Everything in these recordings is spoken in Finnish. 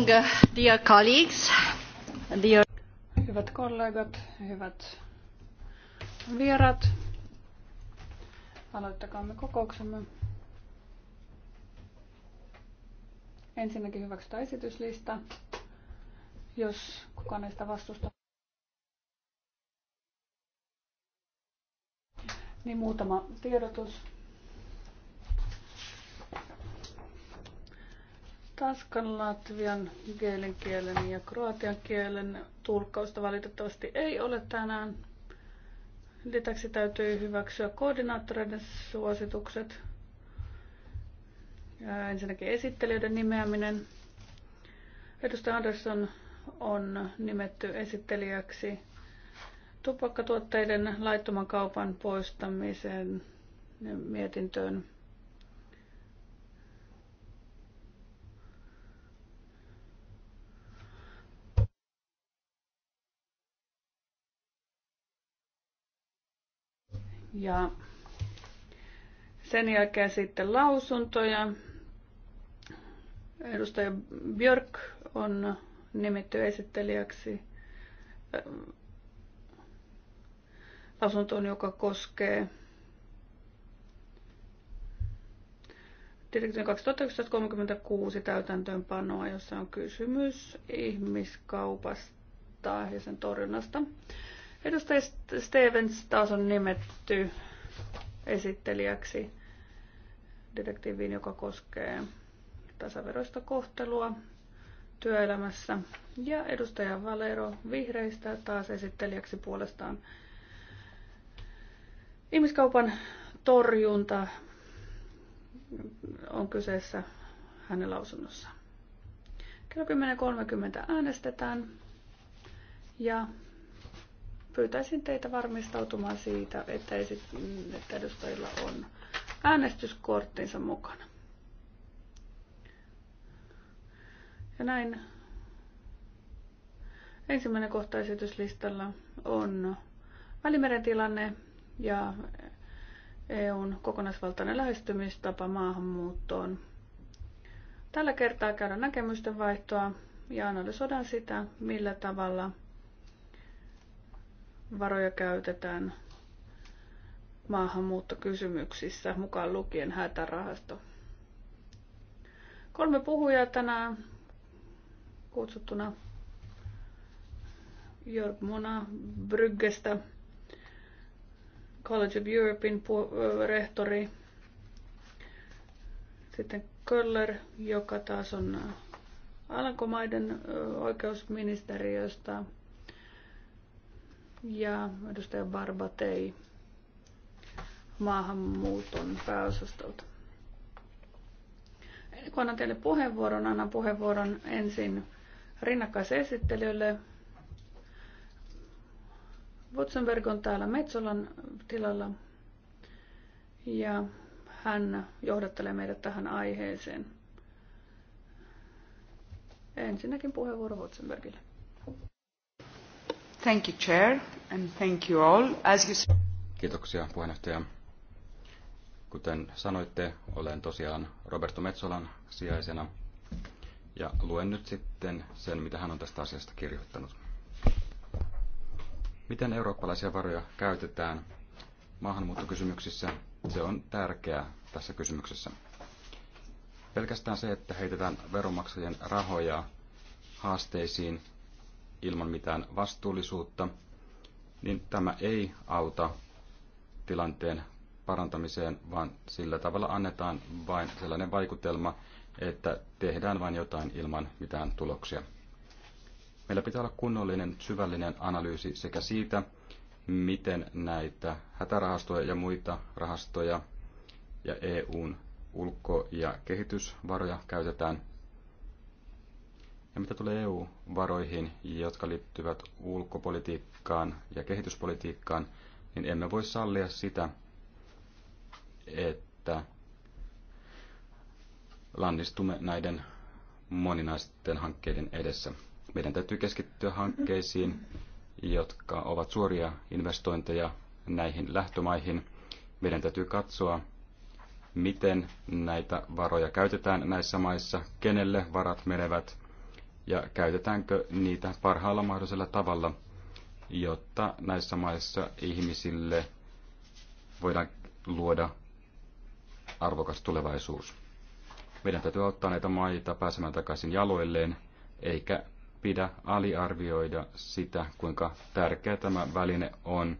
morning, uh, dear colleagues. Dear... Hyvät kollegat, hyvät vierat. Aloittakaamme kokouksemme. Ensinnäkin hyväksytään esityslista, jos kukaan ei sitä vastusta. Niin muutama tiedotus. Tanskan, latvian, geelin kielen ja kroatian kielen tulkkausta valitettavasti ei ole tänään. Lisäksi täytyy hyväksyä koordinaattoreiden suositukset. Ja ensinnäkin esittelijöiden nimeäminen. Edustaja Andersson on nimetty esittelijäksi tupakkatuotteiden laittoman kaupan poistamisen mietintöön Ja sen jälkeen sitten lausuntoja. Edustaja Björk on nimetty esittelijäksi asuntoon, joka koskee direktiivin 2036 täytäntöönpanoa, jossa on kysymys ihmiskaupasta ja sen torjunnasta. Edustaja Stevens taas on nimetty esittelijäksi direktiiviin, joka koskee tasaveroista kohtelua työelämässä. Ja edustaja Valero Vihreistä taas esittelijäksi puolestaan ihmiskaupan torjunta on kyseessä hänen lausunnossaan. Kello 10.30 äänestetään ja Pyytäisin teitä varmistautumaan siitä, että, esit, että edustajilla on äänestyskorttinsa mukana. Ja näin ensimmäinen kohta esityslistalla on Välimeren tilanne ja EUn kokonaisvaltainen lähestymistapa maahanmuuttoon. Tällä kertaa käydään näkemysten vaihtoa ja analysoidaan sitä, millä tavalla – varoja käytetään maahanmuuttokysymyksissä, mukaan lukien hätärahasto. Kolme puhujaa tänään kutsuttuna Jörg Mona Bryggestä, College of Europein rehtori, sitten Köller, joka taas on Alankomaiden oikeusministeriöstä, ja edustaja Barbatei maahanmuuton pääosastolta. Ennen kuin annan teille puheenvuoron, annan puheenvuoron ensin rinnakkaisesittelijöille. Wutzenberg on täällä Metsolan tilalla ja hän johdattelee meidät tähän aiheeseen. Ensinnäkin puheenvuoro Wutzenbergille. Kiitoksia puheenjohtaja. Kuten sanoitte, olen tosiaan Roberto Metsolan sijaisena ja luen nyt sitten sen, mitä hän on tästä asiasta kirjoittanut. Miten eurooppalaisia varoja käytetään maahanmuuttokysymyksissä? Se on tärkeää tässä kysymyksessä. Pelkästään se, että heitetään veronmaksajien rahoja haasteisiin, ilman mitään vastuullisuutta, niin tämä ei auta tilanteen parantamiseen, vaan sillä tavalla annetaan vain sellainen vaikutelma, että tehdään vain jotain ilman mitään tuloksia. Meillä pitää olla kunnollinen, syvällinen analyysi sekä siitä, miten näitä hätärahastoja ja muita rahastoja ja EUn ulko- ja kehitysvaroja käytetään – ja mitä tulee EU-varoihin, jotka liittyvät ulkopolitiikkaan ja kehityspolitiikkaan, niin emme voi sallia sitä, että lannistumme näiden moninaisten hankkeiden edessä. Meidän täytyy keskittyä hankkeisiin, jotka ovat suoria investointeja näihin lähtömaihin. Meidän täytyy katsoa, miten näitä varoja käytetään näissä maissa, kenelle varat menevät ja käytetäänkö niitä parhaalla mahdollisella tavalla, jotta näissä maissa ihmisille voidaan luoda arvokas tulevaisuus. Meidän täytyy auttaa näitä maita pääsemään takaisin jaloilleen, eikä pidä aliarvioida sitä, kuinka tärkeä tämä väline on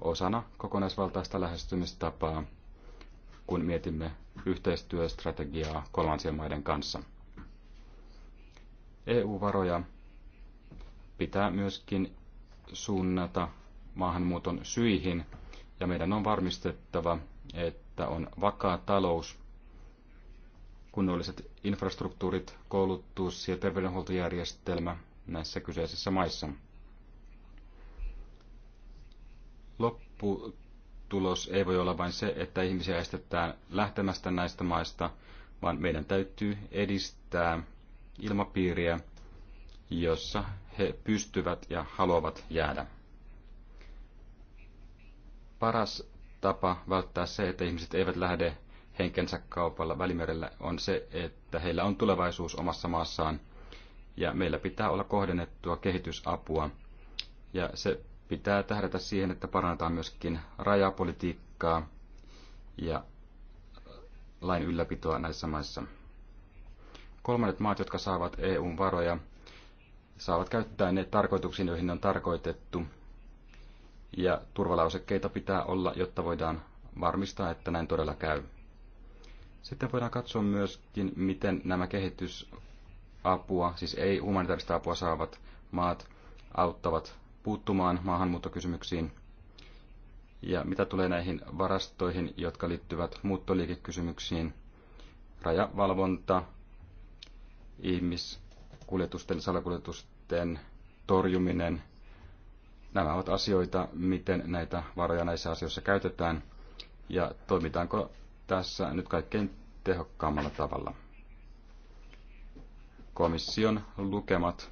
osana kokonaisvaltaista lähestymistapaa, kun mietimme yhteistyöstrategiaa kolmansien maiden kanssa. EU-varoja pitää myöskin suunnata maahanmuuton syihin ja meidän on varmistettava, että on vakaa talous, kunnolliset infrastruktuurit, koulutus ja terveydenhuoltojärjestelmä näissä kyseisissä maissa. Lopputulos ei voi olla vain se, että ihmisiä estetään lähtemästä näistä maista, vaan meidän täytyy edistää ilmapiiriä, jossa he pystyvät ja haluavat jäädä. Paras tapa välttää se, että ihmiset eivät lähde henkensä kaupalla välimerellä, on se, että heillä on tulevaisuus omassa maassaan ja meillä pitää olla kohdennettua kehitysapua. Ja se pitää tähdätä siihen, että parannetaan myöskin rajapolitiikkaa ja lain ylläpitoa näissä maissa kolmannet maat, jotka saavat EUn varoja, saavat käyttää ne tarkoituksiin, joihin ne on tarkoitettu. Ja turvalausekkeita pitää olla, jotta voidaan varmistaa, että näin todella käy. Sitten voidaan katsoa myöskin, miten nämä kehitysapua, siis ei humanitaarista apua saavat maat auttavat puuttumaan maahanmuuttokysymyksiin. Ja mitä tulee näihin varastoihin, jotka liittyvät muuttoliikekysymyksiin, rajavalvonta, ihmiskuljetusten, salakuljetusten torjuminen. Nämä ovat asioita, miten näitä varoja näissä asioissa käytetään ja toimitaanko tässä nyt kaikkein tehokkaammalla tavalla. Komission lukemat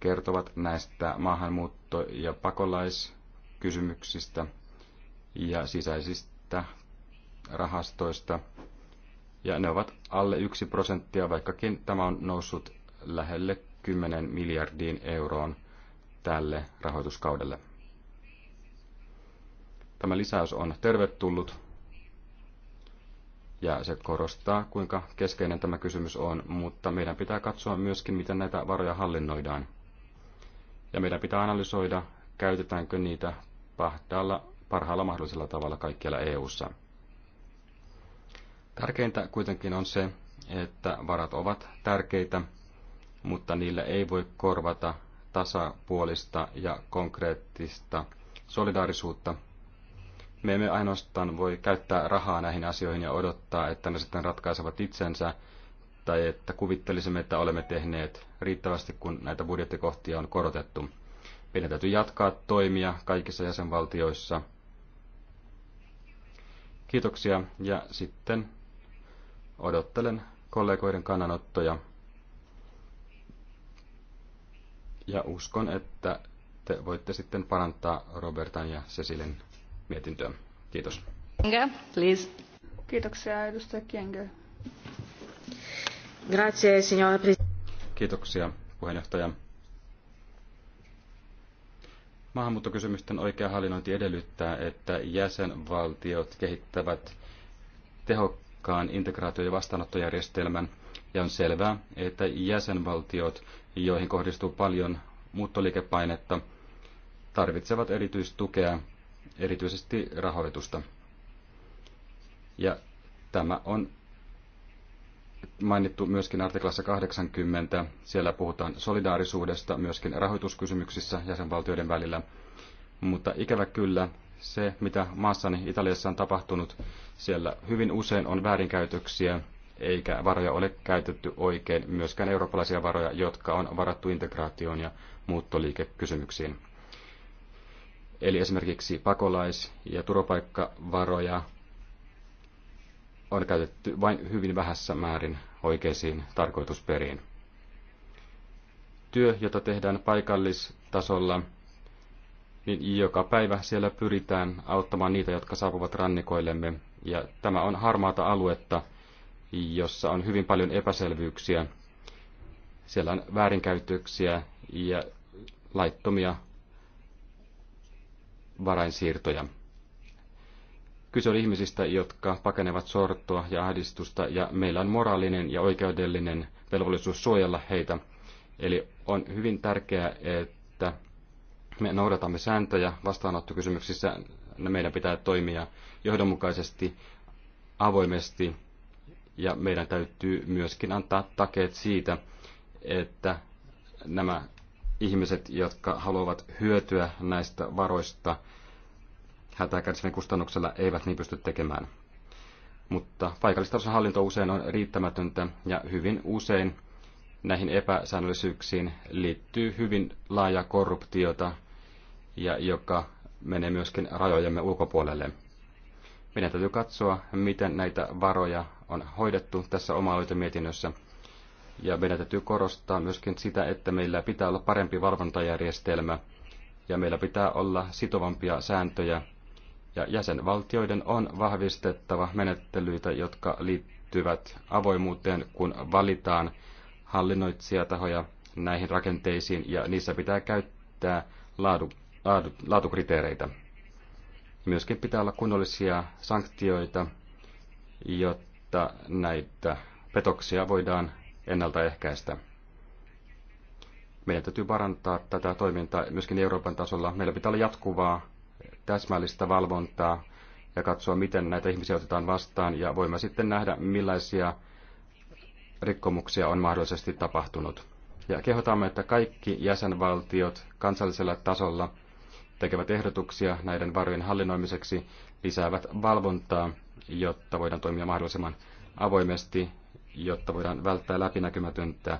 kertovat näistä maahanmuutto- ja pakolaiskysymyksistä ja sisäisistä rahastoista – ja ne ovat alle 1 prosenttia, vaikkakin tämä on noussut lähelle 10 miljardiin euroon tälle rahoituskaudelle. Tämä lisäys on tervetullut ja se korostaa, kuinka keskeinen tämä kysymys on, mutta meidän pitää katsoa myöskin, miten näitä varoja hallinnoidaan. Ja meidän pitää analysoida, käytetäänkö niitä pahdalla parhaalla mahdollisella tavalla kaikkialla EU:ssa. ssa Tärkeintä kuitenkin on se, että varat ovat tärkeitä, mutta niillä ei voi korvata tasapuolista ja konkreettista solidaarisuutta. Me emme ainoastaan voi käyttää rahaa näihin asioihin ja odottaa, että ne sitten ratkaisevat itsensä, tai että kuvittelisimme, että olemme tehneet riittävästi, kun näitä budjettikohtia on korotettu. Meidän täytyy jatkaa toimia kaikissa jäsenvaltioissa. Kiitoksia ja sitten Odottelen kollegoiden kannanottoja. Ja uskon, että te voitte sitten parantaa Robertan ja Cecilin mietintöä. Kiitos. Kienge, please. Kiitoksia, edustaja Kienge. Grazie, signora Kiitoksia, puheenjohtaja. Maahanmuuttokysymysten oikea hallinnointi edellyttää, että jäsenvaltiot kehittävät tehokkaasti tehokkaan integraatio- ja vastaanottojärjestelmän, ja on selvää, että jäsenvaltiot, joihin kohdistuu paljon muuttoliikepainetta, tarvitsevat erityistukea, erityisesti rahoitusta. Ja tämä on mainittu myöskin artiklassa 80. Siellä puhutaan solidaarisuudesta myöskin rahoituskysymyksissä jäsenvaltioiden välillä. Mutta ikävä kyllä se, mitä maassani Italiassa on tapahtunut. Siellä hyvin usein on väärinkäytöksiä, eikä varoja ole käytetty oikein, myöskään eurooppalaisia varoja, jotka on varattu integraatioon ja muuttoliikekysymyksiin. Eli esimerkiksi pakolais- ja turvapaikkavaroja on käytetty vain hyvin vähässä määrin oikeisiin tarkoitusperiin. Työ, jota tehdään paikallistasolla, niin joka päivä siellä pyritään auttamaan niitä, jotka saapuvat rannikoillemme. Ja tämä on harmaata aluetta, jossa on hyvin paljon epäselvyyksiä. Siellä on väärinkäytöksiä ja laittomia varainsiirtoja. Kyse on ihmisistä, jotka pakenevat sortoa ja ahdistusta, ja meillä on moraalinen ja oikeudellinen velvollisuus suojella heitä. Eli on hyvin tärkeää, että me noudatamme sääntöjä vastaanottokysymyksissä, meidän pitää toimia johdonmukaisesti, avoimesti ja meidän täytyy myöskin antaa takeet siitä, että nämä ihmiset, jotka haluavat hyötyä näistä varoista hätäkärsivien kustannuksella, eivät niin pysty tekemään. Mutta paikallistason hallinto usein on riittämätöntä ja hyvin usein näihin epäsäännöllisyyksiin liittyy hyvin laaja korruptiota ja joka menee myöskin rajojemme ulkopuolelle. Meidän täytyy katsoa, miten näitä varoja on hoidettu tässä oma mietinnössä. Ja meidän täytyy korostaa myöskin sitä, että meillä pitää olla parempi valvontajärjestelmä ja meillä pitää olla sitovampia sääntöjä. Ja jäsenvaltioiden on vahvistettava menettelyitä, jotka liittyvät avoimuuteen, kun valitaan hallinnoitsijatahoja näihin rakenteisiin ja niissä pitää käyttää laadukkaita laatukriteereitä. Myöskin pitää olla kunnollisia sanktioita, jotta näitä petoksia voidaan ennaltaehkäistä. Meidän täytyy parantaa tätä toimintaa myöskin Euroopan tasolla. Meillä pitää olla jatkuvaa, täsmällistä valvontaa ja katsoa, miten näitä ihmisiä otetaan vastaan ja voimme sitten nähdä, millaisia rikkomuksia on mahdollisesti tapahtunut. Ja kehotamme, että kaikki jäsenvaltiot kansallisella tasolla – tekevät ehdotuksia näiden varojen hallinnoimiseksi, lisäävät valvontaa, jotta voidaan toimia mahdollisimman avoimesti, jotta voidaan välttää läpinäkymätöntä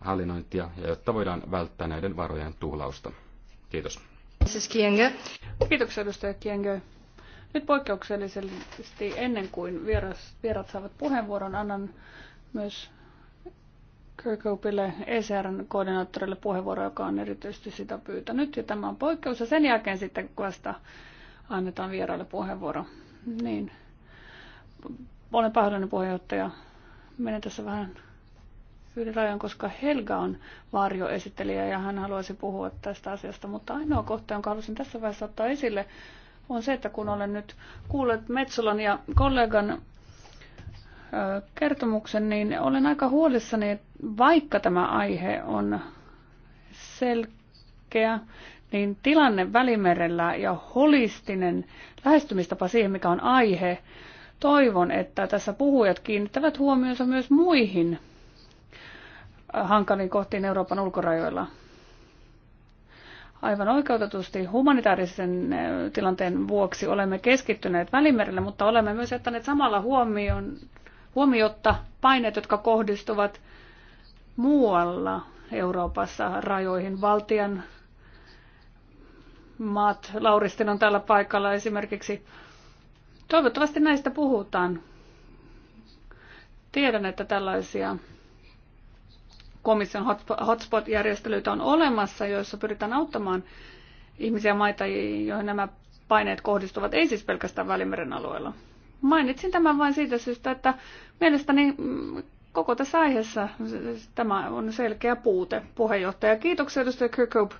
hallinnointia ja jotta voidaan välttää näiden varojen tuhlausta. Kiitos. Kiitoksia edustaja Kiengö. Nyt poikkeuksellisesti ennen kuin vieras, vierat saavat puheenvuoron, annan myös Kirkhopeille ECRn koordinaattorille puheenvuoro, joka on erityisesti sitä pyytänyt. Ja tämä on poikkeus. Ja sen jälkeen sitten vasta annetaan vieraille puheenvuoro. Niin. Olen pahoillani puheenjohtaja. Menen tässä vähän yli rajan, koska Helga on varjoesittelijä ja hän haluaisi puhua tästä asiasta. Mutta ainoa kohta, jonka halusin tässä vaiheessa ottaa esille, on se, että kun olen nyt kuullut Metsolan ja kollegan kertomuksen, niin olen aika huolissani, että vaikka tämä aihe on selkeä, niin tilanne Välimerellä ja holistinen lähestymistapa siihen, mikä on aihe, toivon, että tässä puhujat kiinnittävät huomionsa myös muihin hankaliin kohtiin Euroopan ulkorajoilla. Aivan oikeutetusti humanitaarisen eh, tilanteen vuoksi olemme keskittyneet Välimerelle, mutta olemme myös jättäneet samalla huomioon huomiotta paineet, jotka kohdistuvat muualla Euroopassa rajoihin. Valtian maat, Lauristin on täällä paikalla esimerkiksi. Toivottavasti näistä puhutaan. Tiedän, että tällaisia komission hotspot-järjestelyitä on olemassa, joissa pyritään auttamaan ihmisiä maita, joihin nämä paineet kohdistuvat, ei siis pelkästään Välimeren alueella. Mainitsin tämän vain siitä syystä, että mielestäni mm, koko tässä aiheessa tämä on selkeä puute. Puheenjohtaja, kiitoksia edustaja Kirkhope.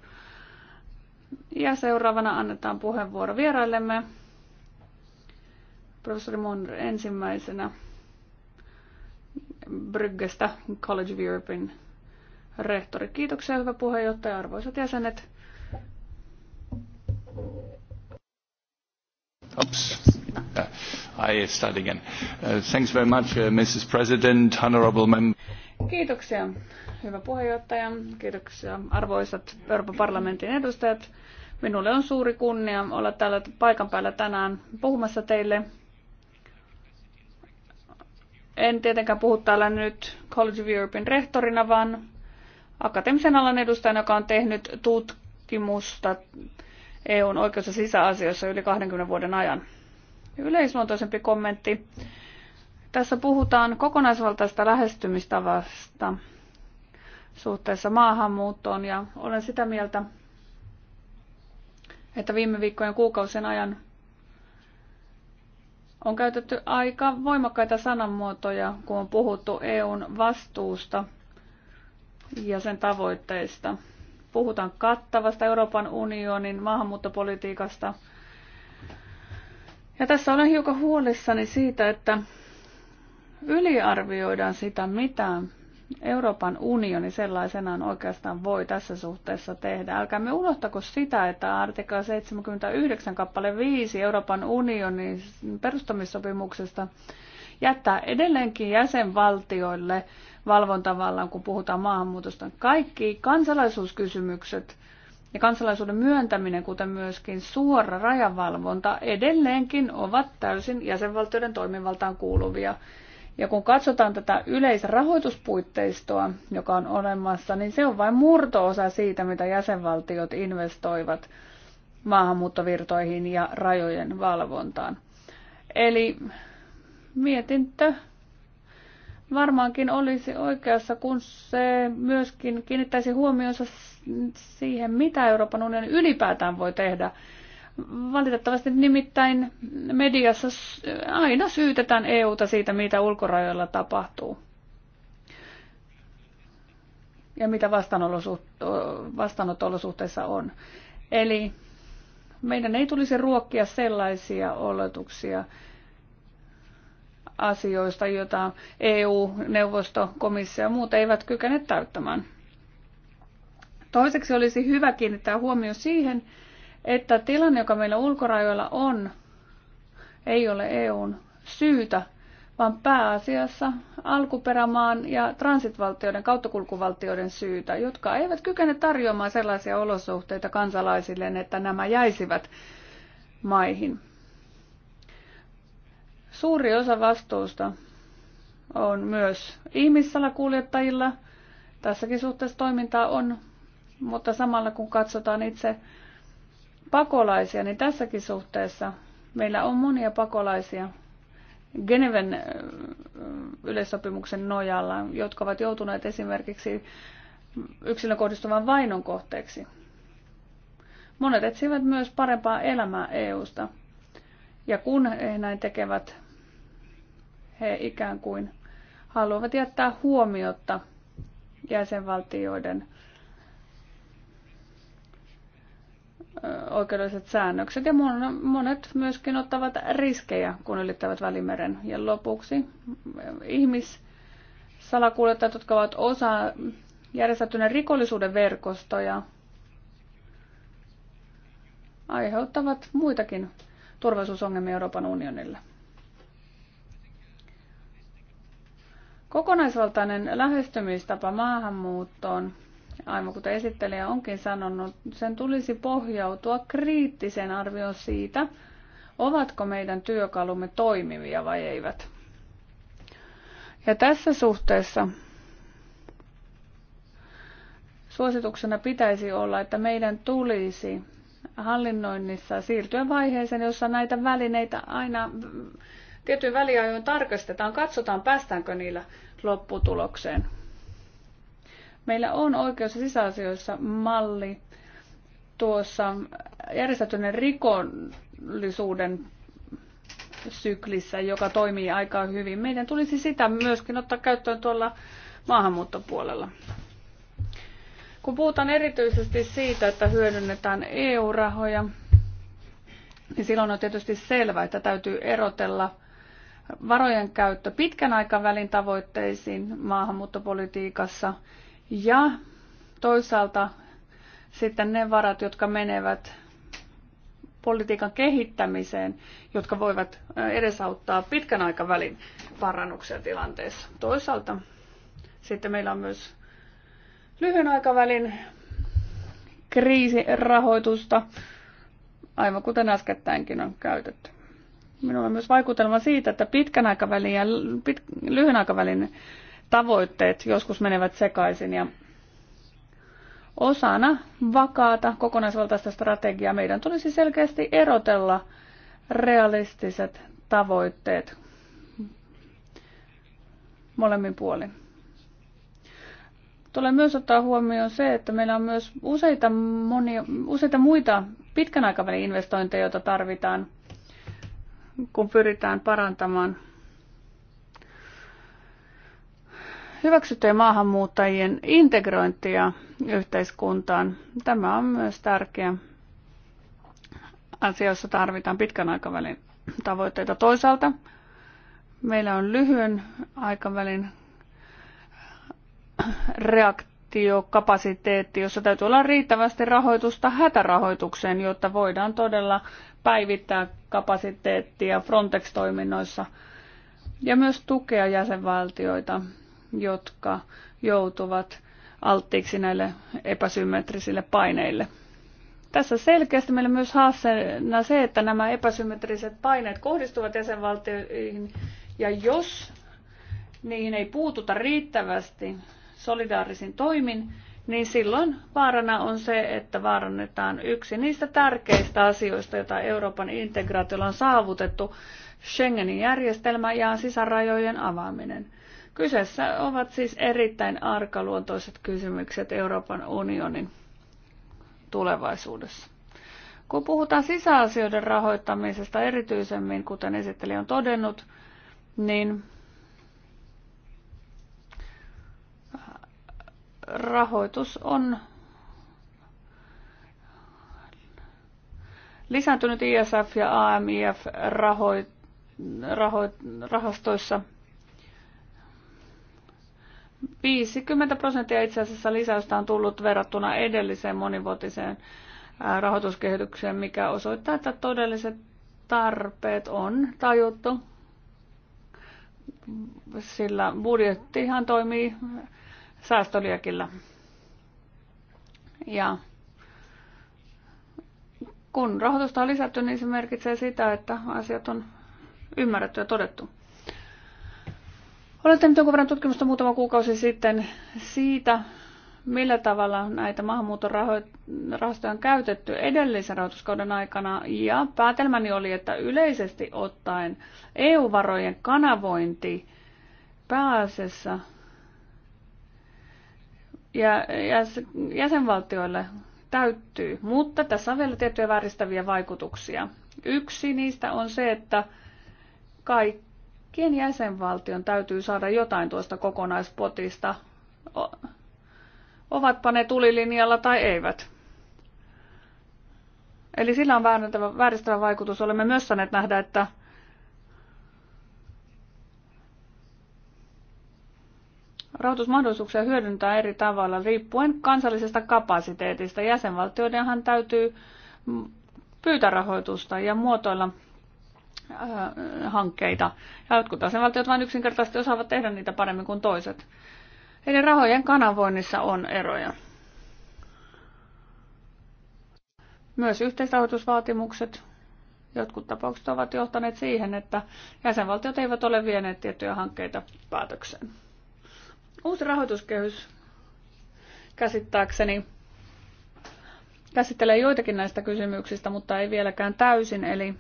Ja seuraavana annetaan puheenvuoro vieraillemme. Professori Munr ensimmäisenä Bryggestä College of Europein rehtori. Kiitoksia hyvä puheenjohtaja, arvoisat jäsenet. Oops. Uh, I start again. Uh, thanks very much, uh, Mrs. President, honorable member. Kiitoksia, hyvä puheenjohtaja. Kiitoksia, arvoisat Euroopan parlamentin edustajat. Minulle on suuri kunnia olla täällä paikan päällä tänään puhumassa teille. En tietenkään puhu täällä nyt College of Europein rehtorina, vaan akateemisen alan edustajana, joka on tehnyt tutkimusta EUn oikeus- ja sisäasioissa yli 20 vuoden ajan yleisluontoisempi kommentti. Tässä puhutaan kokonaisvaltaista lähestymistavasta suhteessa maahanmuuttoon ja olen sitä mieltä, että viime viikkojen kuukausien ajan on käytetty aika voimakkaita sanamuotoja, kun on puhuttu EUn vastuusta ja sen tavoitteista. Puhutaan kattavasta Euroopan unionin maahanmuuttopolitiikasta – ja tässä olen hiukan huolissani siitä, että yliarvioidaan sitä, mitä Euroopan unioni sellaisenaan oikeastaan voi tässä suhteessa tehdä. Älkäämme unohtako sitä, että artikla 79 kappale 5 Euroopan unionin perustamissopimuksesta jättää edelleenkin jäsenvaltioille valvontavallan, kun puhutaan maahanmuutosta. Kaikki kansalaisuuskysymykset ja kansalaisuuden myöntäminen, kuten myöskin suora rajavalvonta, edelleenkin ovat täysin jäsenvaltioiden toimivaltaan kuuluvia. Ja kun katsotaan tätä yleisrahoituspuitteistoa, joka on olemassa, niin se on vain murto-osa siitä, mitä jäsenvaltiot investoivat maahanmuuttovirtoihin ja rajojen valvontaan. Eli mietintö varmaankin olisi oikeassa, kun se myöskin kiinnittäisi huomionsa siihen, mitä Euroopan unioni ylipäätään voi tehdä. Valitettavasti nimittäin mediassa aina syytetään EUta siitä, mitä ulkorajoilla tapahtuu ja mitä vastaanotolosuhteissa on. Eli meidän ei tulisi ruokkia sellaisia oletuksia asioista, joita EU, neuvosto, komissio ja muut eivät kykene täyttämään. Toiseksi olisi hyvä kiinnittää huomio siihen, että tilanne, joka meillä ulkorajoilla on, ei ole EUn syytä, vaan pääasiassa alkuperämaan ja transitvaltioiden kauttakulkuvaltioiden syytä, jotka eivät kykene tarjoamaan sellaisia olosuhteita kansalaisilleen, että nämä jäisivät maihin. Suuri osa vastuusta on myös ihmissalakuljettajilla. Tässäkin suhteessa toimintaa on mutta samalla kun katsotaan itse pakolaisia, niin tässäkin suhteessa meillä on monia pakolaisia Geneven yleissopimuksen nojalla, jotka ovat joutuneet esimerkiksi yksilön kohdistuvan vainon kohteeksi. Monet etsivät myös parempaa elämää EUsta. Ja kun he näin tekevät, he ikään kuin haluavat jättää huomiota jäsenvaltioiden oikeudelliset säännökset ja monet myöskin ottavat riskejä, kun ylittävät Välimeren. Ja lopuksi ihmissalakuljettajat, jotka ovat osa järjestäytyneen rikollisuuden verkostoja, aiheuttavat muitakin turvallisuusongelmia Euroopan unionille. Kokonaisvaltainen lähestymistapa maahanmuuttoon aivan kuten esittelijä onkin sanonut, sen tulisi pohjautua kriittiseen arvioon siitä, ovatko meidän työkalumme toimivia vai eivät. Ja tässä suhteessa suosituksena pitäisi olla, että meidän tulisi hallinnoinnissa siirtyä vaiheeseen, jossa näitä välineitä aina tietyn väliajoin tarkastetaan, katsotaan päästäänkö niillä lopputulokseen. Meillä on oikeus- ja sisäasioissa malli tuossa järjestäytyneen rikollisuuden syklissä, joka toimii aika hyvin. Meidän tulisi sitä myöskin ottaa käyttöön tuolla maahanmuuttopuolella. Kun puhutaan erityisesti siitä, että hyödynnetään EU-rahoja, niin silloin on tietysti selvää, että täytyy erotella varojen käyttö pitkän aikavälin tavoitteisiin maahanmuuttopolitiikassa ja toisaalta sitten ne varat, jotka menevät politiikan kehittämiseen, jotka voivat edesauttaa pitkän aikavälin parannuksia tilanteessa. Toisaalta sitten meillä on myös lyhyen aikavälin kriisirahoitusta, aivan kuten äskettäinkin on käytetty. Minulla on myös vaikutelma siitä, että pitkän aikavälin ja pit, lyhyen aikavälin tavoitteet joskus menevät sekaisin ja osana vakaata kokonaisvaltaista strategiaa meidän tulisi selkeästi erotella realistiset tavoitteet molemmin puolin. Tulee myös ottaa huomioon se, että meillä on myös useita, monia, useita muita pitkän aikavälin investointeja, joita tarvitaan, kun pyritään parantamaan hyväksyttyjen maahanmuuttajien integrointia yhteiskuntaan. Tämä on myös tärkeä asia, jossa tarvitaan pitkän aikavälin tavoitteita. Toisaalta meillä on lyhyen aikavälin reaktiokapasiteetti, jossa täytyy olla riittävästi rahoitusta hätärahoitukseen, jotta voidaan todella päivittää kapasiteettia Frontex-toiminnoissa ja myös tukea jäsenvaltioita jotka joutuvat alttiiksi näille epäsymmetrisille paineille. Tässä selkeästi meillä myös haasteena se, että nämä epäsymmetriset paineet kohdistuvat jäsenvaltioihin, ja jos niihin ei puututa riittävästi solidaarisin toimin, niin silloin vaarana on se, että vaarannetaan yksi niistä tärkeistä asioista, joita Euroopan integraatiolla on saavutettu, Schengenin järjestelmä ja sisärajojen avaaminen – Kyseessä ovat siis erittäin arkaluontoiset kysymykset Euroopan unionin tulevaisuudessa. Kun puhutaan sisäasioiden rahoittamisesta erityisemmin, kuten esittelijä on todennut, niin rahoitus on lisääntynyt ISF- ja amif rahoit, rahoit, rahastoissa 50 prosenttia itse asiassa lisäystä on tullut verrattuna edelliseen monivuotiseen rahoituskehitykseen, mikä osoittaa, että todelliset tarpeet on tajuttu. Sillä budjettihan toimii säästöliäkillä. Ja kun rahoitusta on lisätty, niin se merkitsee sitä, että asiat on ymmärretty ja todettu. Olen tehnyt jonkun verran tutkimusta muutama kuukausi sitten siitä, millä tavalla näitä maahanmuuton rahastoja on käytetty edellisen rahoituskauden aikana. Ja päätelmäni oli, että yleisesti ottaen EU-varojen kanavointi pääasiassa ja jäsenvaltioille täyttyy, mutta tässä on vielä tiettyjä vääristäviä vaikutuksia. Yksi niistä on se, että kaikki Kien jäsenvaltion täytyy saada jotain tuosta kokonaispotista, ovatpa ne tulilinjalla tai eivät. Eli sillä on vääristävä vaikutus. Olemme myös saaneet nähdä, että rahoitusmahdollisuuksia hyödyntää eri tavalla riippuen kansallisesta kapasiteetista. Jäsenvaltioidenhan täytyy pyytää rahoitusta ja muotoilla Äh, hankkeita. Ja jotkut asevaltiot vain yksinkertaisesti osaavat tehdä niitä paremmin kuin toiset. Eli rahojen kanavoinnissa on eroja. Myös yhteisrahoitusvaatimukset. Jotkut tapaukset ovat johtaneet siihen, että jäsenvaltiot eivät ole vieneet tiettyjä hankkeita päätökseen. Uusi rahoituskehys käsittääkseni käsittelee joitakin näistä kysymyksistä, mutta ei vieläkään täysin, eli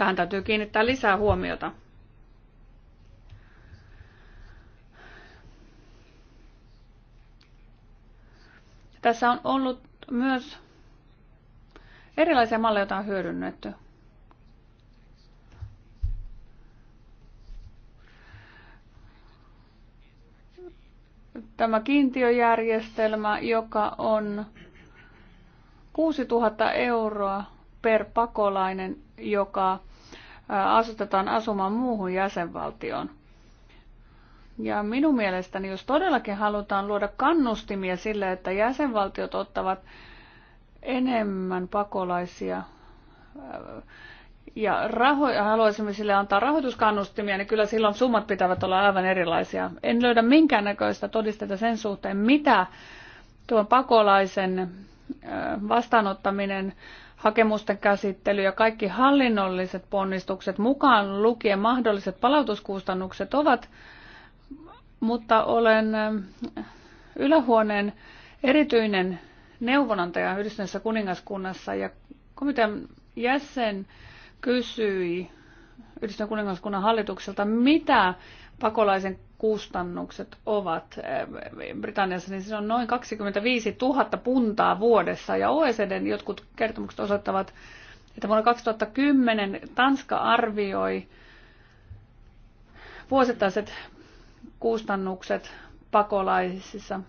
Tähän täytyy kiinnittää lisää huomiota. Tässä on ollut myös erilaisia malleja, joita on hyödynnetty. Tämä kiintiöjärjestelmä, joka on 6000 euroa per pakolainen, joka asutetaan asumaan muuhun jäsenvaltioon. Ja minun mielestäni, jos todellakin halutaan luoda kannustimia sille, että jäsenvaltiot ottavat enemmän pakolaisia ja raho- haluaisimme sille antaa rahoituskannustimia, niin kyllä silloin summat pitävät olla aivan erilaisia. En löydä minkäännäköistä todistetta sen suhteen, mitä tuon pakolaisen vastaanottaminen hakemusten käsittely ja kaikki hallinnolliset ponnistukset mukaan lukien mahdolliset palautuskustannukset ovat, mutta olen eh, ylähuoneen erityinen neuvonantaja yhdistyneessä kuningaskunnassa ja komitean jäsen kysyi yhdistyneen kuningaskunnan hallitukselta, mitä pakolaisen kustannukset ovat eh, Britanniassa, niin se on noin 25 000 puntaa vuodessa. Ja OECDn jotkut kertomukset osoittavat, että vuonna 2010 Tanska arvioi vuosittaiset kustannukset pakolaisissa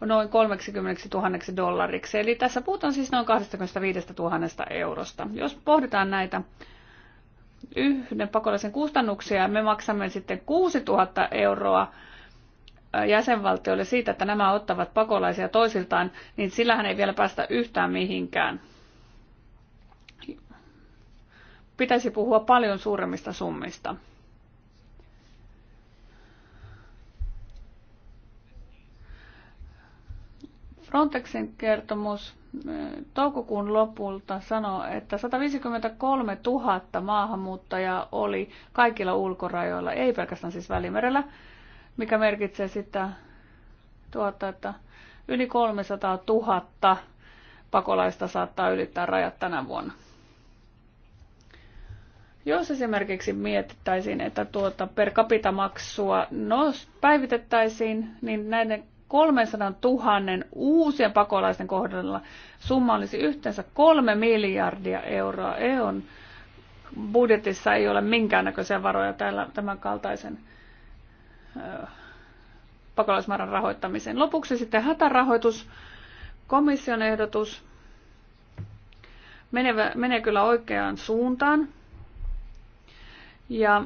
noin 30 000 dollariksi. Eli tässä puhutaan siis noin 25 000 eurosta. Jos pohditaan näitä yhden pakolaisen kustannuksia. Me maksamme sitten 6000 euroa jäsenvaltioille siitä, että nämä ottavat pakolaisia toisiltaan, niin sillähän ei vielä päästä yhtään mihinkään. Pitäisi puhua paljon suuremmista summista. Frontexin kertomus toukokuun lopulta sanoi, että 153 000 maahanmuuttajaa oli kaikilla ulkorajoilla, ei pelkästään siis Välimerellä, mikä merkitsee sitä tuota, että yli 300 000 pakolaista saattaa ylittää rajat tänä vuonna. Jos esimerkiksi mietittäisiin, että tuota per capita maksua päivitettäisiin, niin näiden 300 000 uusien pakolaisten kohdalla summa olisi yhteensä 3 miljardia euroa. EUn budjetissa ei ole minkäännäköisiä varoja täällä tämän kaltaisen pakolaismäärän rahoittamiseen. Lopuksi sitten hätärahoitus, komission ehdotus menee, menee kyllä oikeaan suuntaan. Ja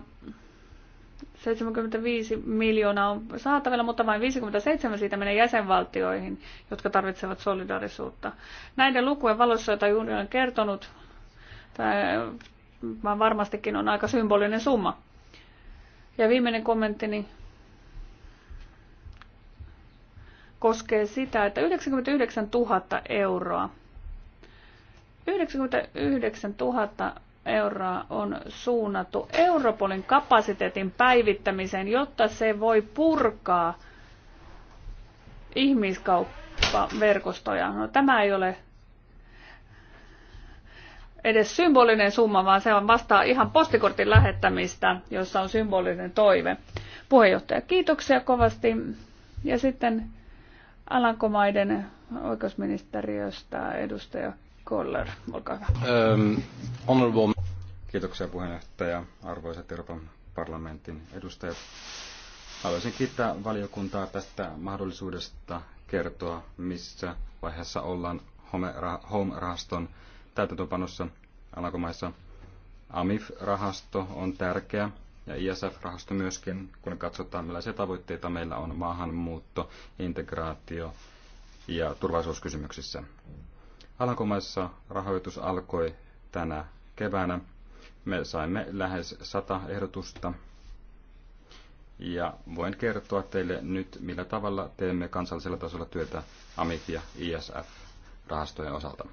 75 miljoonaa on saatavilla, mutta vain 57 siitä menee jäsenvaltioihin, jotka tarvitsevat solidaarisuutta. Näiden lukujen valossa, joita Juni on kertonut, tämä varmastikin on aika symbolinen summa. Ja viimeinen kommenttini koskee sitä, että 99 000 euroa 99 000 euroa on suunnattu Europolin kapasiteetin päivittämiseen, jotta se voi purkaa ihmiskauppaverkostoja. No, tämä ei ole edes symbolinen summa, vaan se on vastaa ihan postikortin lähettämistä, jossa on symbolinen toive. Puheenjohtaja, kiitoksia kovasti. Ja sitten Alankomaiden oikeusministeriöstä edustaja Koller, olkaa hyvä. Um, honorable. Kiitoksia puheenjohtaja, arvoisat Euroopan parlamentin edustajat. Haluaisin kiittää valiokuntaa tästä mahdollisuudesta kertoa, missä vaiheessa ollaan Home-rahaston täytäntöpanossa Alankomaissa. AMIF-rahasto on tärkeä ja ISF-rahasto myöskin, kun katsotaan millaisia tavoitteita meillä on maahanmuutto, integraatio ja turvallisuuskysymyksissä. Alankomaissa rahoitus alkoi tänä keväänä. Me saimme lähes sata ehdotusta. Ja voin kertoa teille nyt, millä tavalla teemme kansallisella tasolla työtä AMIF ja ISF-rahastojen osalta.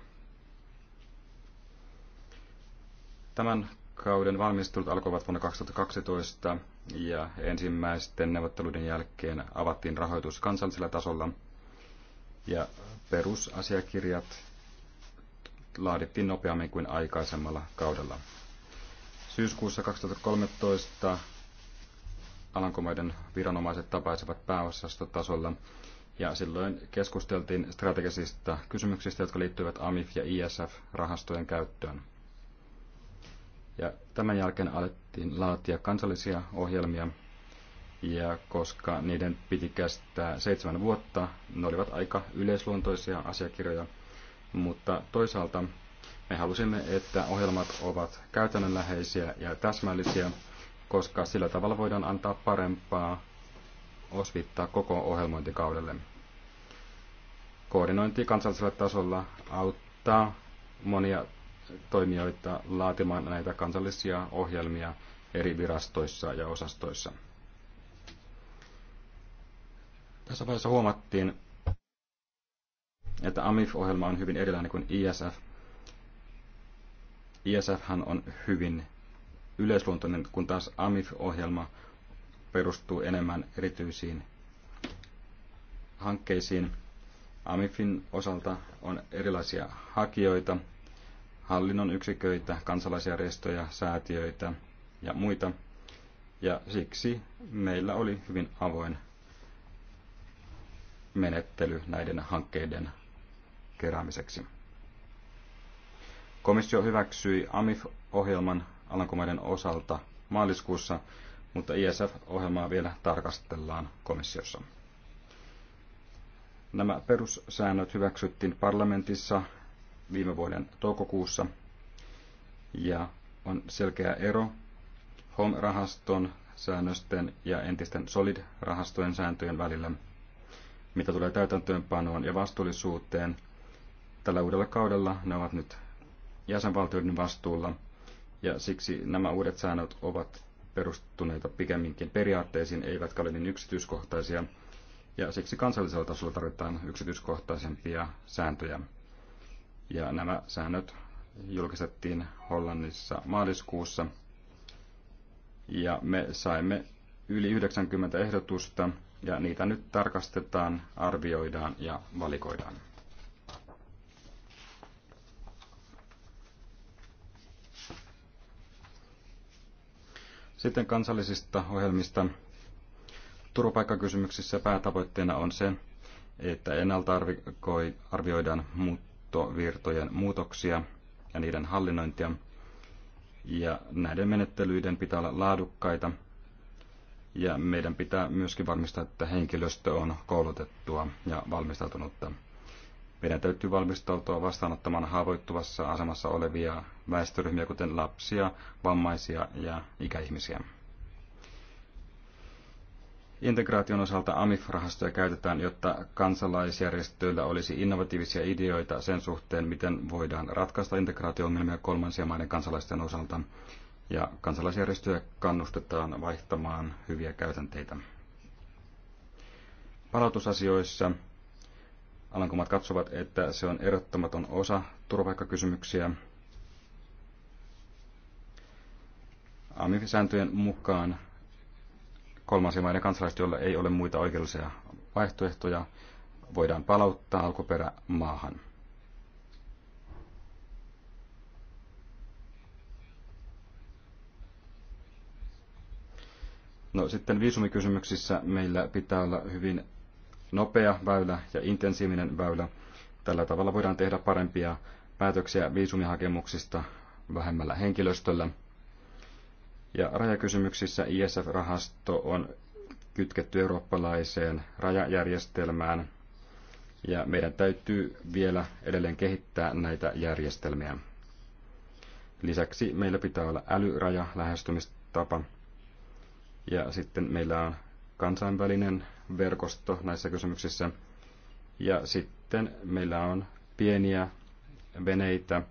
Tämän kauden valmistelut alkoivat vuonna 2012 ja ensimmäisten neuvotteluiden jälkeen avattiin rahoitus kansallisella tasolla ja perusasiakirjat laadittiin nopeammin kuin aikaisemmalla kaudella. Syyskuussa 2013 Alankomaiden viranomaiset tapaisivat pääosastotasolla ja silloin keskusteltiin strategisista kysymyksistä, jotka liittyvät AMIF- ja ISF-rahastojen käyttöön. Ja tämän jälkeen alettiin laatia kansallisia ohjelmia, ja koska niiden piti kestää seitsemän vuotta, ne olivat aika yleisluontoisia asiakirjoja, mutta toisaalta me halusimme, että ohjelmat ovat käytännönläheisiä ja täsmällisiä, koska sillä tavalla voidaan antaa parempaa osvittaa koko ohjelmointikaudelle. Koordinointi kansallisella tasolla auttaa monia toimijoita laatimaan näitä kansallisia ohjelmia eri virastoissa ja osastoissa. Tässä vaiheessa huomattiin, että AMIF-ohjelma on hyvin erilainen kuin ISF. ISF on hyvin yleisluontoinen, kun taas AMIF-ohjelma perustuu enemmän erityisiin hankkeisiin. AMIFin osalta on erilaisia hakijoita, hallinnon yksiköitä, kansalaisjärjestöjä, säätiöitä ja muita. Ja siksi meillä oli hyvin avoin menettely näiden hankkeiden keräämiseksi. Komissio hyväksyi AMIF-ohjelman Alankomaiden osalta maaliskuussa, mutta ISF-ohjelmaa vielä tarkastellaan komissiossa. Nämä perussäännöt hyväksyttiin parlamentissa viime vuoden toukokuussa ja on selkeä ero HOM-rahaston säännösten ja entisten SOLID-rahastojen sääntöjen välillä, mitä tulee täytäntöönpanoon ja vastuullisuuteen Tällä uudella kaudella ne ovat nyt jäsenvaltioiden vastuulla, ja siksi nämä uudet säännöt ovat perustuneita pikemminkin periaatteisiin, eivätkä ole niin yksityiskohtaisia, ja siksi kansallisella tasolla tarvitaan yksityiskohtaisempia sääntöjä. Ja nämä säännöt julkistettiin Hollannissa maaliskuussa, ja me saimme yli 90 ehdotusta, ja niitä nyt tarkastetaan, arvioidaan ja valikoidaan. Sitten kansallisista ohjelmista. Turvapaikkakysymyksissä päätavoitteena on se, että ennalta arvioidaan muuttovirtojen muutoksia ja niiden hallinnointia. Ja näiden menettelyiden pitää olla laadukkaita. Ja meidän pitää myöskin varmistaa, että henkilöstö on koulutettua ja valmistautunutta meidän täytyy valmistautua vastaanottamaan haavoittuvassa asemassa olevia väestöryhmiä, kuten lapsia, vammaisia ja ikäihmisiä. Integraation osalta AMIF-rahastoja käytetään, jotta kansalaisjärjestöillä olisi innovatiivisia ideoita sen suhteen, miten voidaan ratkaista integraatio-ongelmia kolmansien maiden kansalaisten osalta, ja kansalaisjärjestöjä kannustetaan vaihtamaan hyviä käytänteitä. Palautusasioissa Alankomat katsovat, että se on erottamaton osa turvapaikkakysymyksiä. AMIF-sääntöjen mukaan kolmansien maiden kansalaiset, joilla ei ole muita oikeudellisia vaihtoehtoja, voidaan palauttaa alkuperämaahan. No sitten viisumikysymyksissä meillä pitää olla hyvin nopea väylä ja intensiivinen väylä. Tällä tavalla voidaan tehdä parempia päätöksiä viisumihakemuksista vähemmällä henkilöstöllä. Ja rajakysymyksissä ISF-rahasto on kytketty eurooppalaiseen rajajärjestelmään, ja meidän täytyy vielä edelleen kehittää näitä järjestelmiä. Lisäksi meillä pitää olla älyraja lähestymistapa, ja sitten meillä on kansainvälinen verkosto näissä kysymyksissä. Ja sitten meillä on pieniä veneitä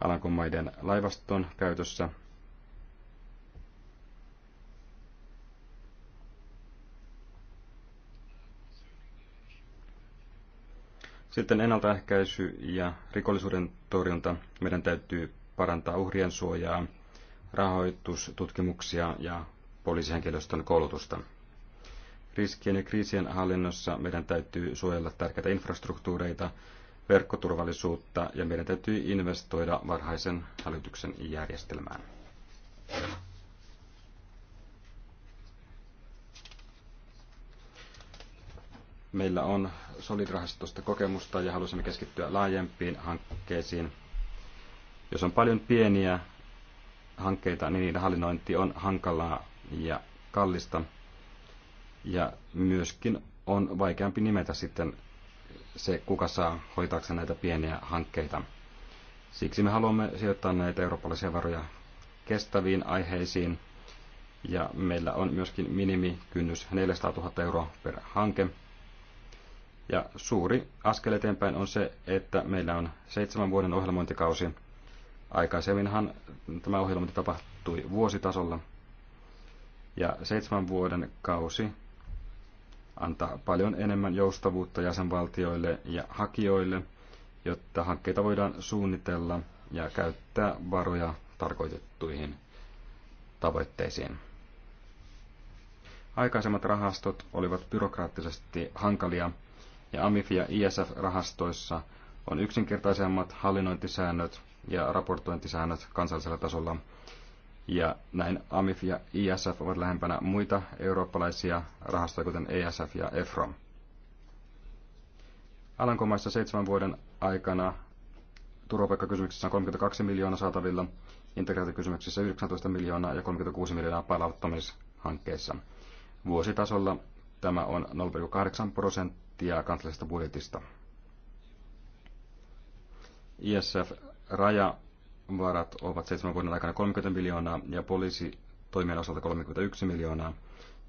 Alankomaiden laivaston käytössä. Sitten ennaltaehkäisy ja rikollisuuden torjunta. Meidän täytyy parantaa uhrien suojaa, rahoitustutkimuksia ja poliisihenkilöstön koulutusta riskien ja kriisien hallinnossa meidän täytyy suojella tärkeitä infrastruktuureita, verkkoturvallisuutta ja meidän täytyy investoida varhaisen hälytyksen järjestelmään. Meillä on solidrahastosta kokemusta ja halusimme keskittyä laajempiin hankkeisiin. Jos on paljon pieniä hankkeita, niin niiden hallinnointi on hankalaa ja kallista. Ja myöskin on vaikeampi nimetä sitten se, kuka saa hoitaakseen näitä pieniä hankkeita. Siksi me haluamme sijoittaa näitä eurooppalaisia varoja kestäviin aiheisiin, ja meillä on myöskin minimikynnys 400 000 euroa per hanke. Ja suuri askel eteenpäin on se, että meillä on seitsemän vuoden ohjelmointikausi. Aikaisemminhan tämä ohjelmointi tapahtui vuositasolla. Ja seitsemän vuoden kausi antaa paljon enemmän joustavuutta jäsenvaltioille ja hakijoille, jotta hankkeita voidaan suunnitella ja käyttää varoja tarkoitettuihin tavoitteisiin. Aikaisemmat rahastot olivat byrokraattisesti hankalia ja AMIF- ja ISF-rahastoissa on yksinkertaisemmat hallinnointisäännöt ja raportointisäännöt kansallisella tasolla, ja näin AMIF ja ISF ovat lähempänä muita eurooppalaisia rahastoja, kuten ESF ja EFROM. Alankomaissa seitsemän vuoden aikana turvapaikkakysymyksissä on 32 miljoonaa saatavilla, integraatiokysymyksissä 19 miljoonaa ja 36 miljoonaa palauttamishankkeissa. Vuositasolla tämä on 0,8 prosenttia kansallisesta budjetista. ISF-raja varat ovat seitsemän vuoden aikana 30 miljoonaa ja poliisitoimien osalta 31 miljoonaa.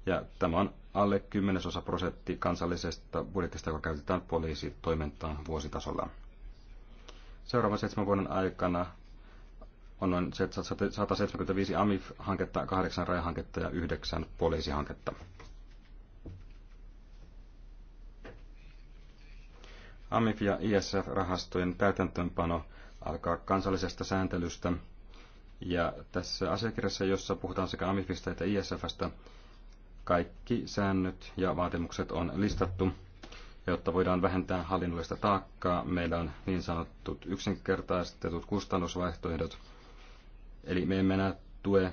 Ja tämä on alle kymmenesosa prosentti kansallisesta budjetista, joka käytetään poliisitoimintaan vuositasolla. Seuraavan seitsemän vuoden aikana on noin 175 AMIF-hanketta, kahdeksan rajahanketta ja yhdeksän poliisihanketta. AMIF- ja ISF-rahastojen täytäntöönpano alkaa kansallisesta sääntelystä. Ja tässä asiakirjassa, jossa puhutaan sekä AMIFista että ISFstä, kaikki säännöt ja vaatimukset on listattu. Jotta voidaan vähentää hallinnollista taakkaa, meillä on niin sanottut yksinkertaistetut kustannusvaihtoehdot. Eli me emme enää tue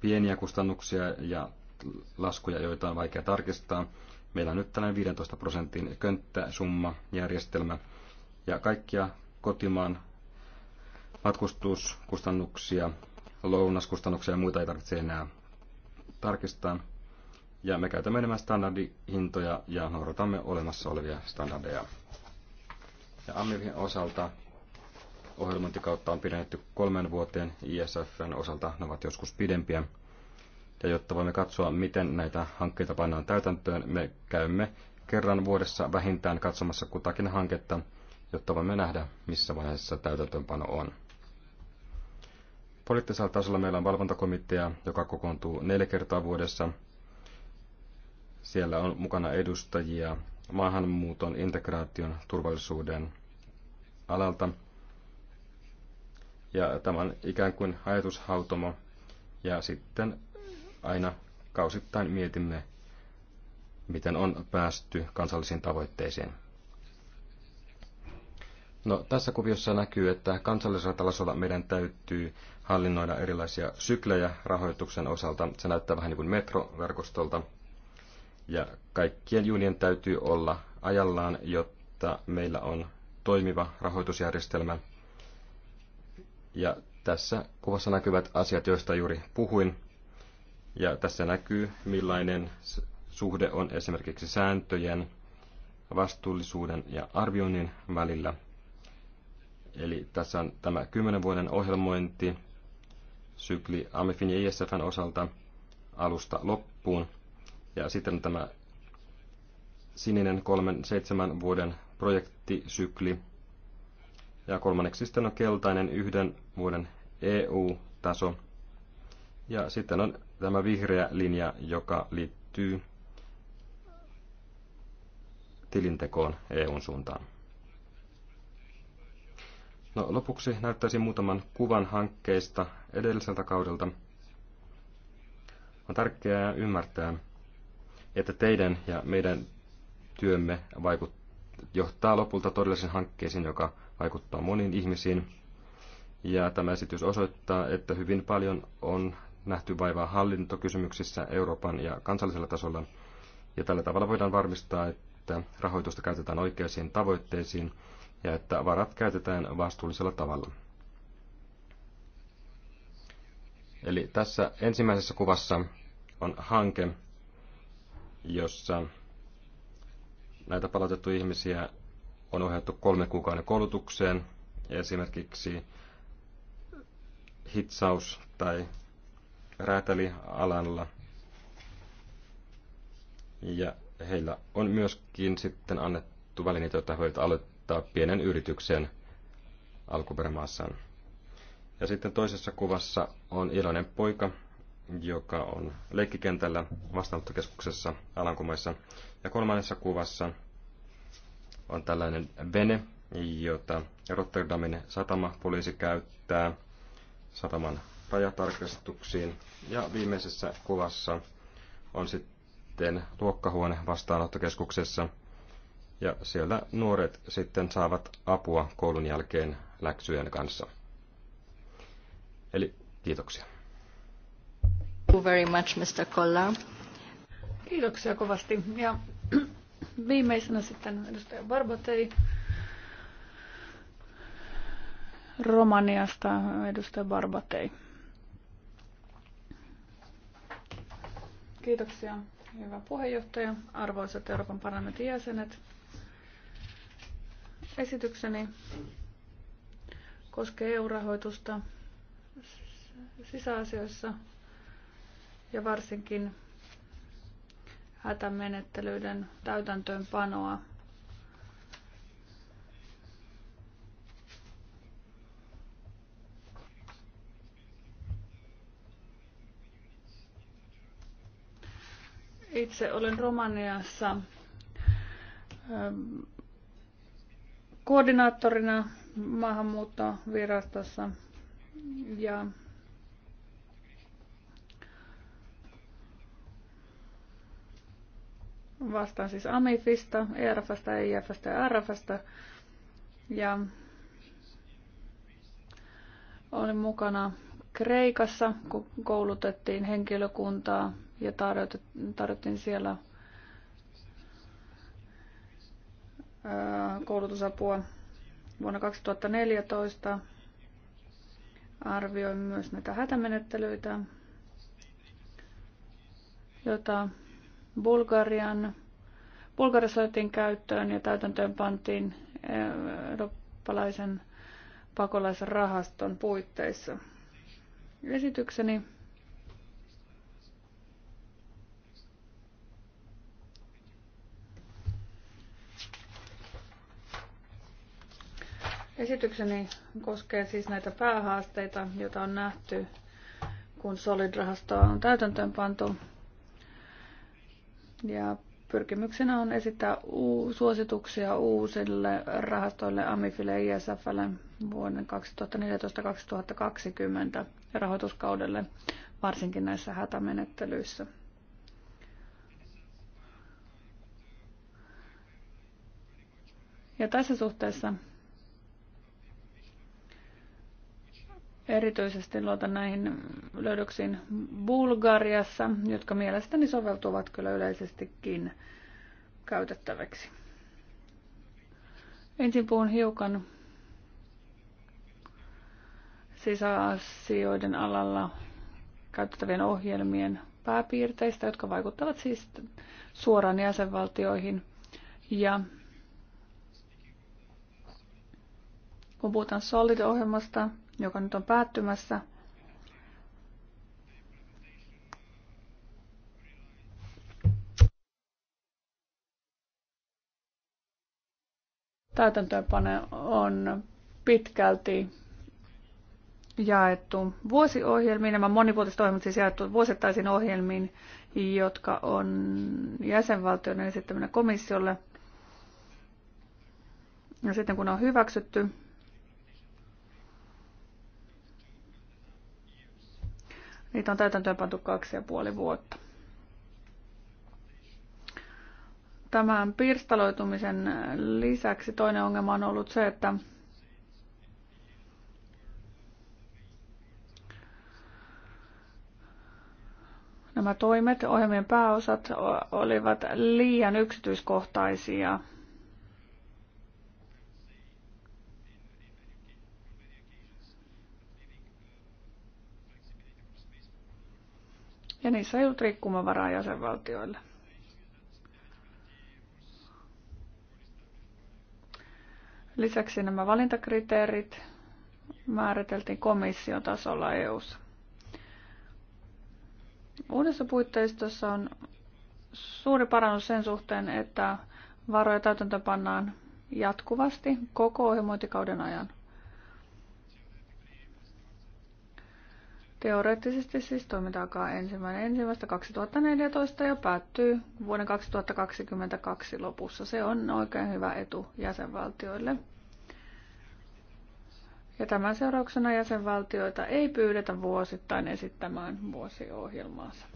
pieniä kustannuksia ja laskuja, joita on vaikea tarkistaa. Meillä on nyt tällainen 15 prosentin könttäsumma järjestelmä ja kaikkia kotimaan matkustuskustannuksia, lounaskustannuksia ja muita ei tarvitse enää tarkistaa. Ja me käytämme enemmän standardihintoja ja noudatamme olemassa olevia standardeja. Ja Amirin osalta ohjelmointikautta on pidennetty kolmen vuoteen, ISFn osalta ne ovat joskus pidempiä. Ja jotta voimme katsoa, miten näitä hankkeita pannaan täytäntöön, me käymme kerran vuodessa vähintään katsomassa kutakin hanketta, jotta voimme nähdä, missä vaiheessa täytäntöönpano on. Poliittisella tasolla meillä on valvontakomitea, joka kokoontuu neljä kertaa vuodessa. Siellä on mukana edustajia maahanmuuton, integraation, turvallisuuden alalta. Ja tämä on ikään kuin ajatushautomo. Ja sitten aina kausittain mietimme, miten on päästy kansallisiin tavoitteisiin. No, tässä kuviossa näkyy, että kansallisella tasolla meidän täytyy hallinnoida erilaisia syklejä rahoituksen osalta. Se näyttää vähän niin kuin metroverkostolta. Ja kaikkien junien täytyy olla ajallaan, jotta meillä on toimiva rahoitusjärjestelmä. Ja tässä kuvassa näkyvät asiat, joista juuri puhuin. Ja tässä näkyy, millainen suhde on esimerkiksi sääntöjen, vastuullisuuden ja arvioinnin välillä – Eli tässä on tämä 10 vuoden ohjelmointi, sykli AMIFin ja ISFn osalta alusta loppuun. Ja sitten tämä sininen kolmen seitsemän vuoden projektisykli. Ja kolmanneksi sitten on keltainen yhden vuoden EU-taso. Ja sitten on tämä vihreä linja, joka liittyy tilintekoon EUn suuntaan. No, lopuksi näyttäisin muutaman kuvan hankkeista edelliseltä kaudelta. On tärkeää ymmärtää, että teidän ja meidän työmme vaikut- johtaa lopulta todellisiin hankkeisiin, joka vaikuttaa moniin ihmisiin. Ja tämä esitys osoittaa, että hyvin paljon on nähty vaivaa hallintokysymyksissä Euroopan ja kansallisella tasolla. Ja tällä tavalla voidaan varmistaa, että rahoitusta käytetään oikeisiin tavoitteisiin – ja että varat käytetään vastuullisella tavalla. Eli tässä ensimmäisessä kuvassa on hanke, jossa näitä palautettuja ihmisiä on ohjattu kolme kuukauden koulutukseen, esimerkiksi hitsaus- tai räätälialalla. Ja heillä on myöskin sitten annettu välineitä, joita he voivat aloittaa pienen yrityksen alkuperämaassaan. Ja sitten toisessa kuvassa on iloinen poika, joka on leikkikentällä vastaanottokeskuksessa Alankomaissa. Ja kolmannessa kuvassa on tällainen vene, jota Rotterdamin poliisi käyttää sataman rajatarkastuksiin. Ja viimeisessä kuvassa on sitten luokkahuone vastaanottokeskuksessa – ja siellä nuoret sitten saavat apua koulun jälkeen läksyjen kanssa. Eli kiitoksia. Very much, Mr. Kolla. Kiitoksia kovasti. Ja viimeisenä sitten edustaja Barbotei Romaniasta, edustaja Barbatei. Kiitoksia, hyvä puheenjohtaja, arvoisat Euroopan parlamentin jäsenet. Esitykseni koskee EU-rahoitusta sisäasioissa ja varsinkin hätämenettelyiden täytäntöönpanoa. Itse olen Romaniassa koordinaattorina maahanmuuttovirastossa ja vastaan siis AMIFista, ERFstä, EIFstä ja RFstä. Ja olin mukana Kreikassa, kun koulutettiin henkilökuntaa ja tarjottiin siellä Äh, koulutusapua. Vuonna 2014 arvioin myös näitä hätämenettelyitä, joita Bulgarian, Bulgarissa otettiin käyttöön ja täytäntöön pantiin äh, eurooppalaisen pakolaisrahaston puitteissa. Esitykseni Esitykseni koskee siis näitä päähaasteita, joita on nähty, kun Solid-rahastoa on täytäntöönpantu. Ja pyrkimyksenä on esittää uu- suosituksia uusille rahastoille AMIFille ja ISFlle vuoden 2014-2020 rahoituskaudelle, varsinkin näissä hätämenettelyissä. Ja tässä suhteessa Erityisesti luotan näihin löydöksiin Bulgariassa, jotka mielestäni soveltuvat kyllä yleisestikin käytettäväksi. Ensin puhun hiukan sisäasioiden alalla käytettävien ohjelmien pääpiirteistä, jotka vaikuttavat siis suoraan jäsenvaltioihin. Ja kun puhutaan Solid-ohjelmasta, joka nyt on päättymässä. Täytäntöönpane on pitkälti jaettu vuosiohjelmiin. Nämä monivuotiset ohjelmat siis jaettu vuosittaisiin ohjelmiin, jotka on jäsenvaltioiden esittäminen komissiolle. Ja sitten kun ne on hyväksytty, Niitä on täytäntöön pantu kaksi ja puoli vuotta. Tämän pirstaloitumisen lisäksi toinen ongelma on ollut se, että nämä toimet, ohjelmien pääosat olivat liian yksityiskohtaisia – ja niissä ei ollut rikkumavaraa jäsenvaltioille. Lisäksi nämä valintakriteerit määriteltiin komission tasolla EU:ssa. Uudessa puitteistossa on suuri parannus sen suhteen, että varoja täytäntöpannaan jatkuvasti koko ohjelmointikauden ajan. Teoreettisesti siis toiminta alkaa ensimmäinen ensimmäistä 2014 ja päättyy vuoden 2022 lopussa. Se on oikein hyvä etu jäsenvaltioille. Ja tämän seurauksena jäsenvaltioita ei pyydetä vuosittain esittämään vuosiohjelmaansa.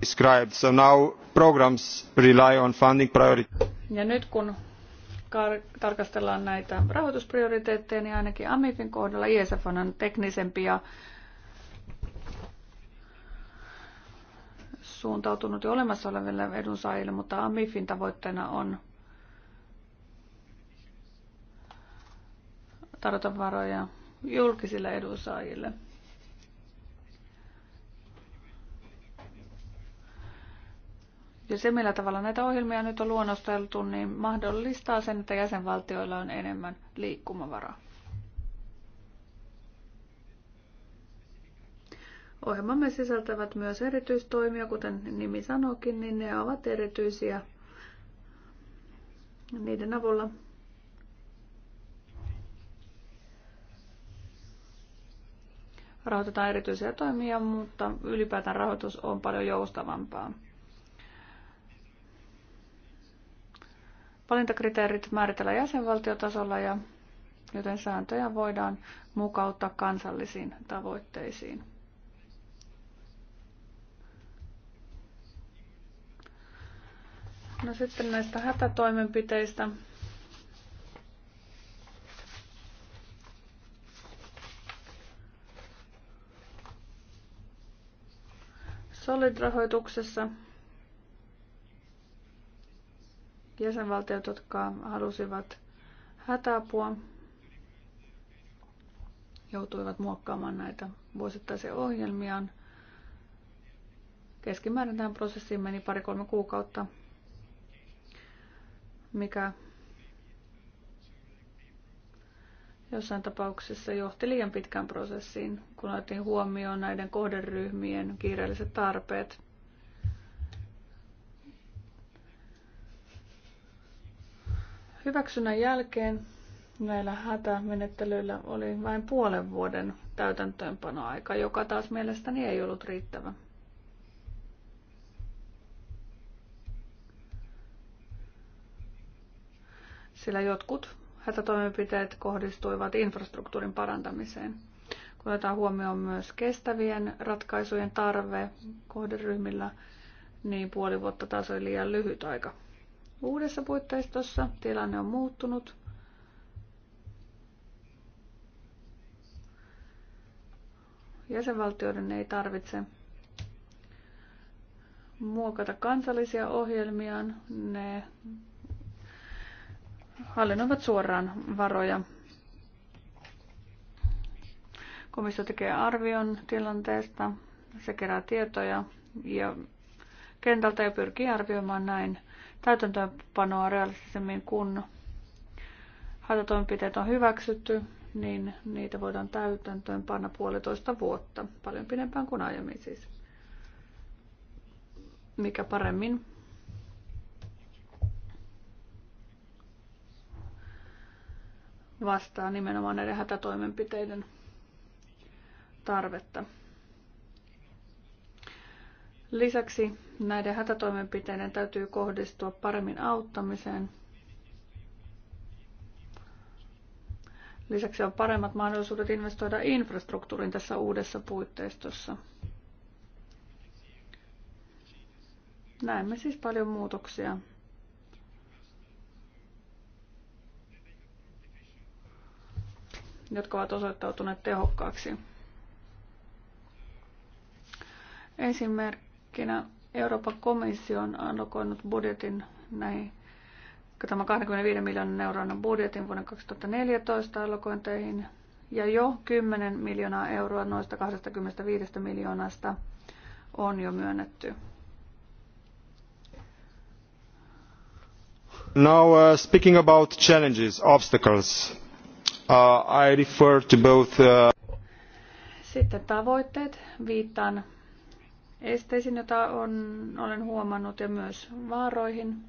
described. So now programs rely on funding priority. Ja nyt kun tarkastellaan näitä rahoitusprioriteetteja, niin ainakin AMIFin kohdalla ISF on teknisempi ja suuntautunut jo olemassa oleville edunsaajille, mutta AMIFin tavoitteena on tarjota varoja julkisille edunsaajille – Ja se, millä tavalla näitä ohjelmia nyt on luonnosteltu, niin mahdollistaa sen, että jäsenvaltioilla on enemmän liikkumavaraa. Ohjelmamme sisältävät myös erityistoimia, kuten nimi sanokin, niin ne ovat erityisiä. Niiden avulla rahoitetaan erityisiä toimia, mutta ylipäätään rahoitus on paljon joustavampaa. Valintakriteerit määritellään jäsenvaltiotasolla, ja, joten sääntöjä voidaan mukauttaa kansallisiin tavoitteisiin. No sitten näistä hätätoimenpiteistä. Solid-rahoituksessa jäsenvaltiot, jotka halusivat hätäapua, joutuivat muokkaamaan näitä vuosittaisia ohjelmiaan. Keskimäärin tähän prosessiin meni pari-kolme kuukautta, mikä jossain tapauksessa johti liian pitkään prosessiin, kun otettiin huomioon näiden kohderyhmien kiireelliset tarpeet – Hyväksynnän jälkeen näillä hätämenettelyillä oli vain puolen vuoden täytäntöönpanoaika, joka taas mielestäni ei ollut riittävä. Sillä jotkut hätätoimenpiteet kohdistuivat infrastruktuurin parantamiseen. Kun otetaan huomioon myös kestävien ratkaisujen tarve kohderyhmillä, niin puoli vuotta taas oli liian lyhyt aika. Uudessa puitteistossa tilanne on muuttunut. Jäsenvaltioiden ei tarvitse muokata kansallisia ohjelmiaan. Ne hallinnoivat suoraan varoja. Komissio tekee arvion tilanteesta, se kerää tietoja ja kentältä ja pyrkii arvioimaan näin täytäntöönpanoa realistisemmin, kun haitatoimenpiteet on hyväksytty, niin niitä voidaan täytäntöönpanna puolitoista vuotta, paljon pidempään kuin aiemmin siis. Mikä paremmin vastaa nimenomaan näiden hätätoimenpiteiden tarvetta. Lisäksi Näiden hätätoimenpiteiden täytyy kohdistua paremmin auttamiseen. Lisäksi on paremmat mahdollisuudet investoida infrastruktuurin tässä uudessa puitteistossa. Näemme siis paljon muutoksia. jotka ovat osoittautuneet tehokkaaksi. Esimerkkinä Euroopan komissio on allokoinut budjetin näihin tämä 25 miljoonan euron budjetin vuoden 2014 allokointeihin ja jo 10 miljoonaa euroa noista 25 miljoonasta on jo myönnetty. Now uh, speaking about challenges, obstacles, uh, I refer to both. Uh... Sitten tavoitteet. Viittaan esteisiin, joita on, olen huomannut, ja myös vaaroihin.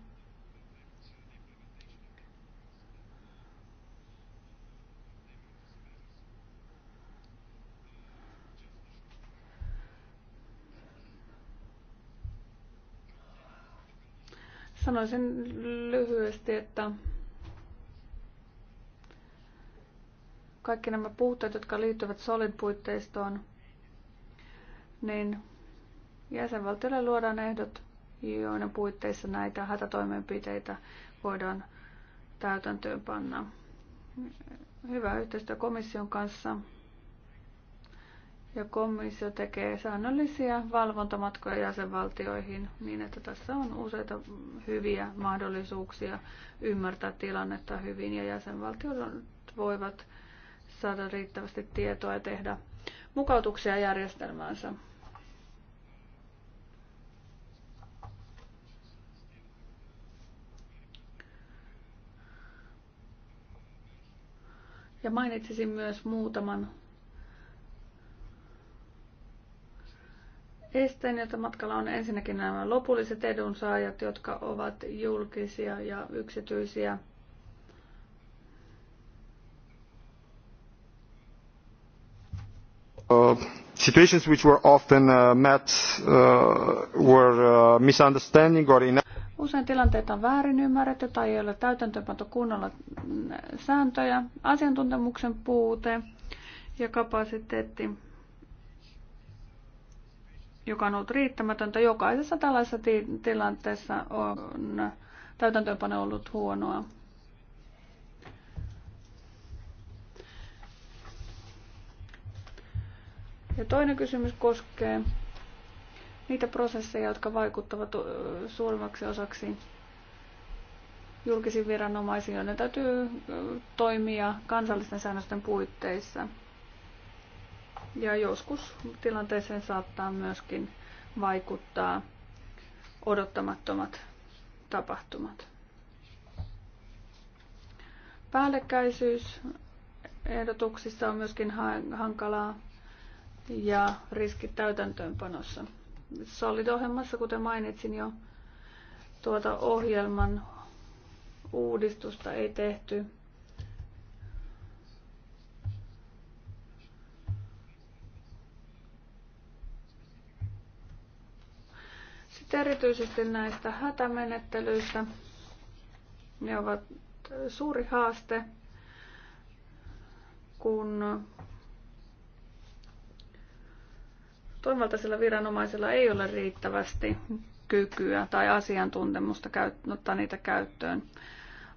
Sanoisin lyhyesti, että kaikki nämä puutteet, jotka liittyvät Solid-puitteistoon, niin Jäsenvaltiolle luodaan ehdot, joiden puitteissa näitä hätätoimenpiteitä voidaan täytäntöön panna. Hyvä yhteistyö komission kanssa. Ja komissio tekee säännöllisiä valvontamatkoja jäsenvaltioihin niin, että tässä on useita hyviä mahdollisuuksia ymmärtää tilannetta hyvin ja jäsenvaltiot voivat saada riittävästi tietoa ja tehdä mukautuksia järjestelmäänsä. Ja mainitsisin myös muutaman esteen, jota matkalla on ensinnäkin nämä lopulliset edunsaajat, jotka ovat julkisia ja yksityisiä. Uh, situations which were often uh, met uh, were uh, misunderstanding or in Usein tilanteita on väärin ymmärretty tai ei ole täytäntöönpanto kunnolla mm, sääntöjä, asiantuntemuksen puute ja kapasiteetti, joka on ollut riittämätöntä. Jokaisessa tällaisessa ti- tilanteessa on täytäntöönpano ollut huonoa. Ja toinen kysymys koskee niitä prosesseja, jotka vaikuttavat suurimmaksi osaksi julkisiin viranomaisiin, joiden täytyy toimia kansallisten säännösten puitteissa. Ja joskus tilanteeseen saattaa myöskin vaikuttaa odottamattomat tapahtumat. Päällekkäisyys ehdotuksissa on myöskin hankalaa ja riskit täytäntöönpanossa. Solid-ohjelmassa, kuten mainitsin jo, tuota ohjelman uudistusta ei tehty. Sitten erityisesti näistä hätämenettelyistä. Ne ovat suuri haaste, kun toimivaltaisilla viranomaisilla ei ole riittävästi kykyä tai asiantuntemusta ottaa niitä käyttöön.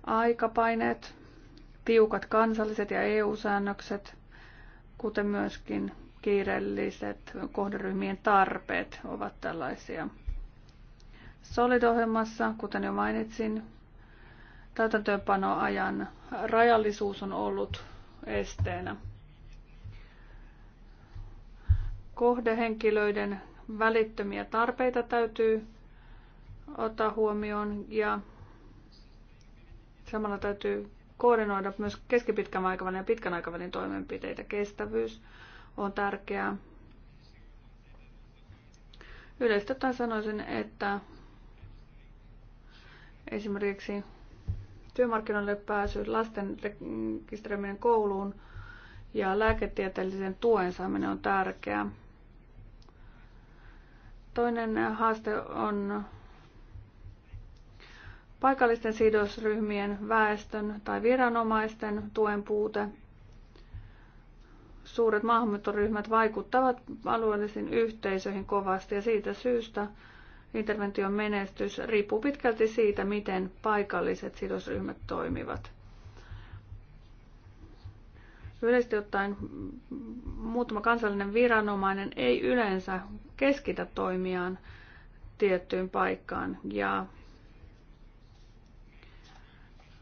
Aikapaineet, tiukat kansalliset ja EU-säännökset, kuten myöskin kiireelliset kohderyhmien tarpeet ovat tällaisia. Solid-ohjelmassa, kuten jo mainitsin, täytäntöönpanoajan rajallisuus on ollut esteenä kohdehenkilöiden välittömiä tarpeita täytyy ottaa huomioon ja samalla täytyy koordinoida myös keskipitkän aikavälin ja pitkän aikavälin toimenpiteitä. Kestävyys on tärkeää. Yleisesti sanoisin, että esimerkiksi työmarkkinoille pääsy, lasten rekisteröiminen kouluun ja lääketieteellisen tuen saaminen on tärkeää. Toinen haaste on paikallisten sidosryhmien, väestön tai viranomaisten tuen puute. Suuret maahanmuuttoryhmät vaikuttavat alueellisiin yhteisöihin kovasti ja siitä syystä intervention menestys riippuu pitkälti siitä, miten paikalliset sidosryhmät toimivat. Yleisesti ottaen muutama kansallinen viranomainen ei yleensä keskitä toimiaan tiettyyn paikkaan ja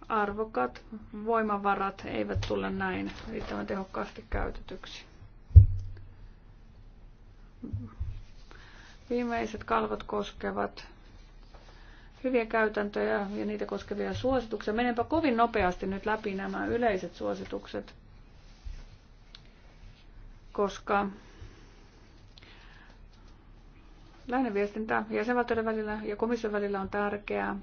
arvokat voimavarat eivät tule näin riittävän tehokkaasti käytetyksi. Viimeiset kalvot koskevat hyviä käytäntöjä ja niitä koskevia suosituksia. Menenpä kovin nopeasti nyt läpi nämä yleiset suositukset koska viestintä jäsenvaltioiden välillä ja komission välillä on tärkeää.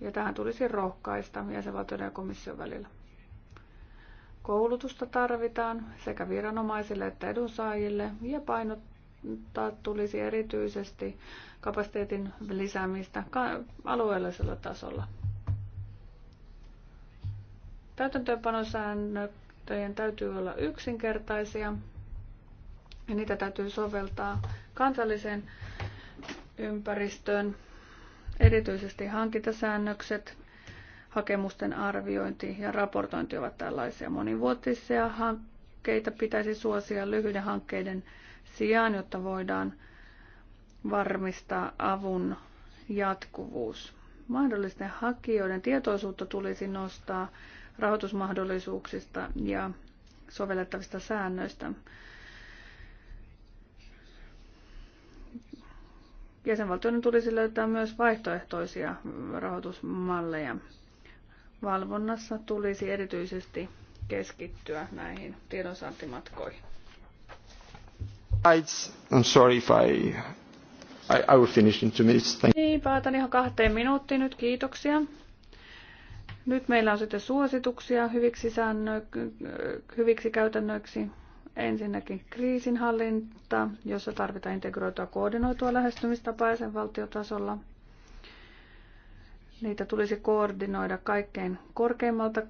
Ja tähän tulisi rohkaista jäsenvaltioiden ja komission välillä. Koulutusta tarvitaan sekä viranomaisille että edunsaajille ja painottaa tulisi erityisesti kapasiteetin lisäämistä alueellisella tasolla. Täytäntöönpanosäännöt sääntöjen täytyy olla yksinkertaisia ja niitä täytyy soveltaa kansalliseen ympäristöön, erityisesti hankintasäännökset, hakemusten arviointi ja raportointi ovat tällaisia monivuotisia hankkeita pitäisi suosia lyhyiden hankkeiden sijaan, jotta voidaan varmistaa avun jatkuvuus. Mahdollisten hakijoiden tietoisuutta tulisi nostaa rahoitusmahdollisuuksista ja sovellettavista säännöistä. Jäsenvaltioiden tulisi löytää myös vaihtoehtoisia rahoitusmalleja. Valvonnassa tulisi erityisesti keskittyä näihin tiedonsaantimatkoihin. I'm sorry if I, I, I will finish in two minutes. Thank... Niin, päätän ihan kahteen minuuttiin nyt, kiitoksia. Nyt meillä on sitten suosituksia hyviksi, säännö, hyviksi käytännöiksi. Ensinnäkin kriisinhallinta, jossa tarvitaan integroitua koordinoitua lähestymistapaa sen valtiotasolla. Niitä tulisi koordinoida kaikkein korkeimmalta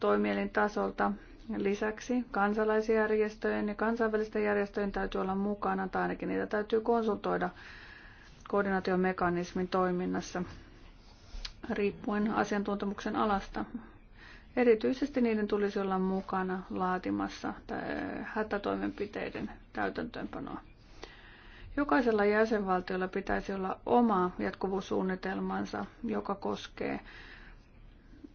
toimielintasolta. Lisäksi kansalaisjärjestöjen ja kansainvälisten järjestöjen täytyy olla mukana, tai ainakin niitä täytyy konsultoida koordinaatiomekanismin toiminnassa riippuen asiantuntemuksen alasta. Erityisesti niiden tulisi olla mukana laatimassa eh, hätätoimenpiteiden täytäntöönpanoa. Jokaisella jäsenvaltiolla pitäisi olla oma jatkuvuussuunnitelmansa, joka koskee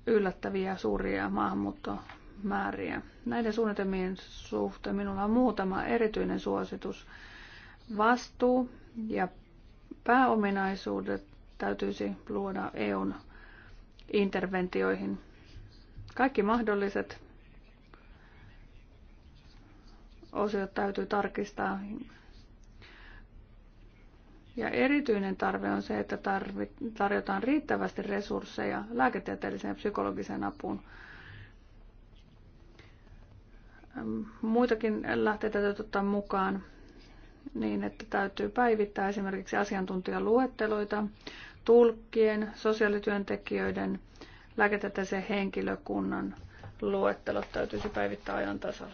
yllättäviä suuria maahanmuuttomääriä. Näiden suunnitelmien suhteen minulla on muutama erityinen suositus. Vastuu ja pääominaisuudet täytyisi luoda EUn interventioihin. Kaikki mahdolliset osiot täytyy tarkistaa. Ja erityinen tarve on se, että tarjotaan riittävästi resursseja lääketieteelliseen ja psykologiseen apuun. Muitakin lähteitä täytyy ottaa mukaan niin, että täytyy päivittää esimerkiksi asiantuntijaluetteloita, tulkkien, sosiaalityöntekijöiden, lääketieteellisen henkilökunnan luettelot täytyisi päivittää ajan tasalla.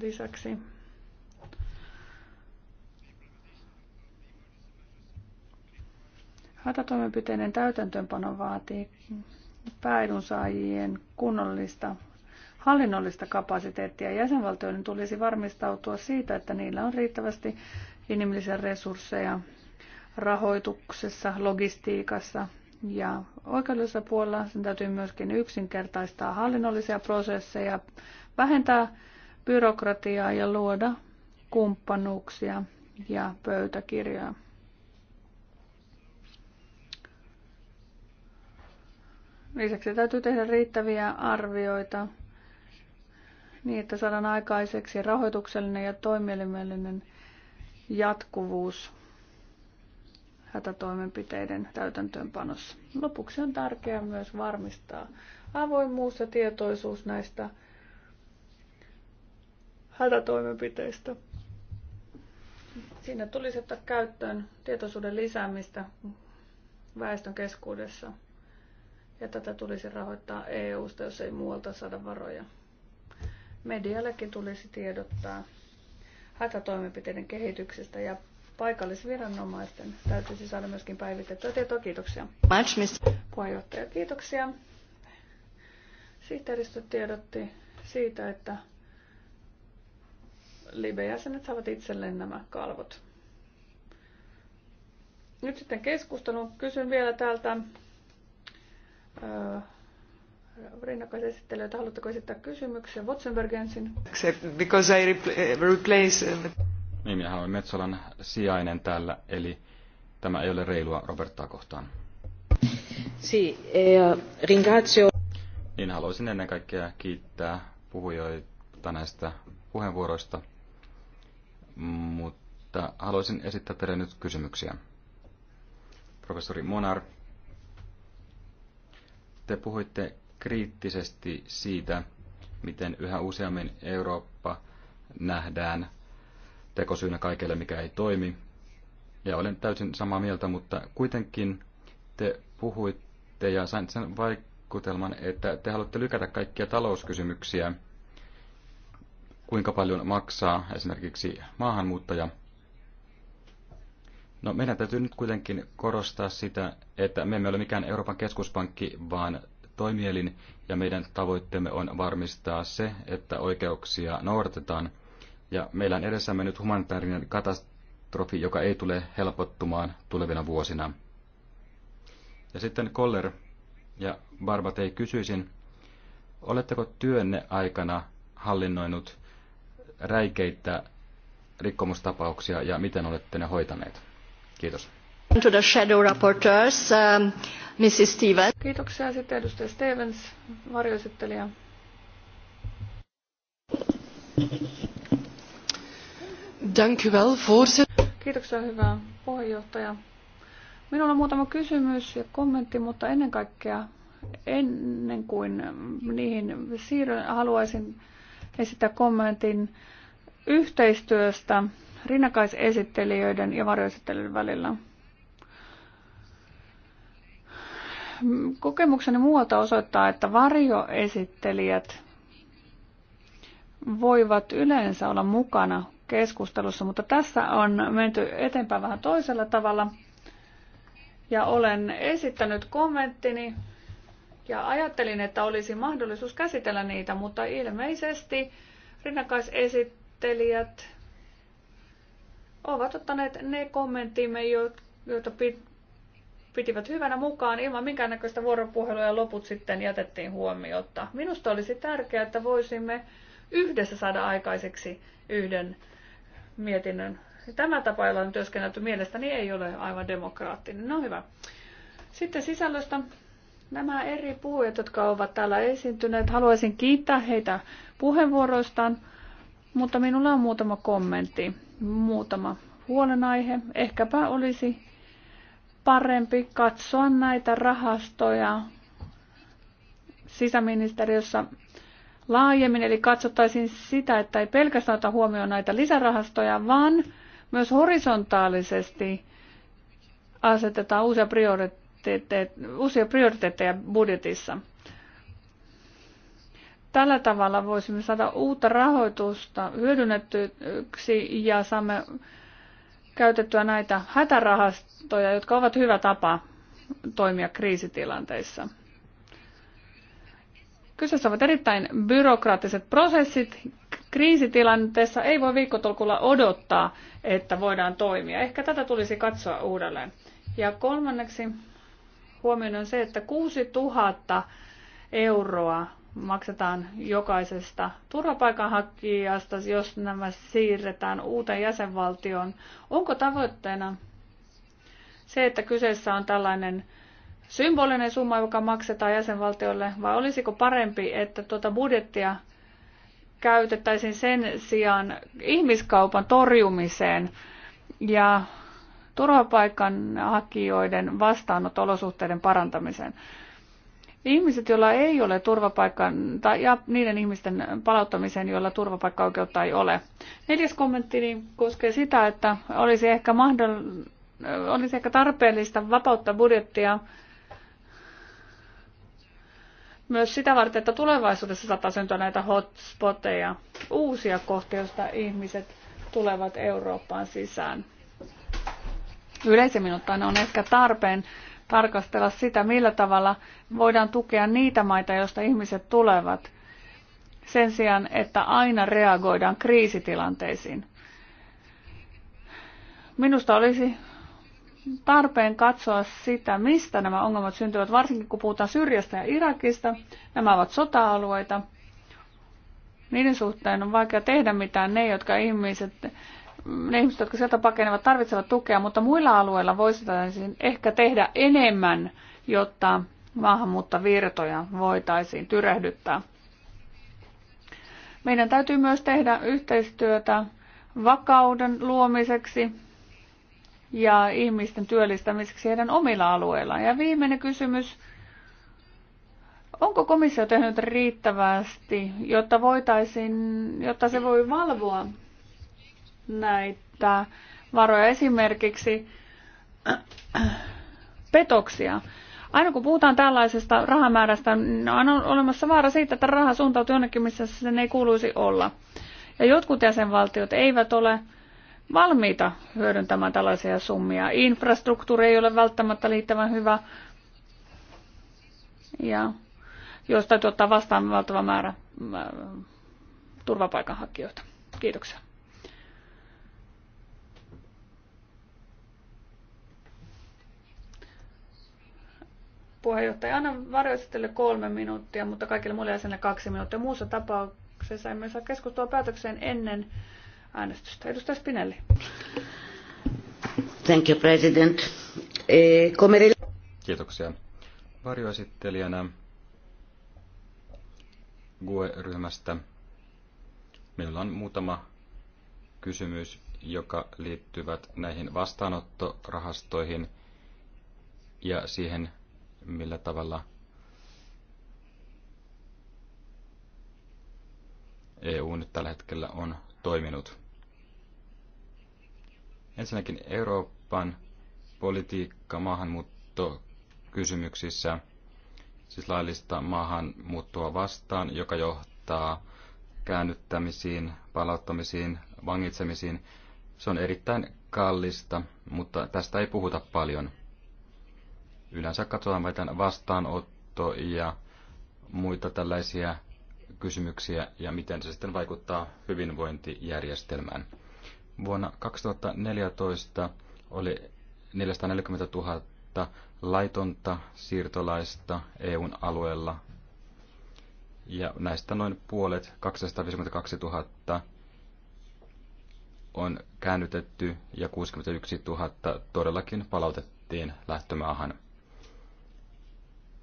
Lisäksi hätätoimenpiteiden täytäntöönpano vaatii pääedunsaajien kunnollista hallinnollista kapasiteettia. Jäsenvaltioiden tulisi varmistautua siitä, että niillä on riittävästi inhimillisiä resursseja rahoituksessa, logistiikassa ja oikeudellisessa puolella. Sen täytyy myöskin yksinkertaistaa hallinnollisia prosesseja, vähentää byrokratiaa ja luoda kumppanuuksia ja pöytäkirjoja. Lisäksi täytyy tehdä riittäviä arvioita niin, että saadaan aikaiseksi rahoituksellinen ja toimielimellinen jatkuvuus hätätoimenpiteiden täytäntöönpanossa. Lopuksi on tärkeää myös varmistaa avoimuus ja tietoisuus näistä hätätoimenpiteistä. Siinä tulisi ottaa käyttöön tietoisuuden lisäämistä väestön keskuudessa ja tätä tulisi rahoittaa EU-sta, jos ei muualta saada varoja. Mediallekin tulisi tiedottaa hätätoimenpiteiden kehityksestä ja paikallisviranomaisten täytyisi saada myöskin päivitettyä tietoa. Kiitoksia. Puheenjohtaja, kiitoksia. Sihteeristö tiedotti siitä, että libe jäsenet saavat itselleen nämä kalvot. Nyt sitten keskustelu. Kysyn vielä täältä rinnakkaisesittelijöitä. Haluatteko esittää kysymyksiä? Watsenberg Because I replace... Uh, niin, minä olen Metsolan sijainen täällä, eli tämä ei ole reilua Robertaa kohtaan. Si, eh, ringrazio. Niin, haluaisin ennen kaikkea kiittää puhujoita näistä puheenvuoroista, mutta haluaisin esittää teille nyt kysymyksiä. Professori Monar, te puhuitte kriittisesti siitä, miten yhä useammin Eurooppa nähdään tekosyynä kaikelle, mikä ei toimi. Ja olen täysin samaa mieltä, mutta kuitenkin te puhuitte ja sain sen vaikutelman, että te haluatte lykätä kaikkia talouskysymyksiä, kuinka paljon maksaa esimerkiksi maahanmuuttaja. No, meidän täytyy nyt kuitenkin korostaa sitä, että me emme ole mikään Euroopan keskuspankki, vaan toimielin ja meidän tavoitteemme on varmistaa se, että oikeuksia noudatetaan. Ja meillä on edessämme nyt humanitaarinen katastrofi, joka ei tule helpottumaan tulevina vuosina. Ja sitten Koller ja Barbatei kysyisin, oletteko työnne aikana hallinnoinut räikeitä rikkomustapauksia ja miten olette ne hoitaneet? Kiitos. To the shadow rapporteurs, um, Mrs. Stevens. Kiitoksia sitten edustaja Stevens, varjoesittelijä. Dank u wel, voorzitter. Kiitoksia, hyvä puheenjohtaja. Minulla on muutama kysymys ja kommentti, mutta ennen kaikkea ennen kuin niihin siirryn, haluaisin esittää kommentin yhteistyöstä rinnakaisesittelijöiden ja varjoesittelijöiden välillä. kokemukseni muualta osoittaa, että varjoesittelijät voivat yleensä olla mukana keskustelussa, mutta tässä on menty eteenpäin vähän toisella tavalla. Ja olen esittänyt kommenttini ja ajattelin, että olisi mahdollisuus käsitellä niitä, mutta ilmeisesti rinnakkaisesittelijät ovat ottaneet ne kommenttimme, joita pitivät hyvänä mukaan ilman minkäännäköistä vuoropuhelua ja loput sitten jätettiin huomiota. Minusta olisi tärkeää, että voisimme yhdessä saada aikaiseksi yhden mietinnön. Tämä tapa, jolla on työskennelty mielestäni, ei ole aivan demokraattinen. No hyvä. Sitten sisällöstä. Nämä eri puhujat, jotka ovat täällä esiintyneet, haluaisin kiittää heitä puheenvuoroistaan, mutta minulla on muutama kommentti, muutama huolenaihe. Ehkäpä olisi parempi katsoa näitä rahastoja sisäministeriössä laajemmin, eli katsottaisiin sitä, että ei pelkästään ota huomioon näitä lisärahastoja, vaan myös horisontaalisesti asetetaan uusia prioriteetteja, uusia prioriteetteja budjetissa. Tällä tavalla voisimme saada uutta rahoitusta hyödynnettyksi ja saamme käytettyä näitä hätärahastoja, jotka ovat hyvä tapa toimia kriisitilanteissa. Kyseessä ovat erittäin byrokraattiset prosessit. Kriisitilanteessa ei voi viikkotolkulla odottaa, että voidaan toimia. Ehkä tätä tulisi katsoa uudelleen. Ja kolmanneksi huomioon on se, että 6000 euroa maksetaan jokaisesta turvapaikanhakijasta, jos nämä siirretään uuteen jäsenvaltioon. Onko tavoitteena se, että kyseessä on tällainen symbolinen summa, joka maksetaan jäsenvaltiolle, vai olisiko parempi, että tuota budjettia käytettäisiin sen sijaan ihmiskaupan torjumiseen ja turvapaikanhakijoiden vastaanotto-olosuhteiden parantamiseen? Ihmiset, joilla ei ole turvapaikkaa, tai ja niiden ihmisten palauttamiseen, joilla turvapaikkaoikeutta ei ole. Neljäs kommentti niin koskee sitä, että olisi ehkä, mahdoll- olisi ehkä tarpeellista vapauttaa budjettia myös sitä varten, että tulevaisuudessa saattaa syntyä näitä hotspoteja, uusia kohtia, joista ihmiset tulevat Eurooppaan sisään. Yleisemmin ottaen on ehkä tarpeen tarkastella sitä, millä tavalla voidaan tukea niitä maita, joista ihmiset tulevat, sen sijaan, että aina reagoidaan kriisitilanteisiin. Minusta olisi tarpeen katsoa sitä, mistä nämä ongelmat syntyvät, varsinkin kun puhutaan Syrjästä ja Irakista. Nämä ovat sota-alueita. Niiden suhteen on vaikea tehdä mitään ne, jotka ihmiset ne ihmiset, jotka sieltä pakenevat, tarvitsevat tukea, mutta muilla alueilla voisitaisiin ehkä tehdä enemmän, jotta maahanmuuttavirtoja voitaisiin tyrehdyttää. Meidän täytyy myös tehdä yhteistyötä vakauden luomiseksi ja ihmisten työllistämiseksi heidän omilla alueillaan. Ja viimeinen kysymys. Onko komissio tehnyt riittävästi, jotta, voitaisiin, jotta se voi valvoa näitä varoja esimerkiksi petoksia. Aina kun puhutaan tällaisesta rahamäärästä, niin on olemassa vaara siitä, että raha suuntautuu jonnekin, missä sen ei kuuluisi olla. Ja jotkut jäsenvaltiot eivät ole valmiita hyödyntämään tällaisia summia. Infrastruktuuri ei ole välttämättä liittävän hyvä. Ja jos täytyy ottaa vastaan valtava määrä äh, turvapaikanhakijoita. Kiitoksia. puheenjohtaja. anna varjoistajille kolme minuuttia, mutta kaikille muille jäsenille kaksi minuuttia. Muussa tapauksessa emme saa keskustelua päätökseen ennen äänestystä. Edustaja Spinelli. Thank you, President. E, Kiitoksia. Varjoesittelijänä GUE-ryhmästä meillä on muutama kysymys, joka liittyvät näihin vastaanottorahastoihin ja siihen, millä tavalla EU nyt tällä hetkellä on toiminut. Ensinnäkin Euroopan politiikka maahanmuuttokysymyksissä, siis laillista maahanmuuttoa vastaan, joka johtaa käännyttämisiin, palauttamisiin, vangitsemisiin. Se on erittäin kallista, mutta tästä ei puhuta paljon – Yleensä katsotaan meidän vastaanotto ja muita tällaisia kysymyksiä ja miten se sitten vaikuttaa hyvinvointijärjestelmään. Vuonna 2014 oli 440 000 laitonta siirtolaista EUn alueella ja näistä noin puolet, 252 000, on käännytetty ja 61 000 todellakin palautettiin lähtömaahan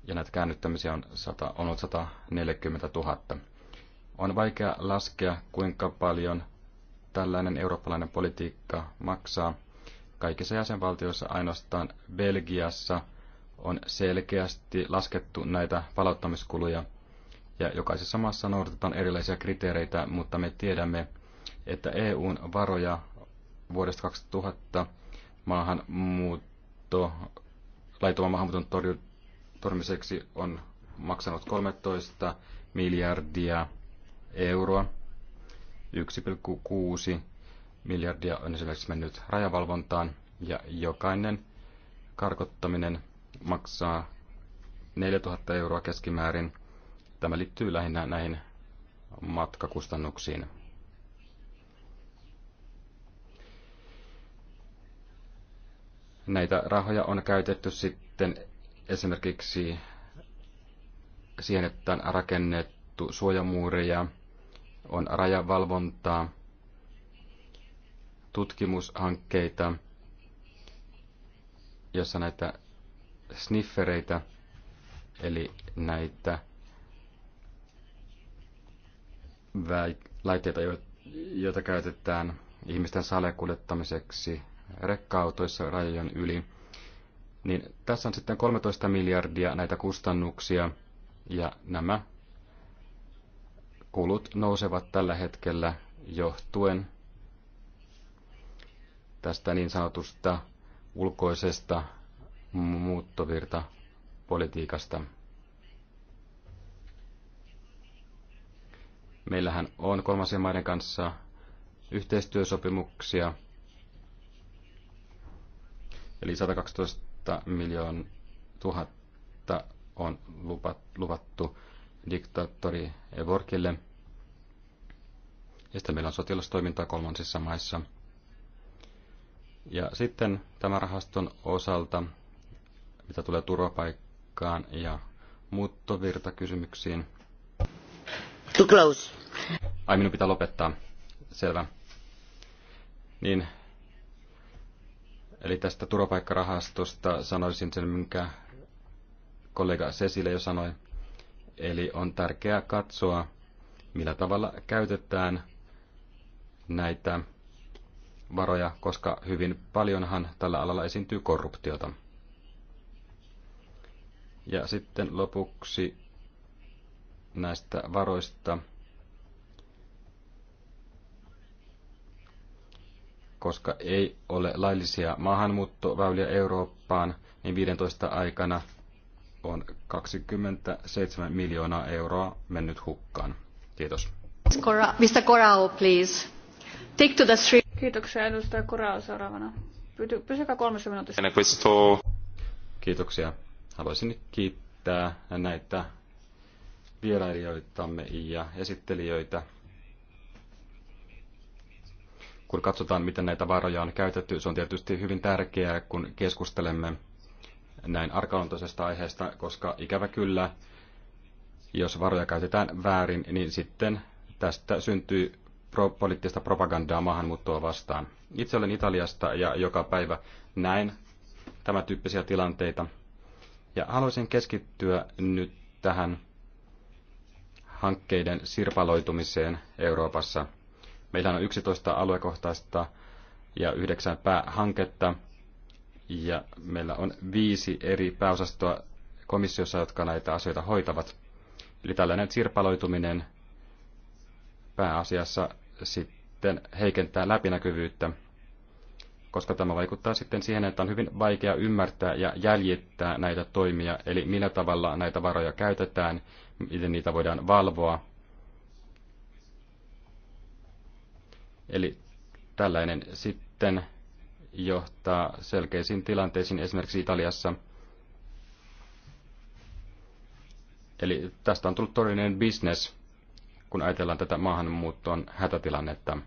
ja näitä käännyttämisiä on, 100, on ollut 140 000. On vaikea laskea, kuinka paljon tällainen eurooppalainen politiikka maksaa. Kaikissa jäsenvaltioissa ainoastaan Belgiassa on selkeästi laskettu näitä palauttamiskuluja, ja jokaisessa maassa noudatetaan erilaisia kriteereitä, mutta me tiedämme, että EUn varoja vuodesta 2000 maahanmuutto, laittoman maahanmuuton torjunta torjumiseksi on maksanut 13 miljardia euroa. 1,6 miljardia on esimerkiksi mennyt rajavalvontaan ja jokainen karkottaminen maksaa 4000 euroa keskimäärin. Tämä liittyy lähinnä näihin matkakustannuksiin. Näitä rahoja on käytetty sitten esimerkiksi siihen, että on rakennettu suojamuureja, on rajavalvontaa, tutkimushankkeita, jossa näitä sniffereitä, eli näitä laitteita, joita käytetään ihmisten salekuljettamiseksi rekka-autoissa rajojen yli. Niin tässä on sitten 13 miljardia näitä kustannuksia ja nämä kulut nousevat tällä hetkellä johtuen tästä niin sanotusta ulkoisesta muuttovirta politiikasta. Meillähän on kolmansien maiden kanssa yhteistyösopimuksia, eli 112 miljoon, tuhatta on lupat, luvattu diktaattori Evorkille. Ja sitten meillä on sotilastoimintaa kolmansissa maissa. Ja sitten tämän rahaston osalta, mitä tulee turvapaikkaan ja muuttovirtakysymyksiin. Too close. Ai, minun pitää lopettaa. Selvä. Niin, Eli tästä turvapaikkarahastosta sanoisin sen, minkä kollega Cecile jo sanoi. Eli on tärkeää katsoa, millä tavalla käytetään näitä varoja, koska hyvin paljonhan tällä alalla esiintyy korruptiota. Ja sitten lopuksi näistä varoista – koska ei ole laillisia maahanmuuttoväyliä Eurooppaan, niin 15 aikana on 27 miljoonaa euroa mennyt hukkaan. Kiitos. Mr. Corao, please. Take to the street. Kiitoksia edustaja Corao seuraavana. Pysykää kolmessa minuutissa. Kiitoksia. Haluaisin kiittää näitä vierailijoitamme ja esittelijöitä kun katsotaan, miten näitä varoja on käytetty, se on tietysti hyvin tärkeää, kun keskustelemme näin arkaluontoisesta aiheesta, koska ikävä kyllä, jos varoja käytetään väärin, niin sitten tästä syntyy pro- poliittista propagandaa maahanmuuttoa vastaan. Itse olen Italiasta ja joka päivä näin tämän tyyppisiä tilanteita. Ja haluaisin keskittyä nyt tähän hankkeiden sirpaloitumiseen Euroopassa – Meillä on 11 aluekohtaista ja yhdeksän päähanketta, ja meillä on viisi eri pääosastoa komissiossa, jotka näitä asioita hoitavat. Eli tällainen sirpaloituminen pääasiassa sitten heikentää läpinäkyvyyttä, koska tämä vaikuttaa sitten siihen, että on hyvin vaikea ymmärtää ja jäljittää näitä toimia, eli millä tavalla näitä varoja käytetään, miten niitä voidaan valvoa Eli tällainen sitten johtaa selkeisiin tilanteisiin esimerkiksi Italiassa. Eli tästä on tullut todellinen bisnes, kun ajatellaan tätä maahanmuuttoon hätätilannetta.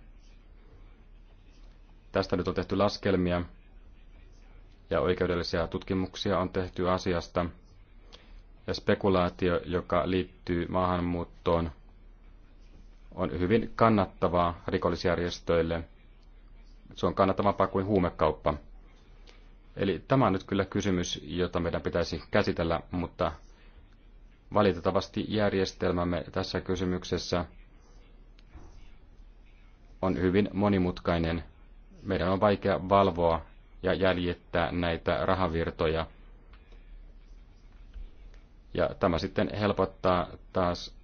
Tästä nyt on tehty laskelmia ja oikeudellisia tutkimuksia on tehty asiasta. Ja spekulaatio, joka liittyy maahanmuuttoon, on hyvin kannattavaa rikollisjärjestöille. Se on kannattavampaa kuin huumekauppa. Eli tämä on nyt kyllä kysymys, jota meidän pitäisi käsitellä, mutta valitettavasti järjestelmämme tässä kysymyksessä on hyvin monimutkainen. Meidän on vaikea valvoa ja jäljittää näitä rahavirtoja. Ja tämä sitten helpottaa taas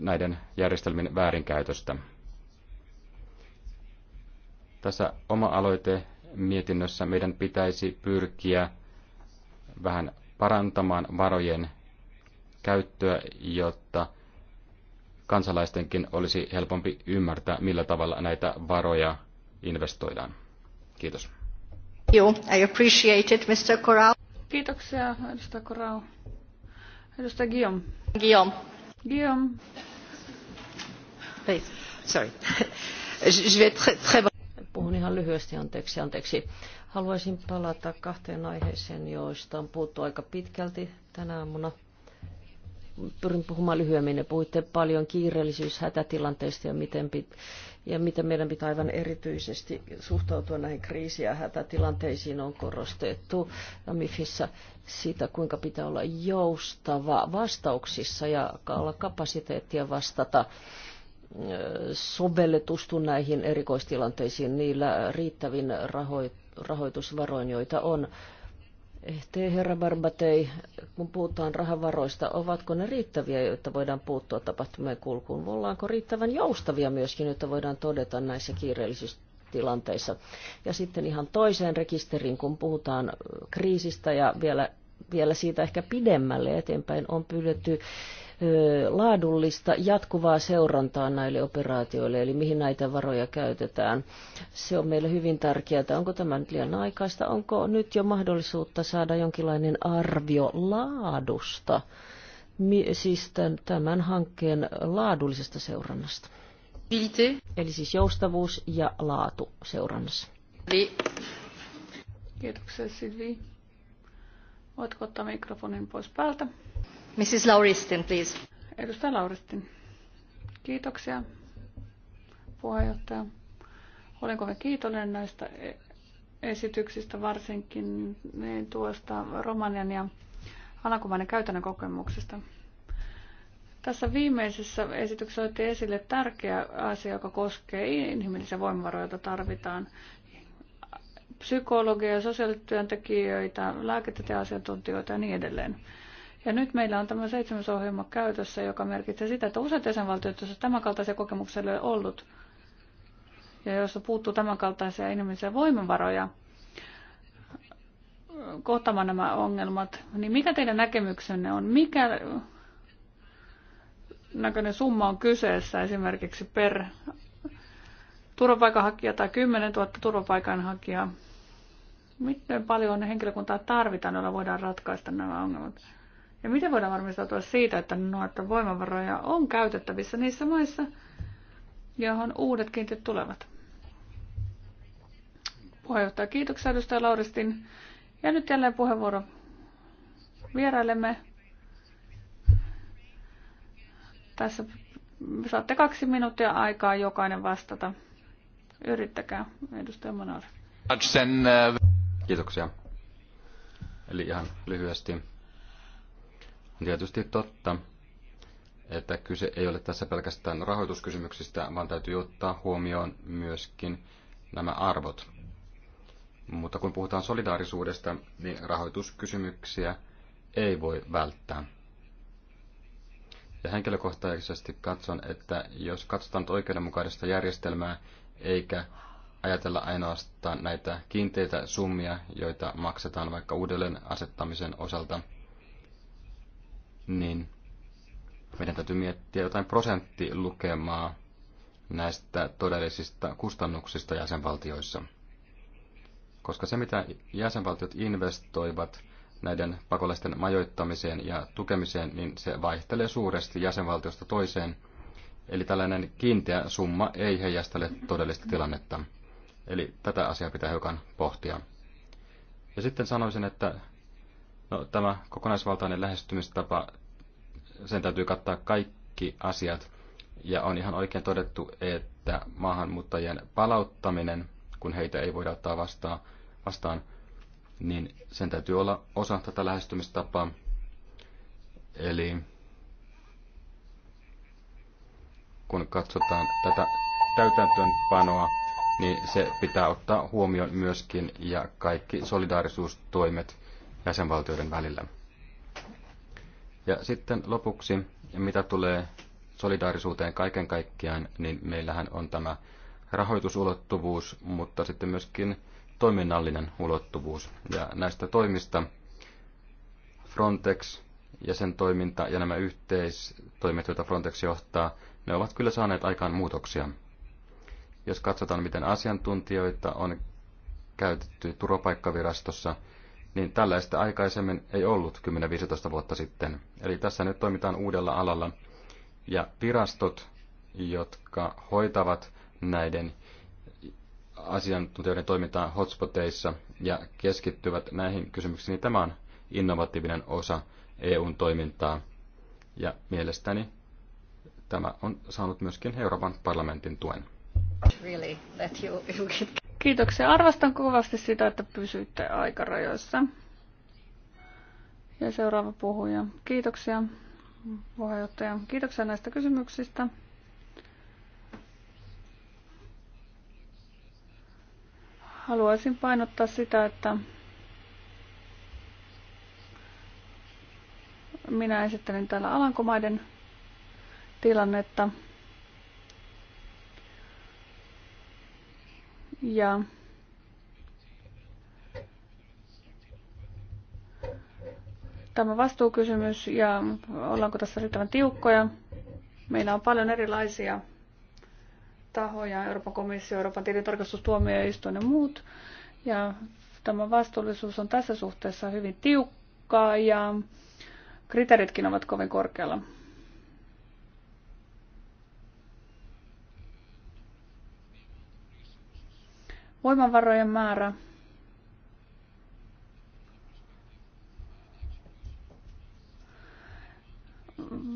näiden järjestelmien väärinkäytöstä. Tässä oma-aloite mietinnössä meidän pitäisi pyrkiä vähän parantamaan varojen käyttöä, jotta kansalaistenkin olisi helpompi ymmärtää, millä tavalla näitä varoja investoidaan. Kiitos. You, I appreciate it, Mr. Corral. Kiitoksia, edustaja Corral. Edustaja Guillaume. Guillaume. Guillaume. Puhun ihan lyhyesti, anteeksi, anteeksi. Haluaisin palata kahteen aiheeseen, joista on puhuttu aika pitkälti tänä aamuna. Pyrin puhumaan lyhyemmin. Puhuitte paljon kiireellisyys hätätilanteista ja miten, pit- ja miten meidän pitää aivan erityisesti suhtautua näihin kriisi- ja hätätilanteisiin on korostettu MIFissä sitä, kuinka pitää olla joustava vastauksissa ja olla kapasiteettia vastata sovelletustu näihin erikoistilanteisiin niillä riittävin rahoitusvaroin, joita on. Te, herra Barbatei, kun puhutaan rahavaroista, ovatko ne riittäviä, jotta voidaan puuttua tapahtumien kulkuun? Ollaanko riittävän joustavia myöskin, jotta voidaan todeta näissä kiireellisissä tilanteissa Ja sitten ihan toiseen rekisteriin, kun puhutaan kriisistä ja vielä, vielä siitä ehkä pidemmälle eteenpäin, on pyydetty laadullista jatkuvaa seurantaa näille operaatioille, eli mihin näitä varoja käytetään. Se on meille hyvin tärkeää. Onko tämä nyt liian aikaista? Onko nyt jo mahdollisuutta saada jonkinlainen arvio laadusta, siis tämän hankkeen laadullisesta seurannasta? Eli siis joustavuus ja laatu seurannassa. Silvi. Kiitoksia Silvi. Voitko ottaa mikrofonin pois päältä? Mrs. Lauristin, please. Edustaja Lauristin. Kiitoksia, puheenjohtaja. Olen kovin kiitollinen näistä e- esityksistä, varsinkin niin tuosta Romanian ja Alankomainen käytännön kokemuksesta. Tässä viimeisessä esityksessä otettiin esille tärkeä asia, joka koskee inhimillisiä voimavaroja, joita tarvitaan. Psykologia, sosiaalityöntekijöitä, lääketieteen asiantuntijoita ja niin edelleen. Ja nyt meillä on tämä seitsemäs ohjelma käytössä, joka merkitsee sitä, että useat jäsenvaltiot, joissa kaltaisia kokemuksia ei ole ollut, ja joissa puuttuu kaltaisia inhimillisiä voimavaroja kohtamaan nämä ongelmat, niin mikä teidän näkemyksenne on? Mikä näköinen summa on kyseessä esimerkiksi per turvapaikanhakija tai 10 000 turvapaikanhakijaa? Miten paljon henkilökuntaa tarvitaan, jolla voidaan ratkaista nämä ongelmat? Ja miten voidaan varmistautua siitä, että nuorten voimavaroja on käytettävissä niissä maissa, johon uudet kiintiöt tulevat? Puheenjohtaja, kiitoksia edustaja Lauristin. Ja nyt jälleen puheenvuoro vierailemme. Tässä saatte kaksi minuuttia aikaa jokainen vastata. Yrittäkää, edustaja Monauri. Kiitoksia. Eli ihan lyhyesti on tietysti totta, että kyse ei ole tässä pelkästään rahoituskysymyksistä, vaan täytyy ottaa huomioon myöskin nämä arvot. Mutta kun puhutaan solidaarisuudesta, niin rahoituskysymyksiä ei voi välttää. Ja henkilökohtaisesti katson, että jos katsotaan oikeudenmukaista järjestelmää, eikä ajatella ainoastaan näitä kiinteitä summia, joita maksetaan vaikka uudelleen asettamisen osalta – niin meidän täytyy miettiä jotain prosenttilukemaa näistä todellisista kustannuksista jäsenvaltioissa. Koska se, mitä jäsenvaltiot investoivat näiden pakolaisten majoittamiseen ja tukemiseen, niin se vaihtelee suuresti jäsenvaltiosta toiseen. Eli tällainen kiinteä summa ei heijastele todellista tilannetta. Eli tätä asiaa pitää hiukan pohtia. Ja sitten sanoisin, että No, tämä kokonaisvaltainen lähestymistapa, sen täytyy kattaa kaikki asiat. Ja on ihan oikein todettu, että maahanmuuttajien palauttaminen, kun heitä ei voida ottaa vastaan, vastaan niin sen täytyy olla osa tätä lähestymistapaa. Eli kun katsotaan tätä täytäntöönpanoa, niin se pitää ottaa huomioon myöskin ja kaikki solidaarisuustoimet, jäsenvaltioiden välillä. Ja sitten lopuksi, mitä tulee solidaarisuuteen kaiken kaikkiaan, niin meillähän on tämä rahoitusulottuvuus, mutta sitten myöskin toiminnallinen ulottuvuus. Ja näistä toimista Frontex ja sen toiminta ja nämä yhteistoimet, joita Frontex johtaa, ne ovat kyllä saaneet aikaan muutoksia. Jos katsotaan, miten asiantuntijoita on käytetty turvapaikkavirastossa, niin tällaista aikaisemmin ei ollut 10-15 vuotta sitten. Eli tässä nyt toimitaan uudella alalla. Ja virastot, jotka hoitavat näiden asiantuntijoiden toimintaa hotspoteissa ja keskittyvät näihin kysymyksiin, niin tämä on innovatiivinen osa EUn toimintaa. Ja mielestäni tämä on saanut myöskin Euroopan parlamentin tuen. Really, Kiitoksia. Arvostan kovasti sitä, että pysyitte aikarajoissa. Ja seuraava puhuja. Kiitoksia puheenjohtaja. Kiitoksia näistä kysymyksistä. Haluaisin painottaa sitä, että minä esittelen täällä Alankomaiden tilannetta. Ja tämä vastuukysymys ja ollaanko tässä riittävän tiukkoja. Meillä on paljon erilaisia tahoja, Euroopan komissio, Euroopan tilintarkastustuomioistuin ja muut. Ja tämä vastuullisuus on tässä suhteessa hyvin tiukkaa ja kriteeritkin ovat kovin korkealla. voimavarojen määrä.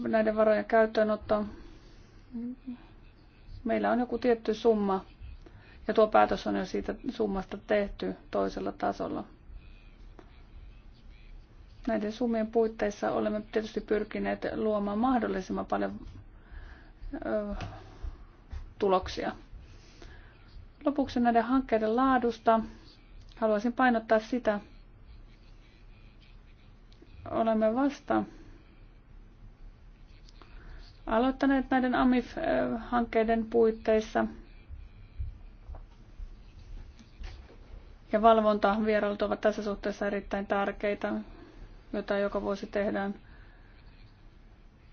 Näiden varojen käyttöönotto. Meillä on joku tietty summa ja tuo päätös on jo siitä summasta tehty toisella tasolla. Näiden summien puitteissa olemme tietysti pyrkineet luomaan mahdollisimman paljon ö, tuloksia. Lopuksi näiden hankkeiden laadusta haluaisin painottaa sitä, olemme vasta aloittaneet näiden AMIF-hankkeiden puitteissa. Ja vierailut ovat tässä suhteessa erittäin tärkeitä, joita joka vuosi tehdään.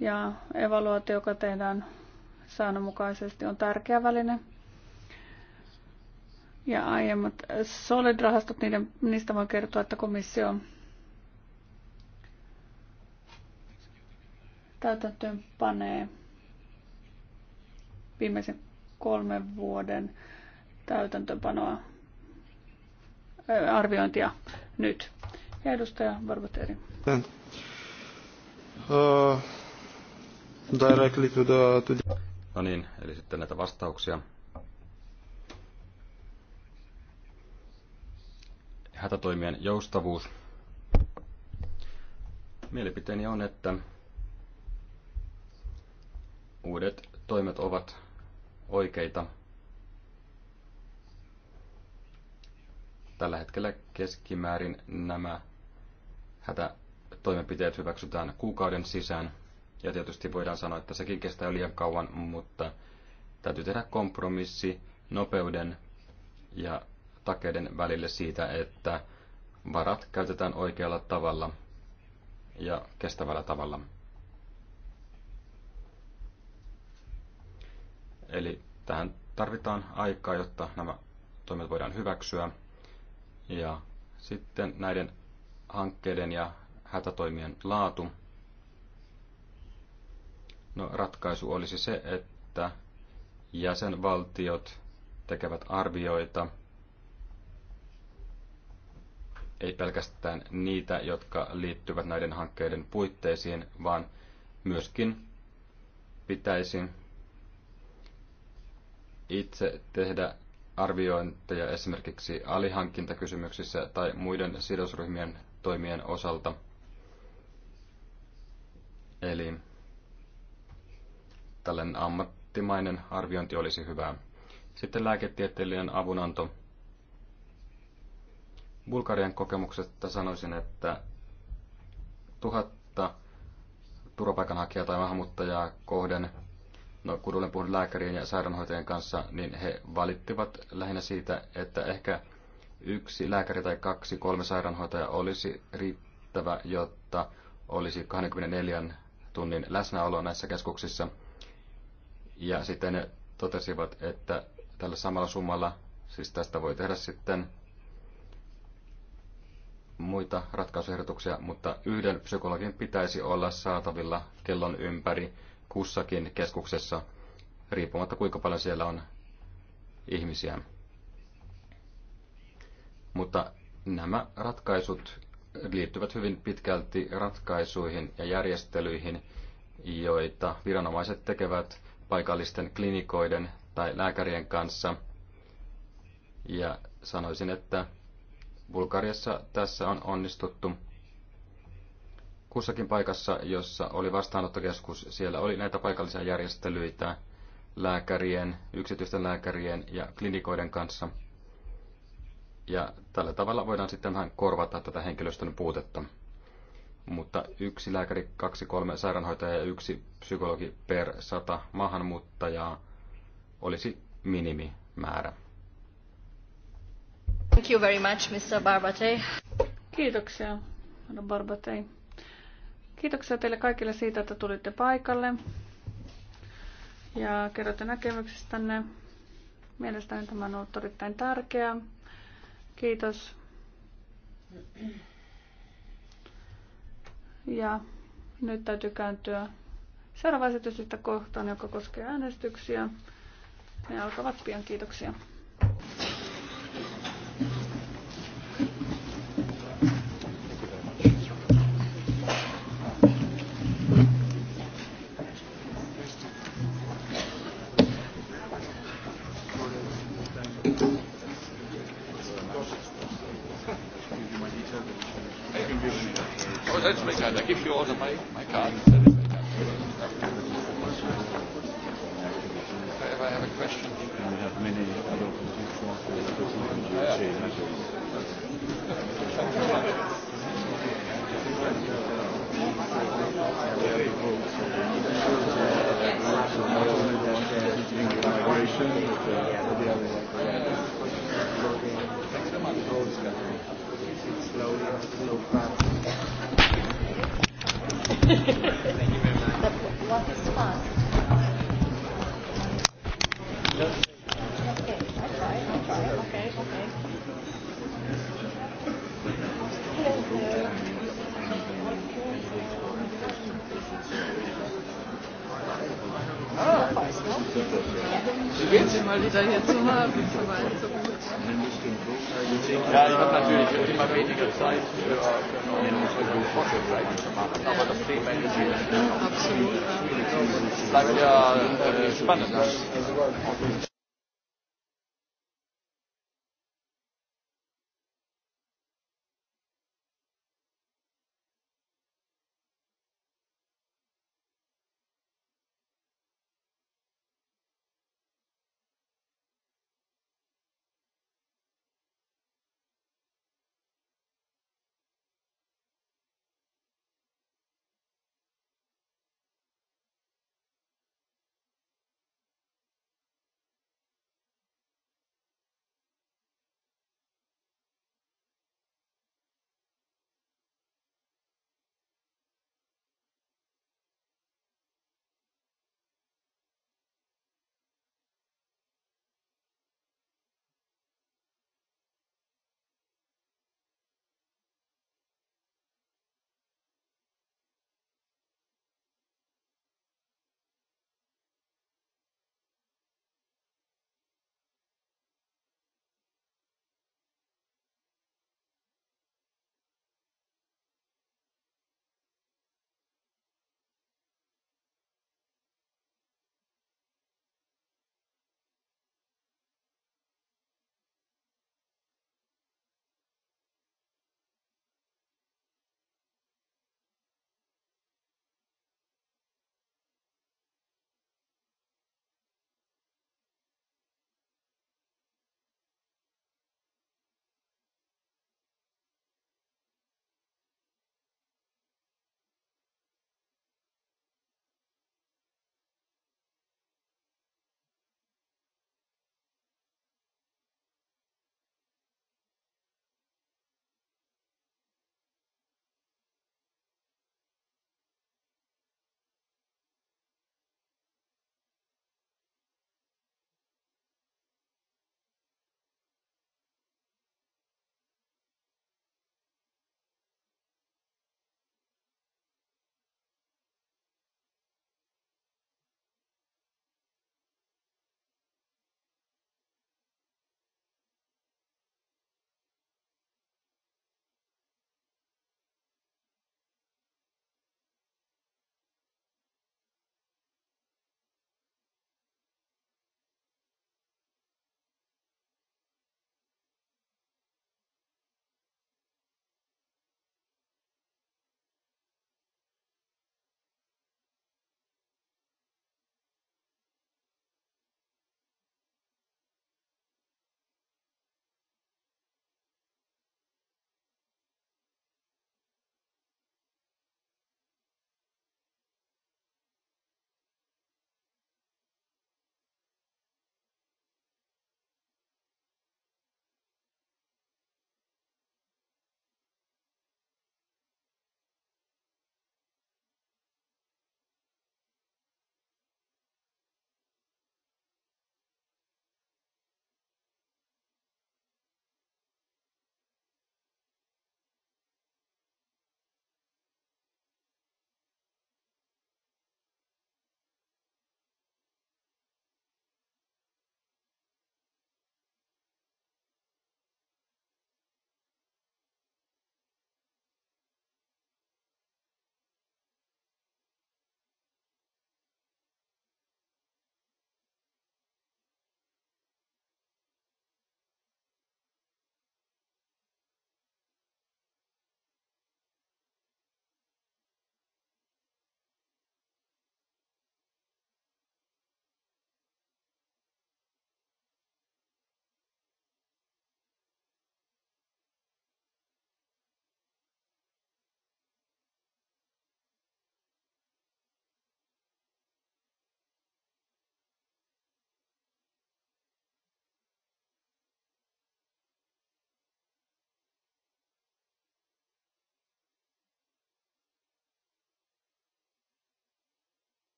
Ja evaluaatio, joka tehdään säännönmukaisesti, on tärkeä väline – ja aiemmat Solid-rahastot, niiden, niistä voi kertoa, että komissio täytäntöön panee viimeisen kolmen vuoden täytäntöönpanoa arviointia nyt. Ja edustaja Barbateri. Uh, No niin, eli sitten näitä vastauksia ja hätätoimien joustavuus. Mielipiteeni on, että uudet toimet ovat oikeita. Tällä hetkellä keskimäärin nämä hätätoimenpiteet hyväksytään kuukauden sisään. Ja tietysti voidaan sanoa, että sekin kestää liian kauan, mutta täytyy tehdä kompromissi nopeuden ja takeiden välille siitä, että varat käytetään oikealla tavalla ja kestävällä tavalla. Eli tähän tarvitaan aikaa, jotta nämä toimet voidaan hyväksyä. Ja sitten näiden hankkeiden ja hätätoimien laatu. No, ratkaisu olisi se, että jäsenvaltiot tekevät arvioita ei pelkästään niitä, jotka liittyvät näiden hankkeiden puitteisiin, vaan myöskin pitäisi itse tehdä arviointeja esimerkiksi alihankintakysymyksissä tai muiden sidosryhmien toimien osalta. Eli tällainen ammattimainen arviointi olisi hyvää. Sitten lääketieteellinen avunanto – Bulgarian kokemuksesta sanoisin, että tuhatta turvapaikanhakijaa tai maahanmuuttajaa kohden, no kun olen puhunut lääkärien ja sairaanhoitajien kanssa, niin he valittivat lähinnä siitä, että ehkä yksi lääkäri tai kaksi, kolme sairaanhoitajaa olisi riittävä, jotta olisi 24 tunnin läsnäolo näissä keskuksissa. Ja sitten ne totesivat, että tällä samalla summalla, siis tästä voi tehdä sitten muita ratkaisuehdotuksia, mutta yhden psykologin pitäisi olla saatavilla kellon ympäri kussakin keskuksessa, riippumatta kuinka paljon siellä on ihmisiä. Mutta nämä ratkaisut liittyvät hyvin pitkälti ratkaisuihin ja järjestelyihin, joita viranomaiset tekevät paikallisten klinikoiden tai lääkärien kanssa. Ja sanoisin, että Bulgariassa tässä on onnistuttu. Kussakin paikassa, jossa oli vastaanottokeskus, siellä oli näitä paikallisia järjestelyitä lääkärien, yksityisten lääkärien ja klinikoiden kanssa. Ja tällä tavalla voidaan sitten vähän korvata tätä henkilöstön puutetta. Mutta yksi lääkäri, kaksi, kolme sairaanhoitajaa ja yksi psykologi per sata maahanmuuttajaa olisi minimimäärä. Thank you very much, Mr. Barbatei. Kiitoksia, Mr. Barbatei. Kiitoksia teille kaikille siitä, että tulitte paikalle ja kerrotte näkemyksestänne. Mielestäni tämä on ollut erittäin tärkeää. Kiitos. Ja nyt täytyy kääntyä seuraava esitystä kohtaan, joka koskee äänestyksiä. Ne alkavat pian. Kiitoksia.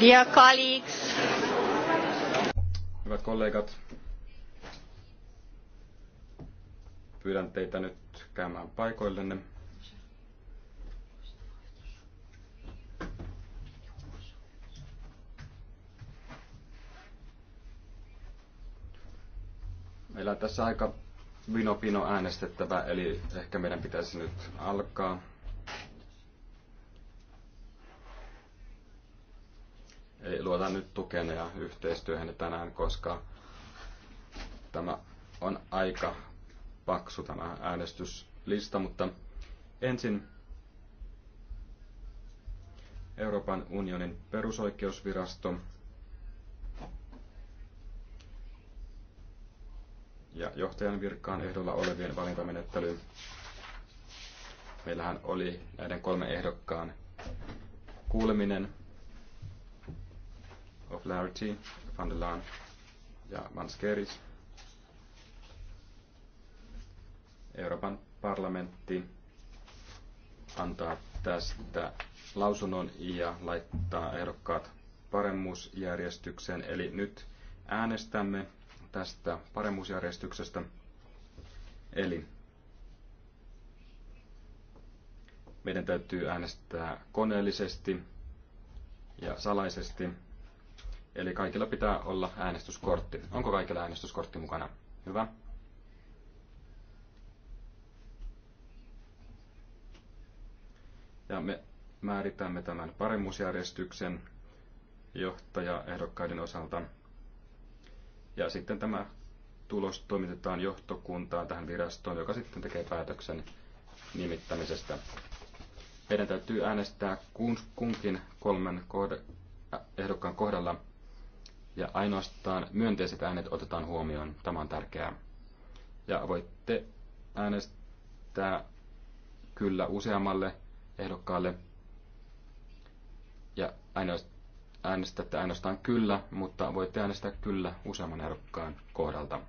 Dear colleagues. Hyvät kollegat, pyydän teitä nyt käymään paikoillenne. Meillä on tässä aika vino-pino äänestettävä, eli ehkä meidän pitäisi nyt alkaa. ei luota nyt tukena ja yhteistyöhön tänään, koska tämä on aika paksu tämä äänestyslista, mutta ensin Euroopan unionin perusoikeusvirasto ja johtajan virkaan ehdolla olevien valintamenettely. Meillähän oli näiden kolme ehdokkaan kuuleminen Larity, Van der Laan ja Manskeris. Euroopan parlamentti antaa tästä lausunnon ja laittaa ehdokkaat paremmuusjärjestykseen. Eli nyt äänestämme tästä paremmuusjärjestyksestä. Eli meidän täytyy äänestää koneellisesti ja salaisesti. Eli kaikilla pitää olla äänestyskortti. Onko kaikilla äänestyskortti mukana? Hyvä. Ja me määritämme tämän paremmuusjärjestyksen johtajaehdokkaiden osalta. Ja sitten tämä tulos toimitetaan johtokuntaan tähän virastoon, joka sitten tekee päätöksen nimittämisestä. Meidän täytyy äänestää kunkin kolmen kohde, ehdokkaan kohdalla ja ainoastaan myönteiset äänet otetaan huomioon. Tämä on tärkeää. Ja voitte äänestää kyllä useammalle ehdokkaalle ja äänestätte ainoastaan kyllä, mutta voitte äänestää kyllä useamman ehdokkaan kohdalta.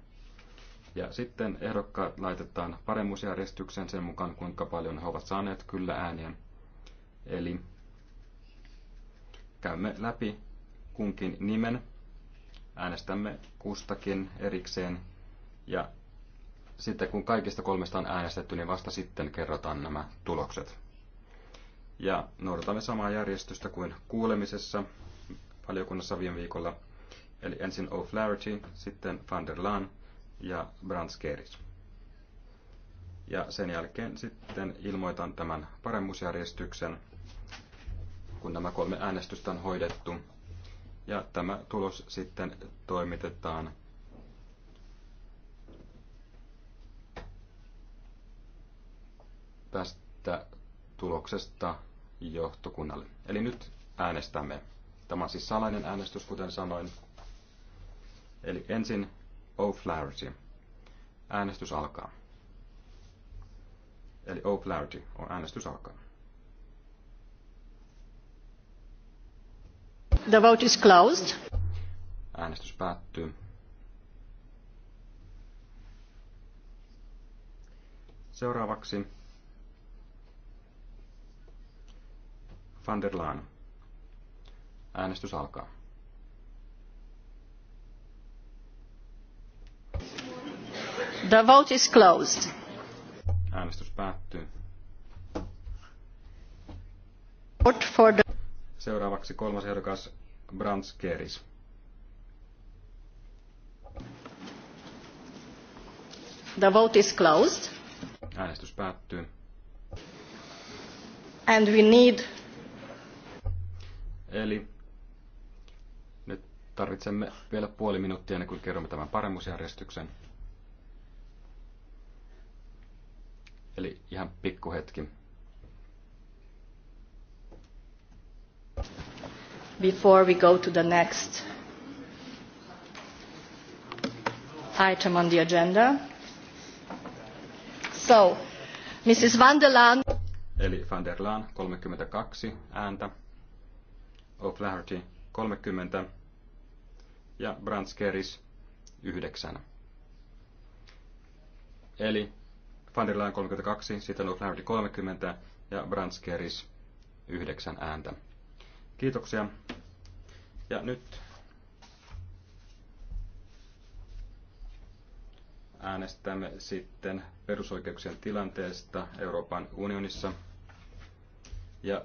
Ja sitten ehdokkaat laitetaan paremmuusjärjestykseen sen mukaan, kuinka paljon he ovat saaneet kyllä ääniä. Eli käymme läpi kunkin nimen Äänestämme kustakin erikseen ja sitten kun kaikista kolmesta on äänestetty, niin vasta sitten kerrotaan nämä tulokset. Ja noudatamme samaa järjestystä kuin kuulemisessa valiokunnassa viime viikolla. Eli ensin O'Flaherty, sitten Van der Laan ja Branskeris. Ja sen jälkeen sitten ilmoitan tämän paremmuusjärjestyksen, kun nämä kolme äänestystä on hoidettu ja tämä tulos sitten toimitetaan tästä tuloksesta johtokunnalle. Eli nyt äänestämme. Tämä on siis salainen äänestys, kuten sanoin. Eli ensin O'Flaherty. Äänestys alkaa. Eli O'Flaherty on äänestys alkaa. The vote is closed. Äänestys päättyy. Seuraavaksi Van der Laan. Äänestys alkaa. The vote is closed. Äänestys päättyy. Vote for the Seuraavaksi kolmas ehdokas Brands Keris. The vote is closed. Äänestys päättyy. And we need... Eli nyt tarvitsemme vielä puoli minuuttia ennen kuin kerromme tämän paremmuusjärjestyksen. Eli ihan pikkuhetki. hetki. before we go to the next item on the agenda. So, Mrs. Van der Laan. Eli Van der Laan 32 ääntä, O'Flaherty 30 ja Branskeris 9. Eli Van der Laan 32, sitten O'Flaherty 30 ja Branskeris 9 ääntä. Kiitoksia. Ja nyt äänestämme sitten perusoikeuksien tilanteesta Euroopan unionissa. Ja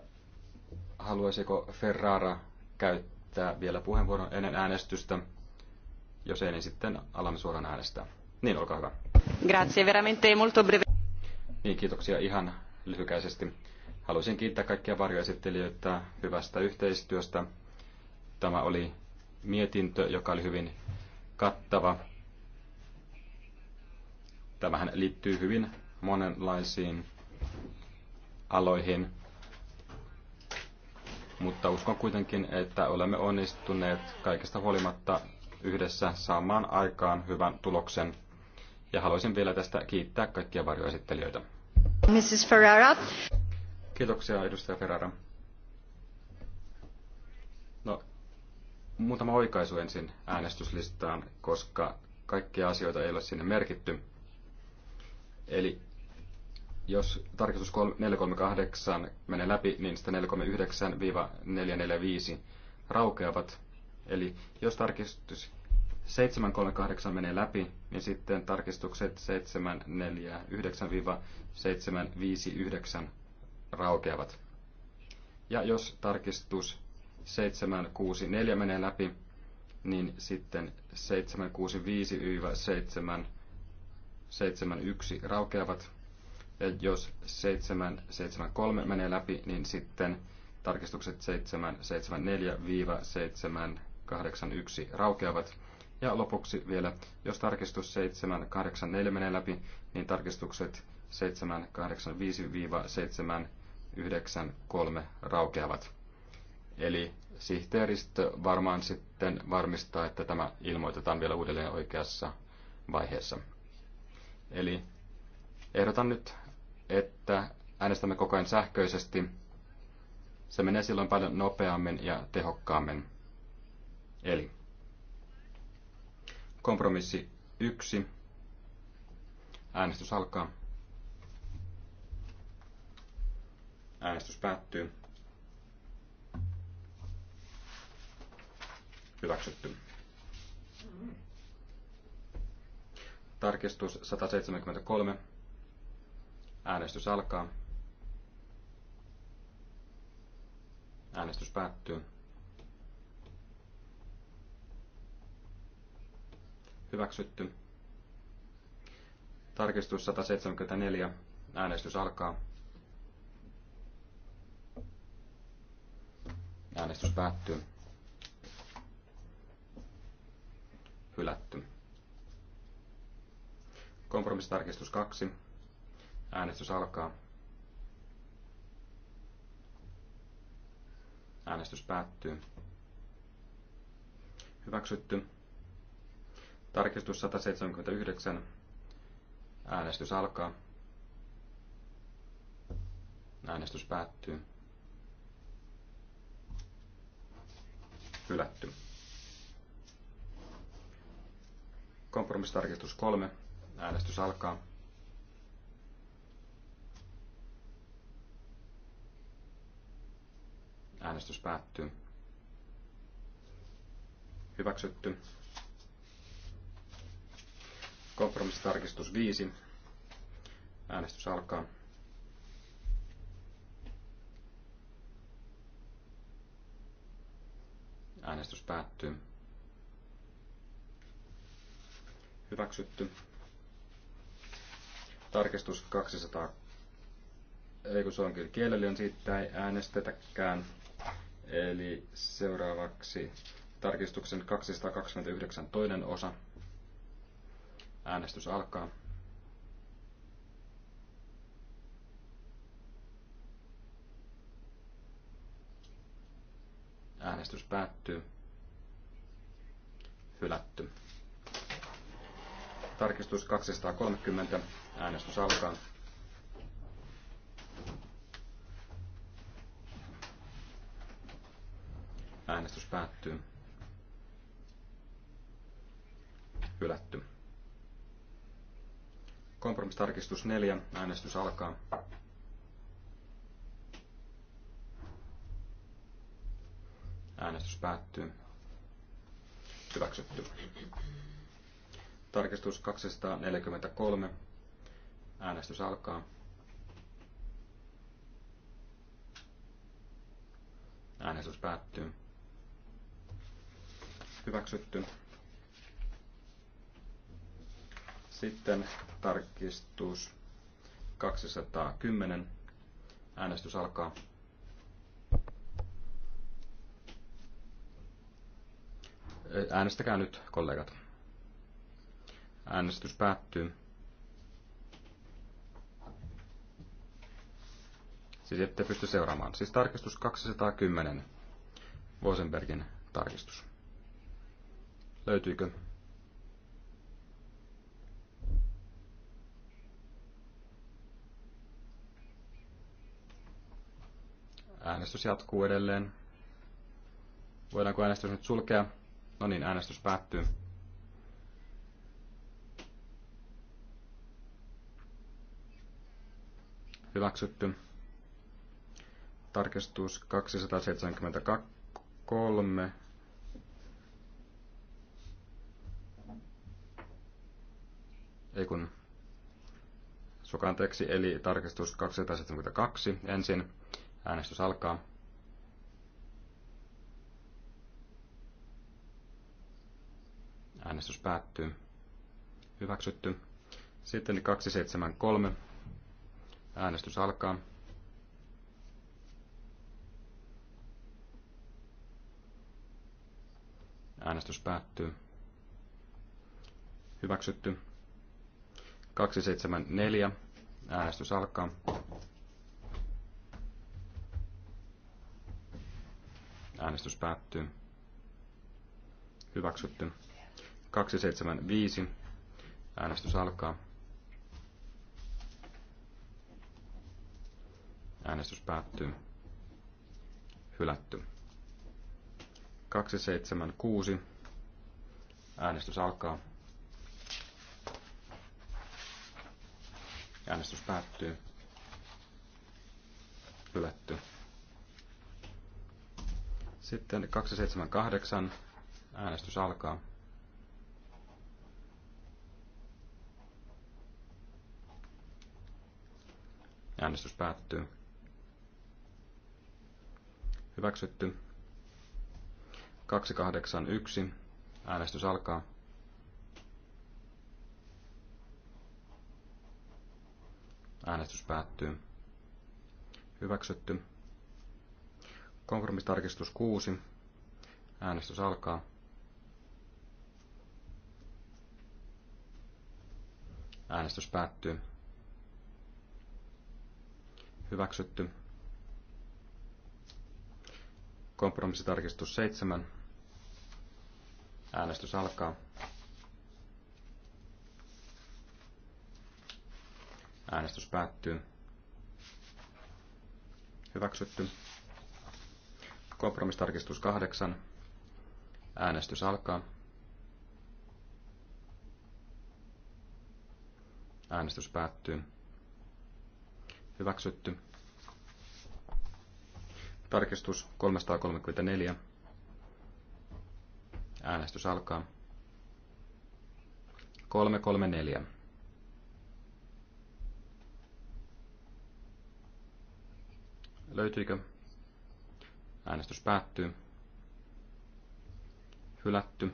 haluaisiko Ferrara käyttää vielä puheenvuoron ennen äänestystä? Jos ei, niin sitten alamme suoraan äänestää. Niin, olkaa hyvä. Grazie, veramente molto breve. Niin, kiitoksia ihan lyhykäisesti. Haluaisin kiittää kaikkia varjoesittelijöitä hyvästä yhteistyöstä. Tämä oli mietintö, joka oli hyvin kattava. Tämähän liittyy hyvin monenlaisiin aloihin, mutta uskon kuitenkin, että olemme onnistuneet kaikesta huolimatta yhdessä saamaan aikaan hyvän tuloksen. Ja haluaisin vielä tästä kiittää kaikkia varjoesittelijöitä. Mrs. Ferrara. Kiitoksia, edustaja Ferrara. No, muutama oikaisu ensin äänestyslistaan, koska kaikkia asioita ei ole sinne merkitty. Eli jos tarkistus 438 menee läpi, niin sitä 439-445 raukeavat. Eli jos tarkistus 738 menee läpi, niin sitten tarkistukset 749-759 raukeavat. Ja jos tarkistus 764 menee läpi, niin sitten 765-771 raukeavat. Ja jos 773 menee läpi, niin sitten tarkistukset 774-781 raukeavat. Ja lopuksi vielä, jos tarkistus 784 menee läpi, niin tarkistukset 785-7 9.3 raukeavat. Eli sihteeristö varmaan sitten varmistaa, että tämä ilmoitetaan vielä uudelleen oikeassa vaiheessa. Eli ehdotan nyt, että äänestämme koko ajan sähköisesti. Se menee silloin paljon nopeammin ja tehokkaammin. Eli kompromissi 1. Äänestys alkaa. Äänestys päättyy. Hyväksytty. Tarkistus 173. Äänestys alkaa. Äänestys päättyy. Hyväksytty. Tarkistus 174. Äänestys alkaa. Äänestys päättyy. Hylätty. Kompromissitarkistus 2. Äänestys alkaa. Äänestys päättyy. Hyväksytty. Tarkistus 179. Äänestys alkaa. Äänestys päättyy. hylätty. Kompromissitarkistus 3. Äänestys alkaa. Äänestys päättyy. Hyväksytty. Kompromissitarkistus 5. Äänestys alkaa. Äänestys päättyy. Hyväksytty. Tarkistus 200. Ei kun se onkin kielellinen, siitä ei äänestetäkään. Eli seuraavaksi tarkistuksen 229 toinen osa. Äänestys alkaa. Äänestys päättyy. Hylätty. Tarkistus 230. Äänestys alkaa. Äänestys päättyy. Hylätty. Kompromistarkistus 4. Äänestys alkaa. Äänestys päättyy. Hyväksytty. Tarkistus 243. Äänestys alkaa. Äänestys päättyy. Hyväksytty. Sitten tarkistus 210. Äänestys alkaa. Äänestäkää nyt, kollegat. Äänestys päättyy. Siis ette pysty seuraamaan. Siis tarkistus 210. Vosenbergin tarkistus. Löytyykö? Äänestys jatkuu edelleen. Voidaanko äänestys nyt sulkea? No niin, äänestys päättyy. Hyväksytty. Tarkistus 273. Ei kun sukanteeksi, eli tarkistus 272 ensin. Äänestys alkaa. Äänestys päättyy. Hyväksytty. Sitten 273. Äänestys alkaa. Äänestys päättyy. Hyväksytty. 274. Äänestys alkaa. Äänestys päättyy. Hyväksytty. 275. Äänestys alkaa. Äänestys päättyy. Hylätty. 276. Äänestys alkaa. Äänestys päättyy. Hylätty. Sitten 278. Äänestys alkaa. Äänestys päättyy. Hyväksytty. 281. Äänestys alkaa. Äänestys päättyy. Hyväksytty. Konformistarkistus 6. Äänestys alkaa. Äänestys päättyy. Hyväksytty. Kompromissitarkistus 7. Äänestys alkaa. Äänestys päättyy. Hyväksytty. Kompromissitarkistus 8. Äänestys alkaa. Äänestys päättyy. Hyväksytty. Tarkistus 334. Äänestys alkaa. 334. Löytyykö? Äänestys päättyy. Hylätty.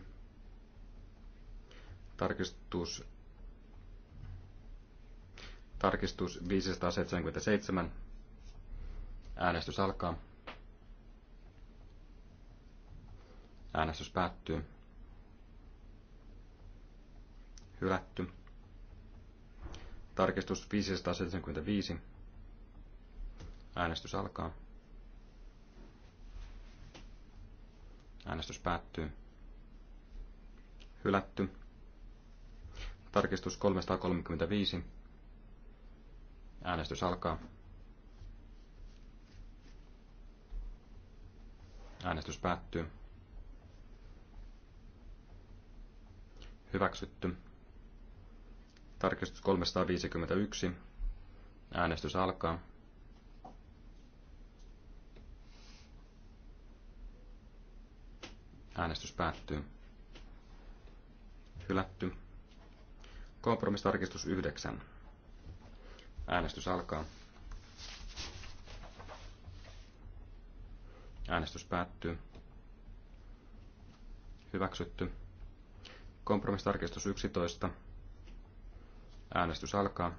Tarkistus Tarkistus 577. Äänestys alkaa. Äänestys päättyy. Hylätty. Tarkistus 575. Äänestys alkaa. Äänestys päättyy. Hylätty. Tarkistus 335. Äänestys alkaa. Äänestys päättyy. Hyväksytty. Tarkistus 351. Äänestys alkaa. Äänestys päättyy. Hylätty. Kompromistarkistus 9. Äänestys alkaa. Äänestys päättyy. Hyväksytty. Kompromistarkistus 11. Äänestys alkaa.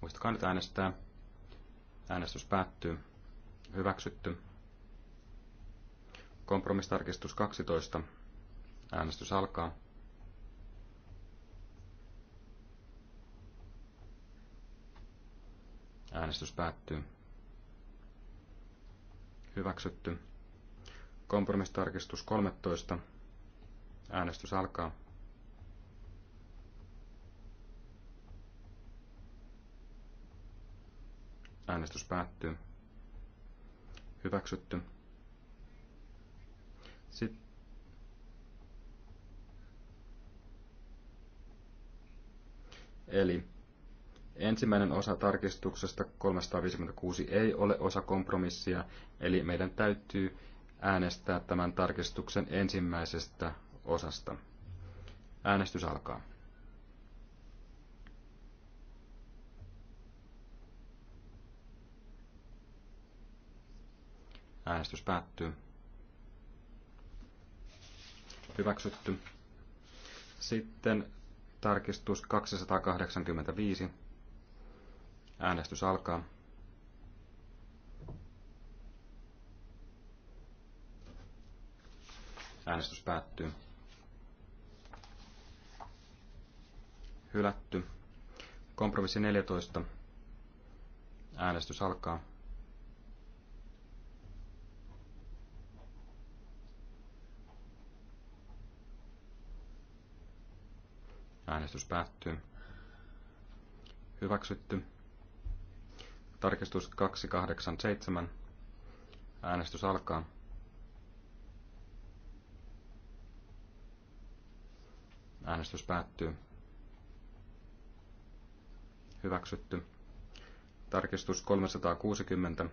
Muistakaa nyt äänestää. Äänestys päättyy. Hyväksytty. Kompromistarkistus 12. Äänestys alkaa. Äänestys päättyy. Hyväksytty. Kompromistarkistus 13. Äänestys alkaa. Äänestys päättyy. Hyväksytty. Sitten Eli ensimmäinen osa tarkistuksesta 356 ei ole osa kompromissia, eli meidän täytyy äänestää tämän tarkistuksen ensimmäisestä osasta. Äänestys alkaa. Äänestys päättyy hyväksytty. Sitten tarkistus 285. Äänestys alkaa. Äänestys päättyy. Hylätty. Kompromissi 14. Äänestys alkaa. Äänestys päättyy. Hyväksytty. Tarkistus 287. Äänestys alkaa. Äänestys päättyy. Hyväksytty. Tarkistus 360.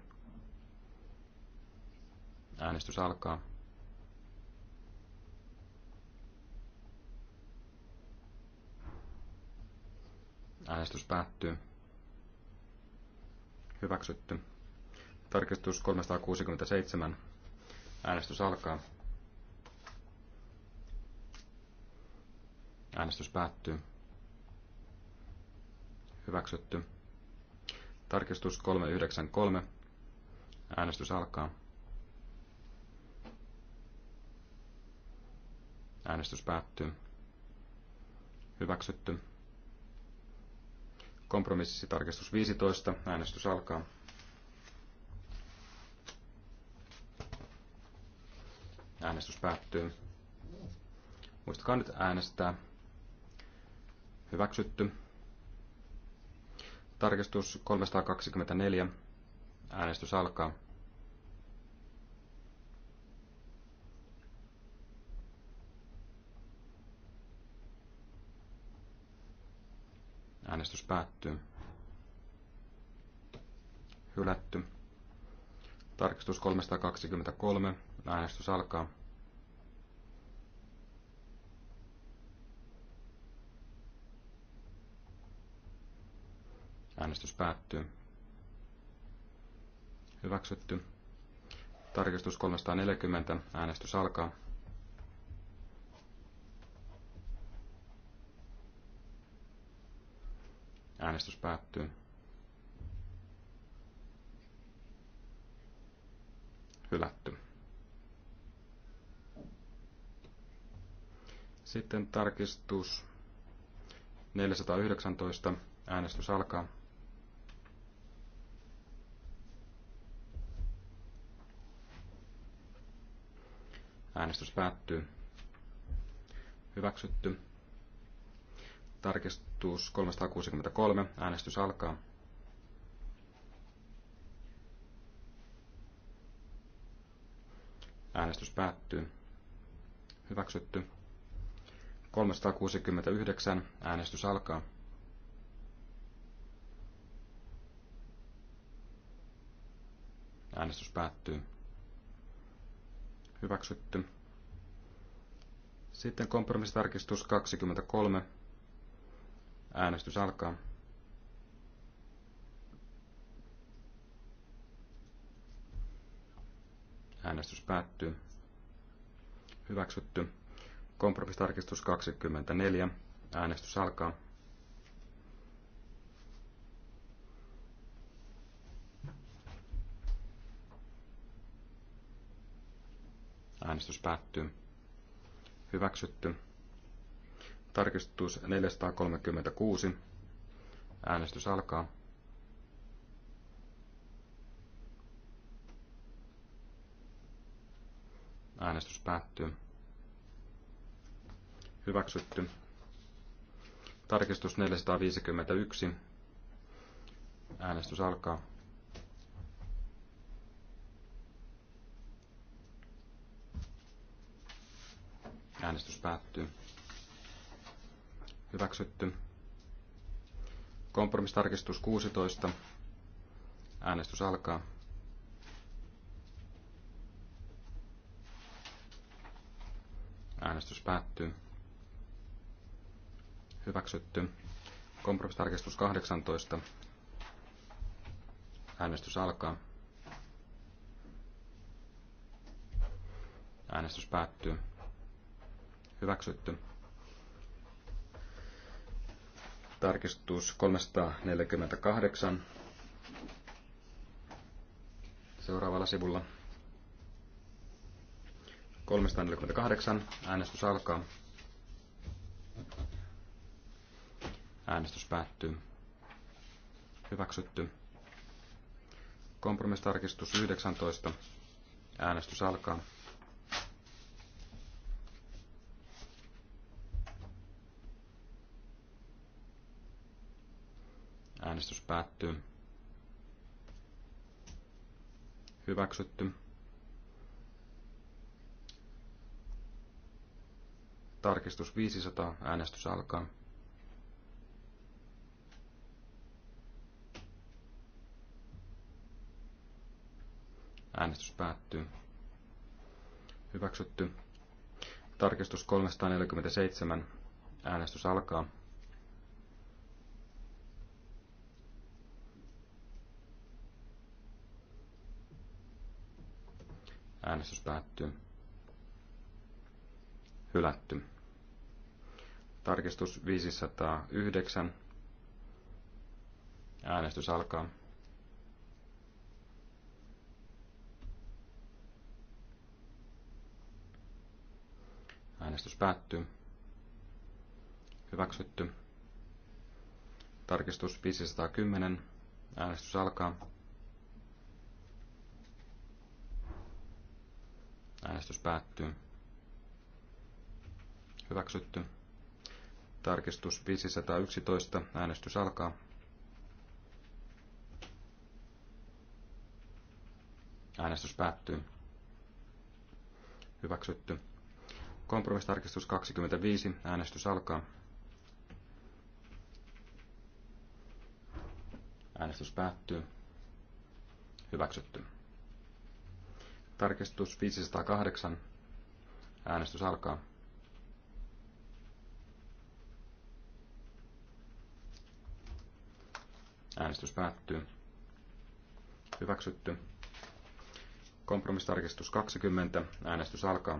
Äänestys alkaa. Äänestys päättyy. Hyväksytty. Tarkistus 367. Äänestys alkaa. Äänestys päättyy. Hyväksytty. Tarkistus 393. Äänestys alkaa. Äänestys päättyy. Hyväksytty tarkistus 15. Äänestys alkaa. Äänestys päättyy. Muistakaa nyt äänestää. Hyväksytty. Tarkistus 324. Äänestys alkaa. Äänestys päättyy. Hylätty. Tarkistus 323. Äänestys alkaa. Äänestys päättyy. Hyväksytty. Tarkistus 340. Äänestys alkaa. Äänestys päättyy. Hylätty. Sitten tarkistus 419. Äänestys alkaa. Äänestys päättyy. Hyväksytty. Tarkistus 363. Äänestys alkaa. Äänestys päättyy. Hyväksytty. 369. Äänestys alkaa. Äänestys päättyy. Hyväksytty. Sitten kompromissitarkistus 23. Äänestys alkaa. Äänestys päättyy. Hyväksytty. Kompromistarkistus 24. Äänestys alkaa. Äänestys päättyy. Hyväksytty. Tarkistus 436. Äänestys alkaa. Äänestys päättyy. Hyväksytty. Tarkistus 451. Äänestys alkaa. Äänestys päättyy hyväksytty. Kompromistarkistus 16. Äänestys alkaa. Äänestys päättyy. Hyväksytty. Kompromistarkistus 18. Äänestys alkaa. Äänestys päättyy. Hyväksytty. Tarkistus 348 seuraavalla sivulla. 348. Äänestys alkaa. Äänestys päättyy. Hyväksytty. Kompromistarkistus 19. Äänestys alkaa. Äänestys päättyy. Hyväksytty. Tarkistus 500. Äänestys alkaa. Äänestys päättyy. Hyväksytty. Tarkistus 347. Äänestys alkaa. Äänestys päättyy. Hylätty. Tarkistus 509. Äänestys alkaa. Äänestys päättyy. Hyväksytty. Tarkistus 510. Äänestys alkaa. Äänestys päättyy. Hyväksytty. Tarkistus 511. Äänestys alkaa. Äänestys päättyy. Hyväksytty. Kompromistarkistus 25. Äänestys alkaa. Äänestys päättyy. Hyväksytty. Tarkistus 508. Äänestys alkaa. Äänestys päättyy. Hyväksytty. Kompromistarkistus 20. Äänestys alkaa.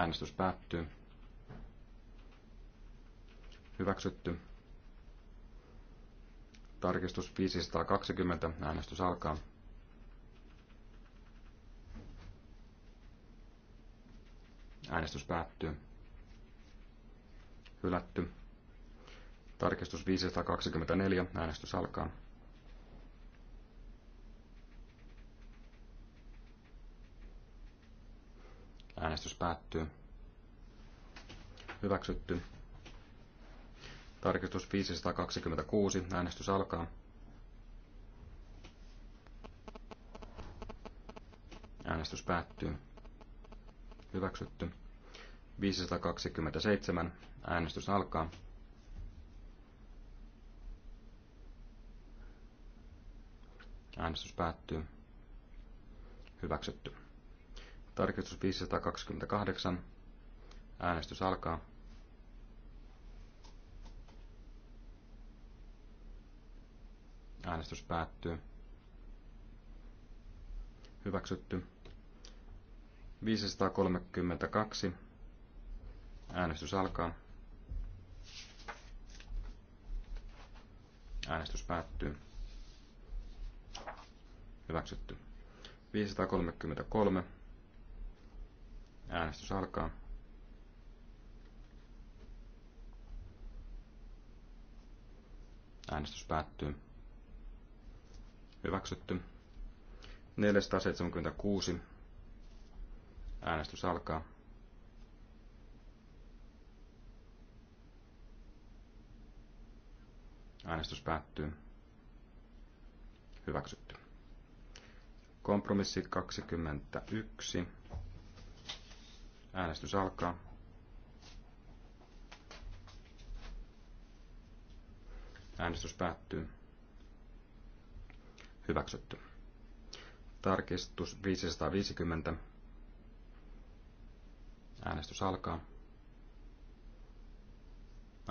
Äänestys päättyy. Hyväksytty. Tarkistus 520. Äänestys alkaa. Äänestys päättyy. Hylätty. Tarkistus 524. Äänestys alkaa. Äänestys päättyy. Hyväksytty. Tarkistus 526. Äänestys alkaa. Äänestys päättyy. Hyväksytty. 527. Äänestys alkaa. Äänestys päättyy. Hyväksytty. Tarkistus 528. Äänestys alkaa. Äänestys päättyy. Hyväksytty. 532. Äänestys alkaa. Äänestys päättyy. Hyväksytty. 533. Äänestys alkaa. Äänestys päättyy. Hyväksytty. 476. Äänestys alkaa. Äänestys päättyy. Hyväksytty. Kompromissi 21. Äänestys alkaa. Äänestys päättyy. Hyväksytty. Tarkistus 550. Äänestys alkaa.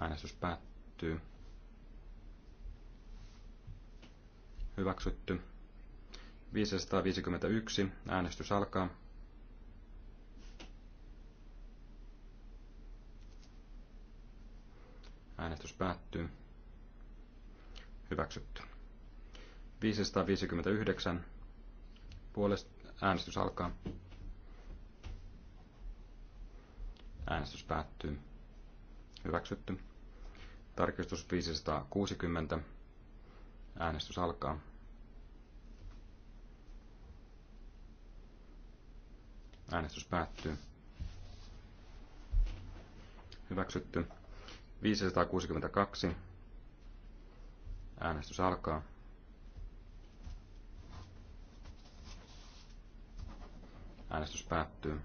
Äänestys päättyy. Hyväksytty. 551. Äänestys alkaa. Äänestys päättyy. Hyväksytty. 559. Puolesta äänestys alkaa. Äänestys päättyy. Hyväksytty. Tarkistus 560. Äänestys alkaa. Äänestys päättyy. Hyväksytty. 562. Äänestys alkaa. Äänestys päättyy.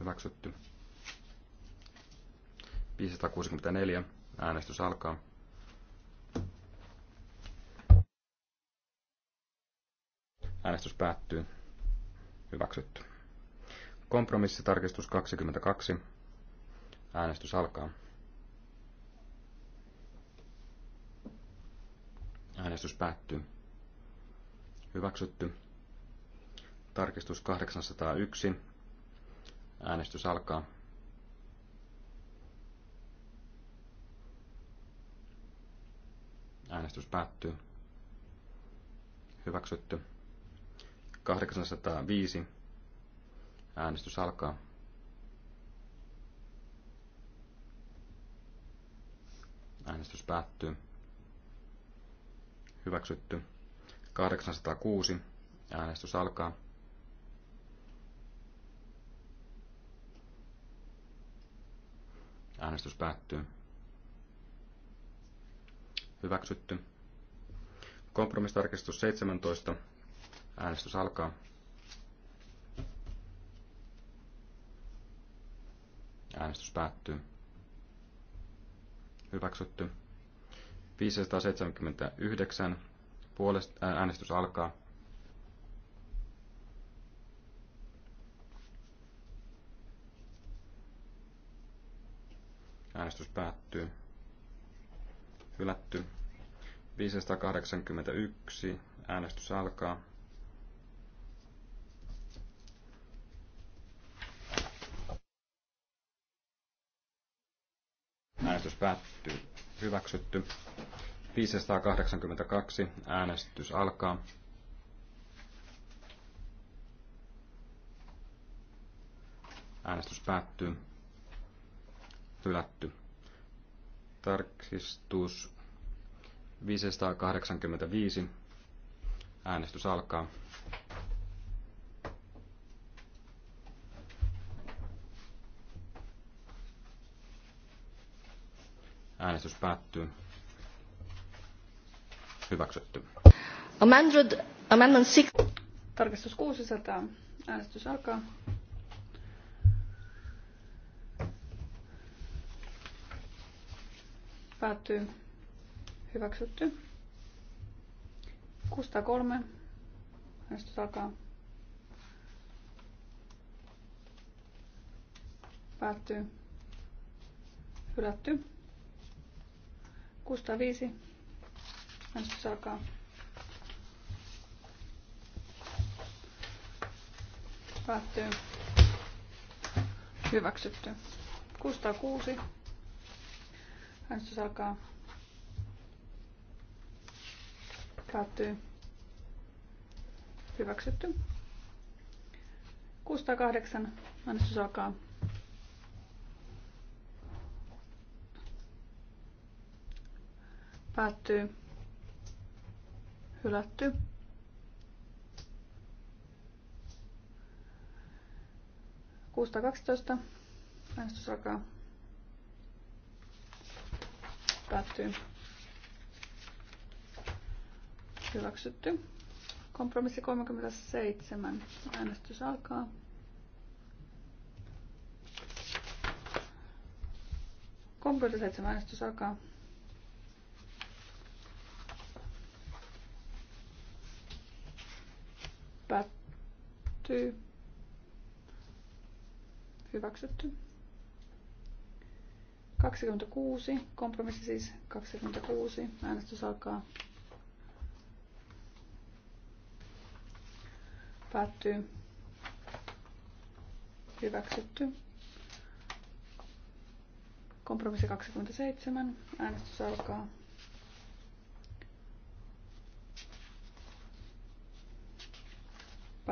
Hyväksytty. 564. Äänestys alkaa. Äänestys päättyy. Hyväksytty. Kompromissitarkistus 22. Äänestys alkaa. Äänestys päättyy. Hyväksytty. Tarkistus 801. Äänestys alkaa. Äänestys päättyy. Hyväksytty. 805. Äänestys alkaa. Äänestys päättyy. Hyväksytty. 806. Äänestys alkaa. Äänestys päättyy. Hyväksytty. Kompromistarkistus 17. Äänestys alkaa. Äänestys päättyy hyväksytty. 579 puolesta äänestys alkaa. Äänestys päättyy. Hylätty. 581. Äänestys alkaa. Päättyy. Hyväksytty. 582. Äänestys alkaa. Äänestys päättyy. Hylätty. Tarkistus 585. Äänestys alkaa. Äänestys päättyy. Hyväksytty. Amendment, amendment six. Tarkistus 600. Äänestys alkaa. Päättyy. Hyväksytty. 603. Äänestys alkaa. Päättyy. Hylätty. 605. Äänestys alkaa. Päättyy. Hyväksytty. 606. Äänestys alkaa. Päättyy. Hyväksytty. 608. Äänestys alkaa. Päättyy. Hylätty. Kuusta kaksitoista. Äänestys alkaa. Päättyy. Hyväksytty. Kompromissi 37. Äänestys alkaa. Kompromissi 7. Äänestys alkaa. Päättyy. Hyväksytty. 26, kompromissi siis 26, äänestys alkaa. Päättyy. Hyväksytty. Kompromissi 27, äänestys alkaa.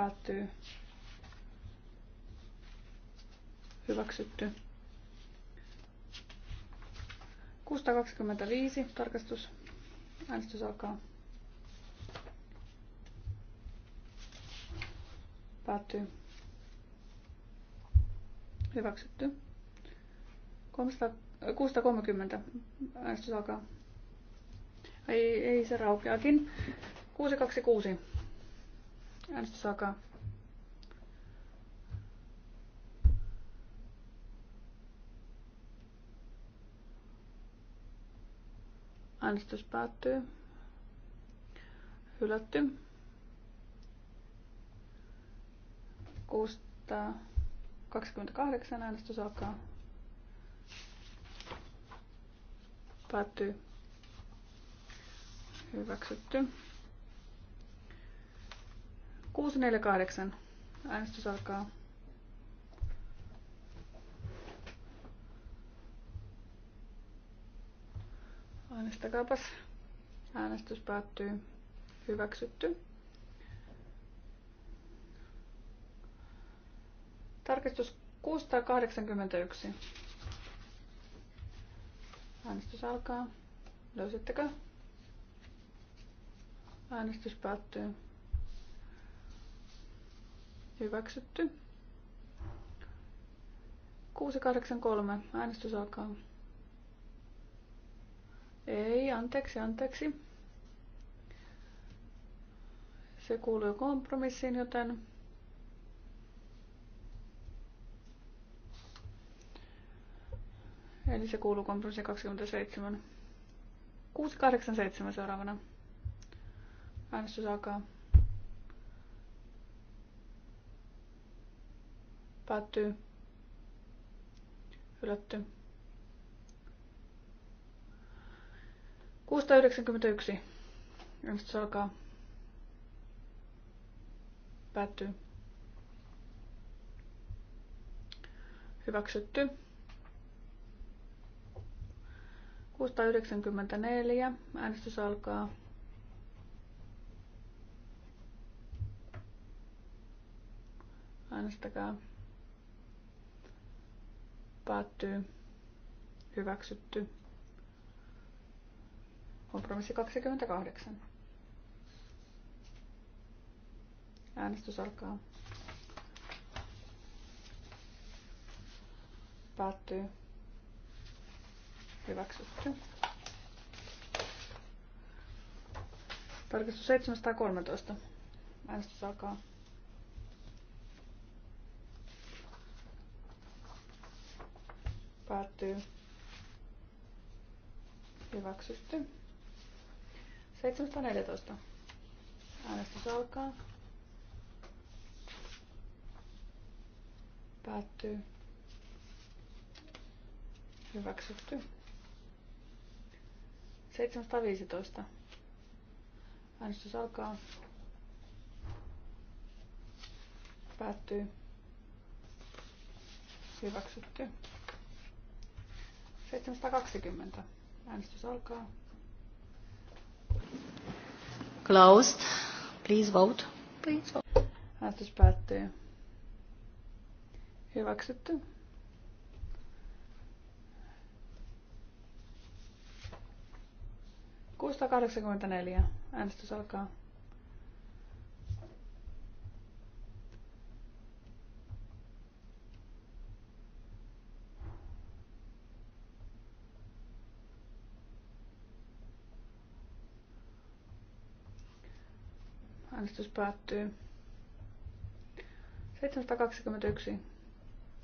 päättyy. Hyväksytty. 625 tarkastus. Äänestys alkaa. Päättyy. Hyväksytty. 630 äh, äänestys alkaa. Ei, ei se raukeakin. 626 Äänestys Äänestys päättyy. Hylätty. 628 äänestys alkaa. Päättyy. Hyväksytty. 648. Äänestys alkaa. Äänestäkääpäs. Äänestys päättyy. Hyväksytty. Tarkistus 681. Äänestys alkaa. Löysittekö? Äänestys päättyy. Hyväksytty. 683. Äänestys alkaa. Ei, anteeksi, anteeksi. Se kuuluu kompromissiin, joten Eli se kuuluu kompromissi 27. 687 seuraavana. Äänestys alkaa. Päättyy. Hylätty. 691. se alkaa. Päättyy. Hyväksytty. 694. Äänestys alkaa. Äänestäkää. Päättyy. Hyväksytty. Kompromissi 28. Äänestys alkaa. Päättyy. Hyväksytty. Tarkistus 713. Äänestys alkaa. Päättyy. Hyväksytty. 714. Äänestys alkaa. Päättyy. Hyväksytty. 715. Äänestys alkaa. Päättyy. Hyväksytty. 720. Äänestys alkaa. Closed. Please vote. Please vote. Äänestys päättyy. Hyväksytty. Kuusta kahdeksankymmentäneljä. Äänestys alkaa. Äänestys päättyy. 721.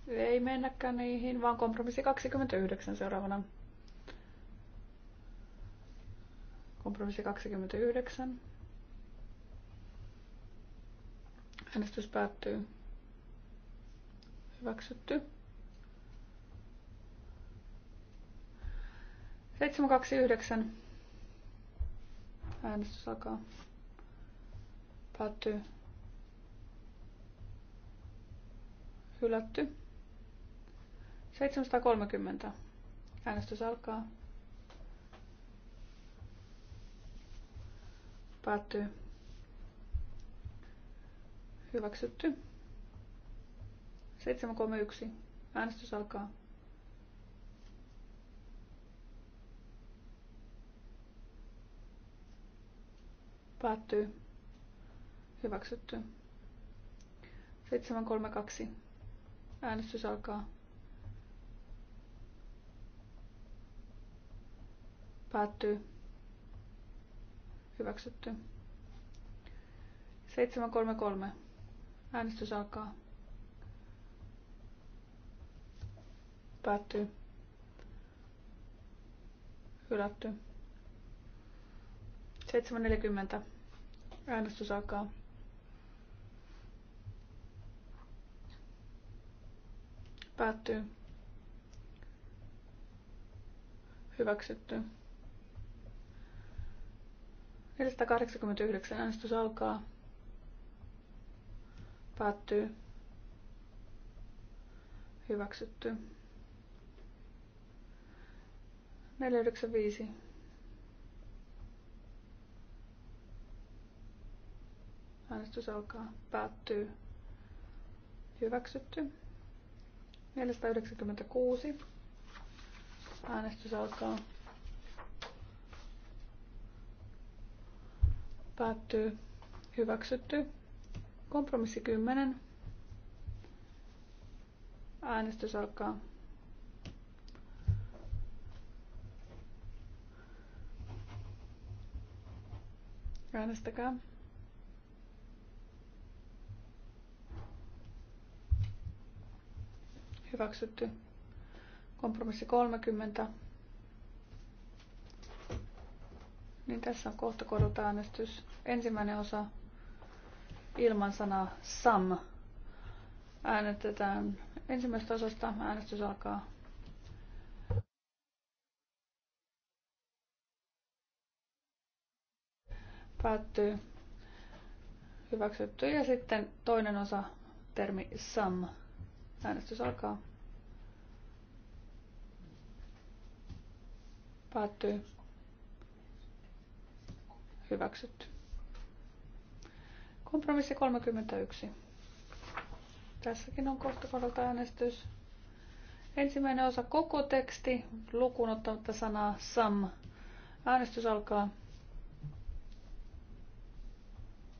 Ei mennäkään niihin, vaan kompromissi 29 seuraavana. Kompromissi 29. Äänestys päättyy. Hyväksytty. 729. Äänestys alkaa. Päättyy. Hylätty. 730. Äänestys alkaa. Päättyy. Hyväksytty. 731. Äänestys alkaa. Päättyy. Hyväksytty. 732. Äänestys alkaa. Päättyy. Hyväksytty. 733. Äänestys alkaa. Päättyy. Hylätty. 7.40. Äänestys alkaa. Päättyy. Hyväksytty. 489 äänestys alkaa. Päättyy. Hyväksytty. 495. Äänestys alkaa. Päättyy. Hyväksytty. 496. Äänestys alkaa. Päättyy. Hyväksytty. Kompromissi 10. Äänestys alkaa. Äänestäkää. Hyväksytty. Kompromissi 30. Niin tässä on kohta äänestys. Ensimmäinen osa ilman sanaa SAM. Äänestetään ensimmäisestä osasta. Äänestys alkaa. Päättyy. Hyväksytty. Ja sitten toinen osa, termi SAM. Äänestys alkaa. Päättyy. Hyväksytty. Kompromissi 31. Tässäkin on kohta kohdalta äänestys. Ensimmäinen osa koko teksti, lukuun ottamatta sanaa sam. Äänestys alkaa.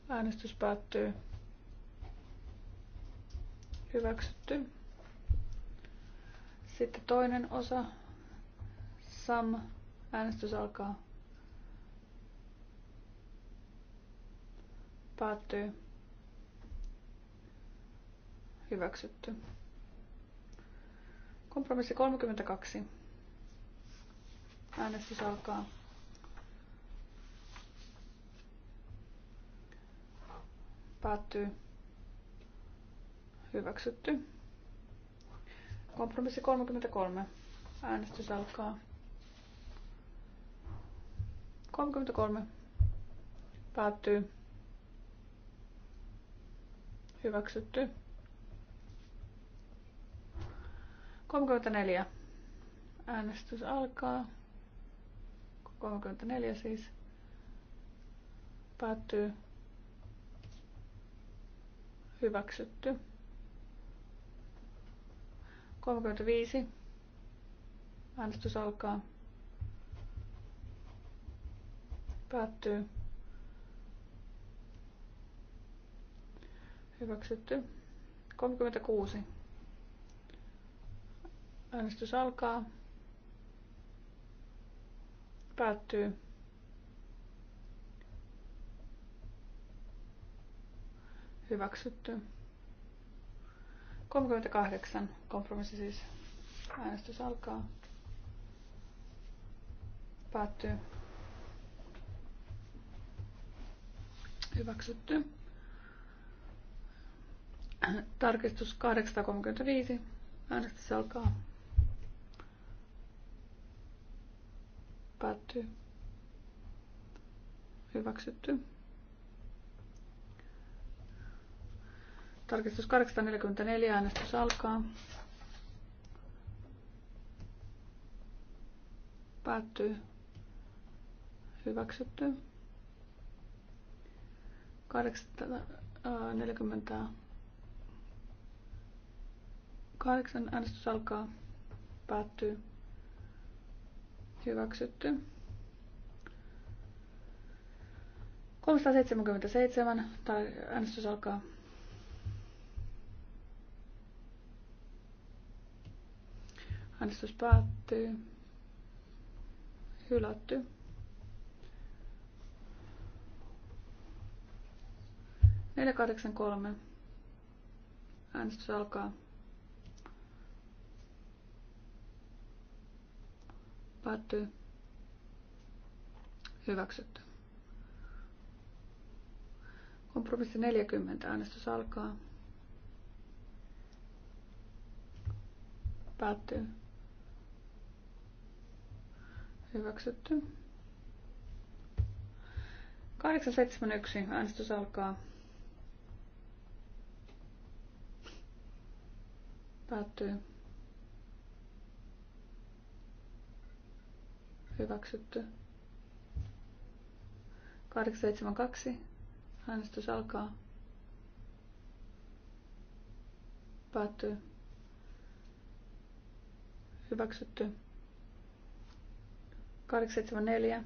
Äänestys päättyy. Hyväksytty. Sitten toinen osa. Sam. Äänestys alkaa. Päättyy. Hyväksytty. Kompromissi 32. Äänestys alkaa. Päättyy. Hyväksytty. Kompromissi 33. Äänestys alkaa. 33. Päättyy. Hyväksytty. 34. Äänestys alkaa. 34 siis. Päättyy. Hyväksytty. 35. Äänestys alkaa. Päättyy. Hyväksytty. 36. Äänestys alkaa. Päättyy. Hyväksytty. 38. Kompromissi siis. Äänestys alkaa. Päättyy. Hyväksytty. Tarkistus 835. Äänestys alkaa. Päättyy. Hyväksytty. Tarkistus 844, äänestys alkaa. Päättyy. Hyväksytty. 848 äänestys alkaa. Päättyy. Hyväksytty. 377 tai äänestys alkaa. Äänestys päättyy. Hylätty. Neljä kahdeksan kolme. Äänestys alkaa. Päättyy. Hyväksytty. Kompromissi 40. Äänestys alkaa. Päättyy. Hyväksytty. 871. Äänestys alkaa. Päättyy. Hyväksytty. 872. Äänestys alkaa. Päättyy. Hyväksytty. 874.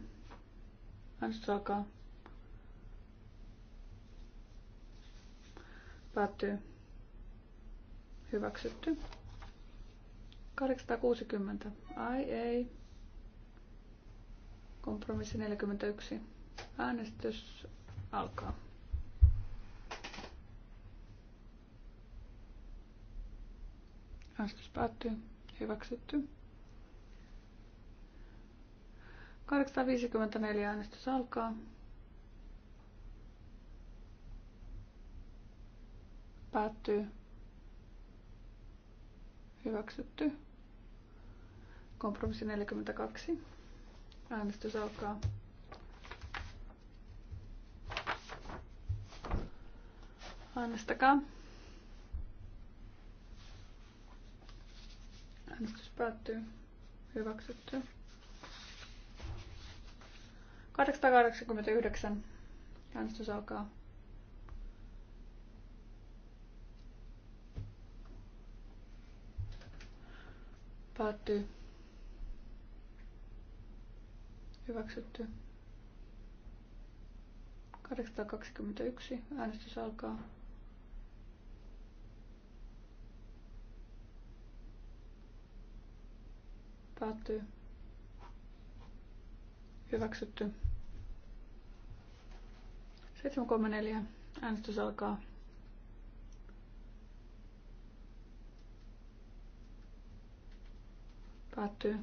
Äänestys alkaa. Päättyy. Hyväksytty. 860. Ai ei. Kompromissi 41. Äänestys alkaa. Äänestys päättyy. Hyväksytty. 854 äänestys alkaa. Päättyy. Hyväksytty. Kompromissi 42. Äänestys alkaa. Äänestäkää. Äänestys päättyy. Hyväksytty. 889. Äänestys alkaa. Päättyy. Hyväksytty. 821. Äänestys alkaa. Päättyy. Hyväksytty. 734. Äänestys alkaa. Päättyy.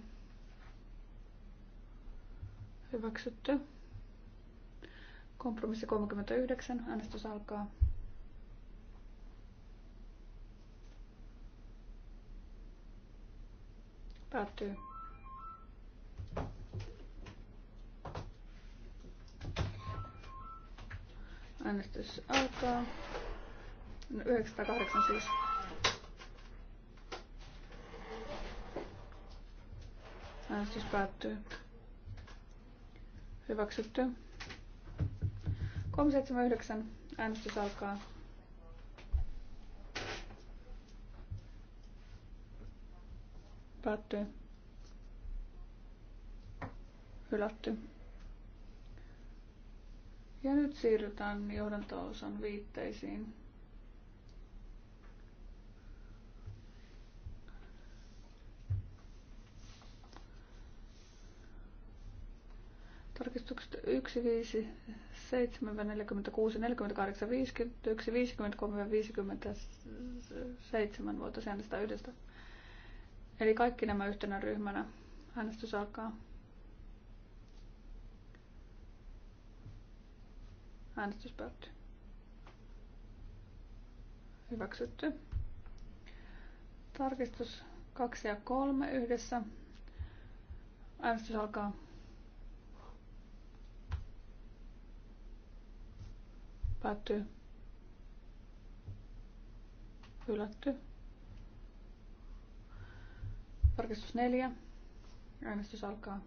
Hyväksytty. Kompromissi 39. Äänestys alkaa. Päättyy. Äänestys alkaa. 908 no, siis. Äänestys päättyy. Hyväksytty. 379. Äänestys alkaa. Päättyy. Hylätty. Ja nyt siirrytään johdanto-osan viitteisiin. Tarkistukset 1, 5, 7, 46, 48, 50, 1, 53, 57 voitaisiin äänestää yhdestä. Eli kaikki nämä yhtenä ryhmänä. Äänestys alkaa. Äänestys päättyy. Hyväksytty. Tarkistus 2 ja 3 yhdessä. Äänestys alkaa. Päättyy. Hylätty. Tarkistus 4. Äänestys alkaa.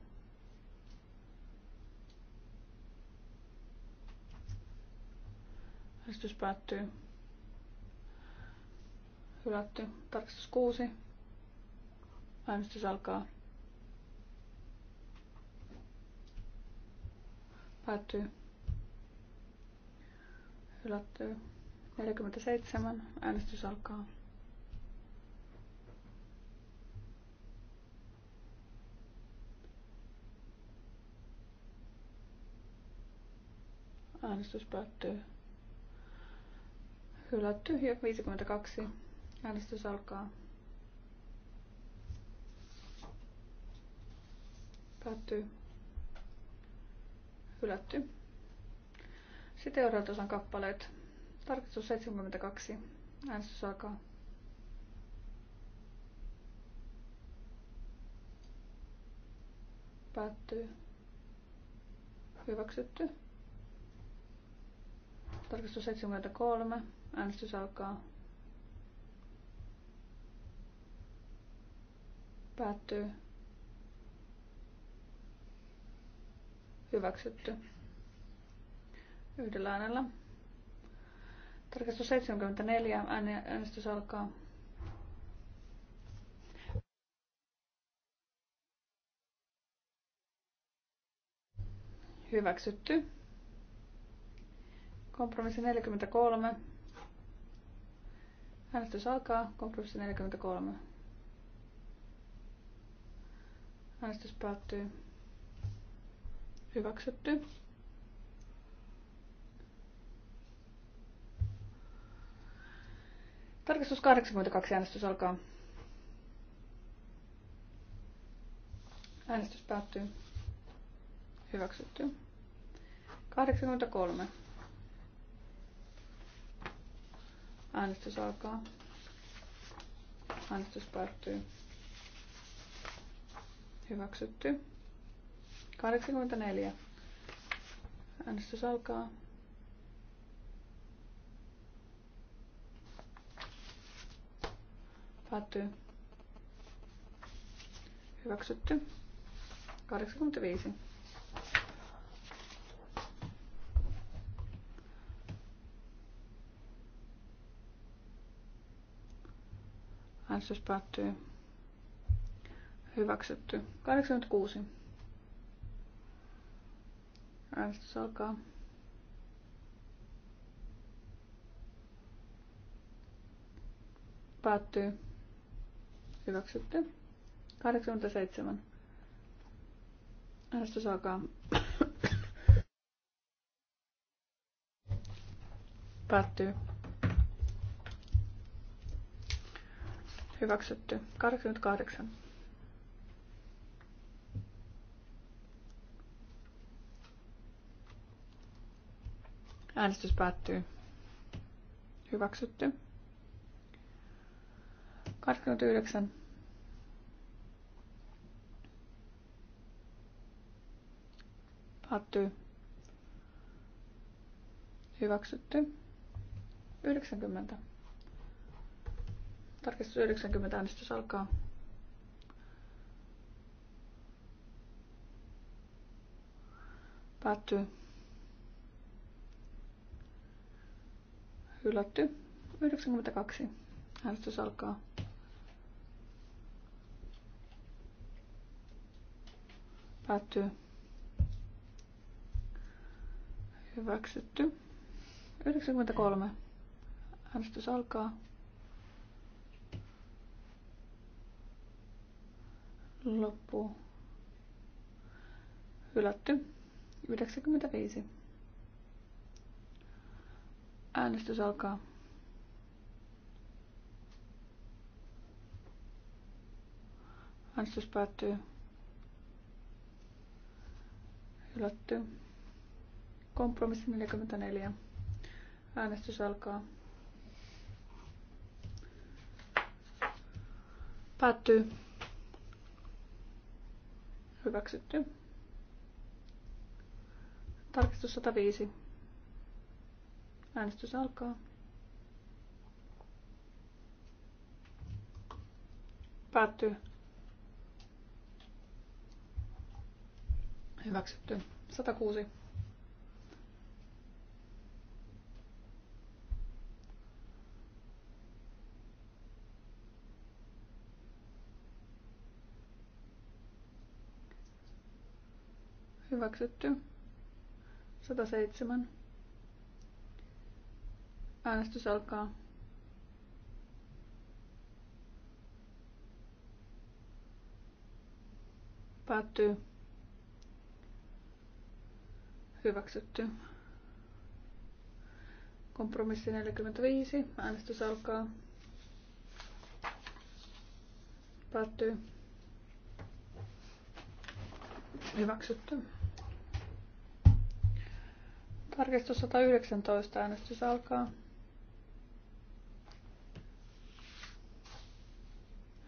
Äänestys päättyy. Hylätty. Tarkistus 6. Äänestys alkaa. Päättyy. Hylätty. 47. Äänestys alkaa. Äänestys päättyy. Hylätty ja 52. Äänestys alkaa. Päättyy. Hylätty. Sitten osan kappaleet. Tarkistus 72. Äänestys alkaa. Päättyy. Hyväksytty. Tarkistus 73. Äänestys alkaa. Päättyy. Hyväksytty. Yhdellä äänellä. Tarkastus 74. Äänestys alkaa. Hyväksytty. Kompromissi 43. Äänestys alkaa. Kompromissi 43. Äänestys päättyy. Hyväksytty. Tarkistus 82. Äänestys alkaa. Äänestys päättyy. Hyväksytty. 83. Äänestys alkaa. Äänestys päättyy. Hyväksytty. 84. Äänestys alkaa. Päättyy. Hyväksytty. 85. Äänestys päättyy. Hyväksytty. 86. Äänestys alkaa. Päättyy. Hyväksytty. 87. Äänestys alkaa. Päättyy. Hyväksytty. 88. Äänestys päättyy. Hyväksytty. 89. Päättyy. Hyväksytty. 90. Tarkistus 90 äänestys alkaa. Päättyy. Hylätty. 92. Äänestys alkaa. Päättyy. Hyväksytty. 93. Äänestys alkaa. Loppu. Hylätty. 95. Äänestys alkaa. Äänestys päättyy. Hylätty. Kompromissi 44. Äänestys alkaa. Päättyy. Hyväksytty. Tarkistus 105. Äänestys alkaa. Päättyy. Hyväksytty. 106. Hyväksytty. 107. Äänestys alkaa. Päättyy. Hyväksytty. Kompromissi 45. Äänestys alkaa. Päättyy. Hyväksytty. Tarkistus 119. Äänestys alkaa.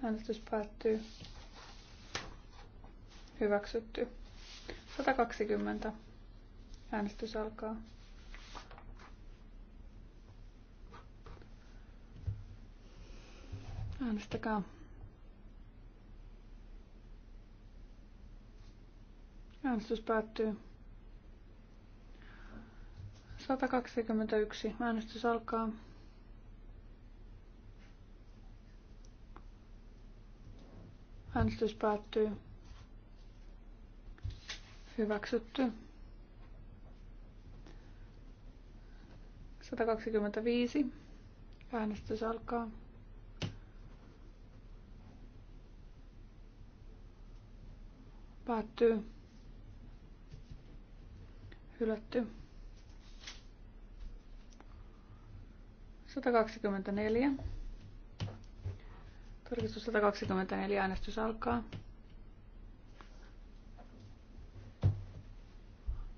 Äänestys päättyy. Hyväksytty. 120. Äänestys alkaa. Äänestäkää. Äänestys päättyy. 121. Äänestys alkaa. Äänestys päättyy. Hyväksytty. 125. Äänestys alkaa. Päättyy. Hylätty. 124. Tarkistus 124. Äänestys alkaa.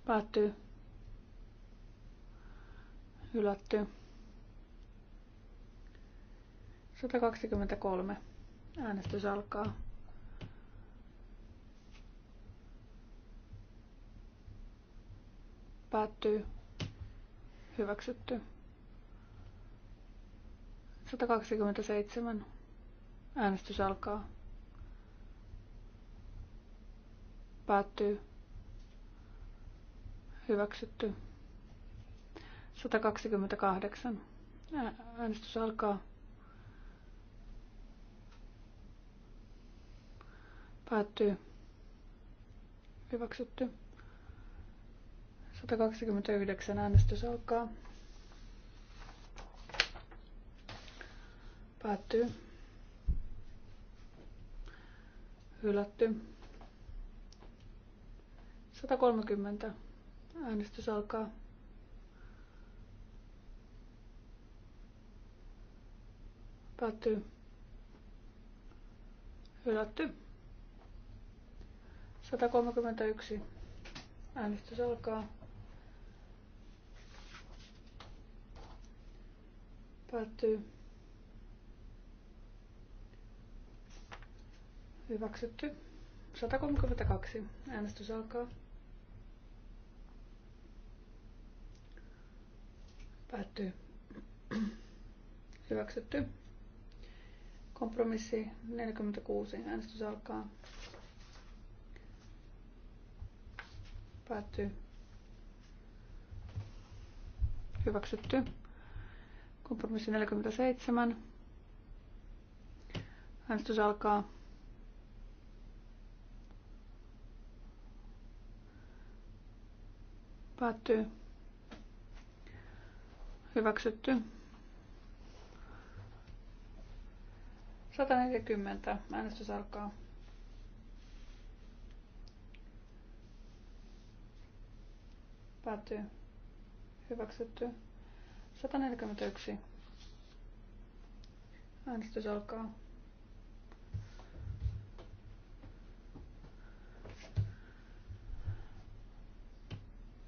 Päättyy. Hylätty. 123. Äänestys alkaa. Päättyy. Hyväksytty. 127. Äänestys alkaa. Päättyy. Hyväksytty. 128. Äänestys alkaa. Päättyy. Hyväksytty. 129 äänestys alkaa. Päättyy. Hylätty. 130. Äänestys alkaa. Päättyy. Hylätty. 131. Äänestys alkaa. Päättyy. Hyväksytty. 132. Äänestys alkaa. Päättyy. Hyväksytty. Kompromissi 46. Äänestys alkaa. Päättyy. Hyväksytty. Kompromissi 47. Äänestys alkaa. Päättyy. Hyväksytty. 140. Äänestys alkaa. Päättyy. Hyväksytty. 141. Äänestys alkaa.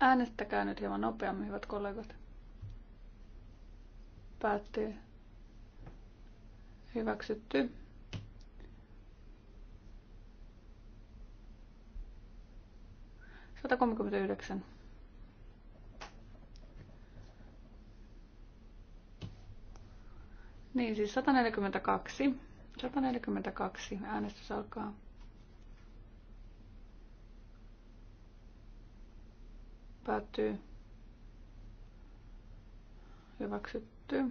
Äänestäkää nyt hieman nopeammin, hyvät kollegat. Päättyy. Hyväksytty. Sata Niin, siis 142. 142. Äänestys alkaa. Päättyy. Hyväksytty.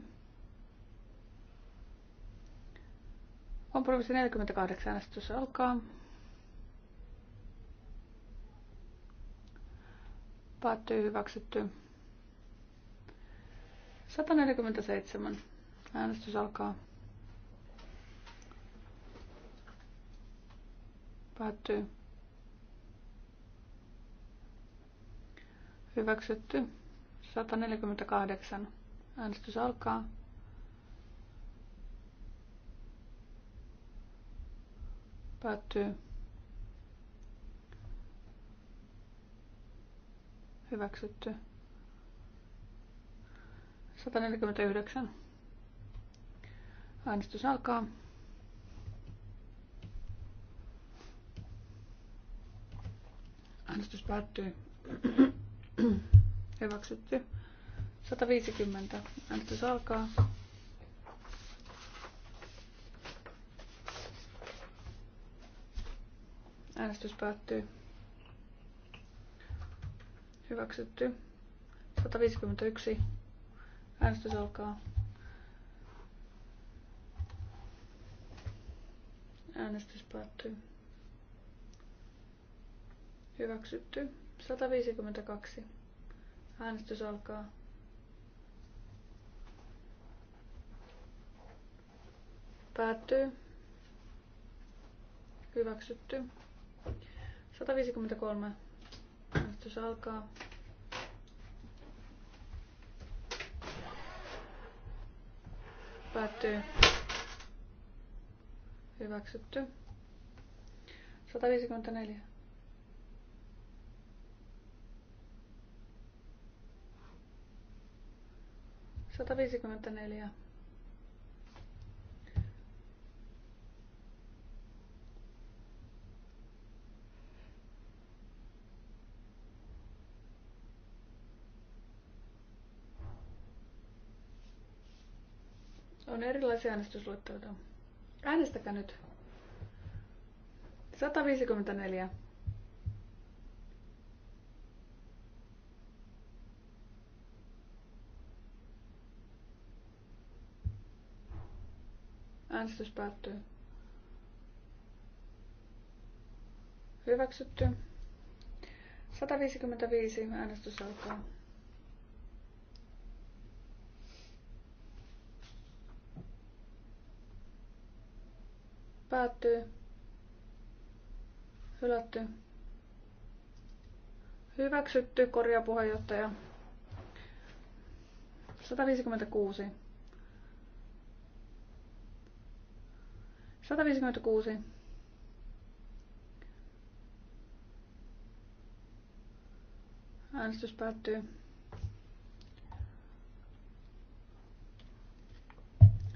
Kompromissi 48 äänestys alkaa. Päättyy hyväksytty. 147 äänestys alkaa. Päättyy. Hyväksytty. 148. Äänestys alkaa. Päättyy. Hyväksytty. 149. Äänestys alkaa. Äänestys päättyy. Hyväksytty. 150. Äänestys alkaa. Äänestys päättyy. Hyväksytty. 151. Äänestys alkaa. Äänestys päättyy. Hyväksytty. 152. Äänestys alkaa. Päättyy. Hyväksytty. 153. Äänestys alkaa. Päättyy. Hyväksytty. 154. 154. On erilaisia äänestysluetteloita. Äänestäkää nyt. 154. Äänestys päättyy. Hyväksytty. 155 äänestys alkaa. Päättyy. Hylätty. Hyväksytty, korjaa puheenjohtaja. 156. 156. Äänestys päättyy.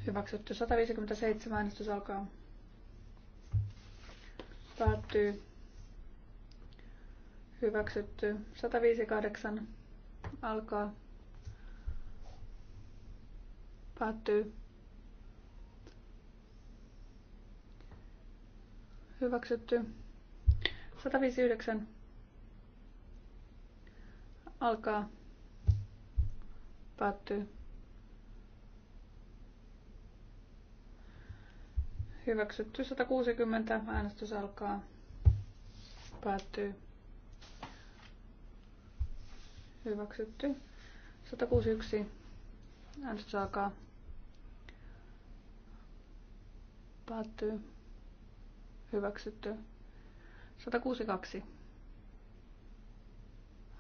Hyväksytty 157. Äänestys alkaa. Päättyy. Hyväksytty 158. Alkaa. Päättyy. Hyväksytty. 159. Alkaa. Päättyy. Hyväksytty 160. Äänestys alkaa. Päättyy. Hyväksytty. 161. Äänestys alkaa. Päättyy. Hyväksytty. 162.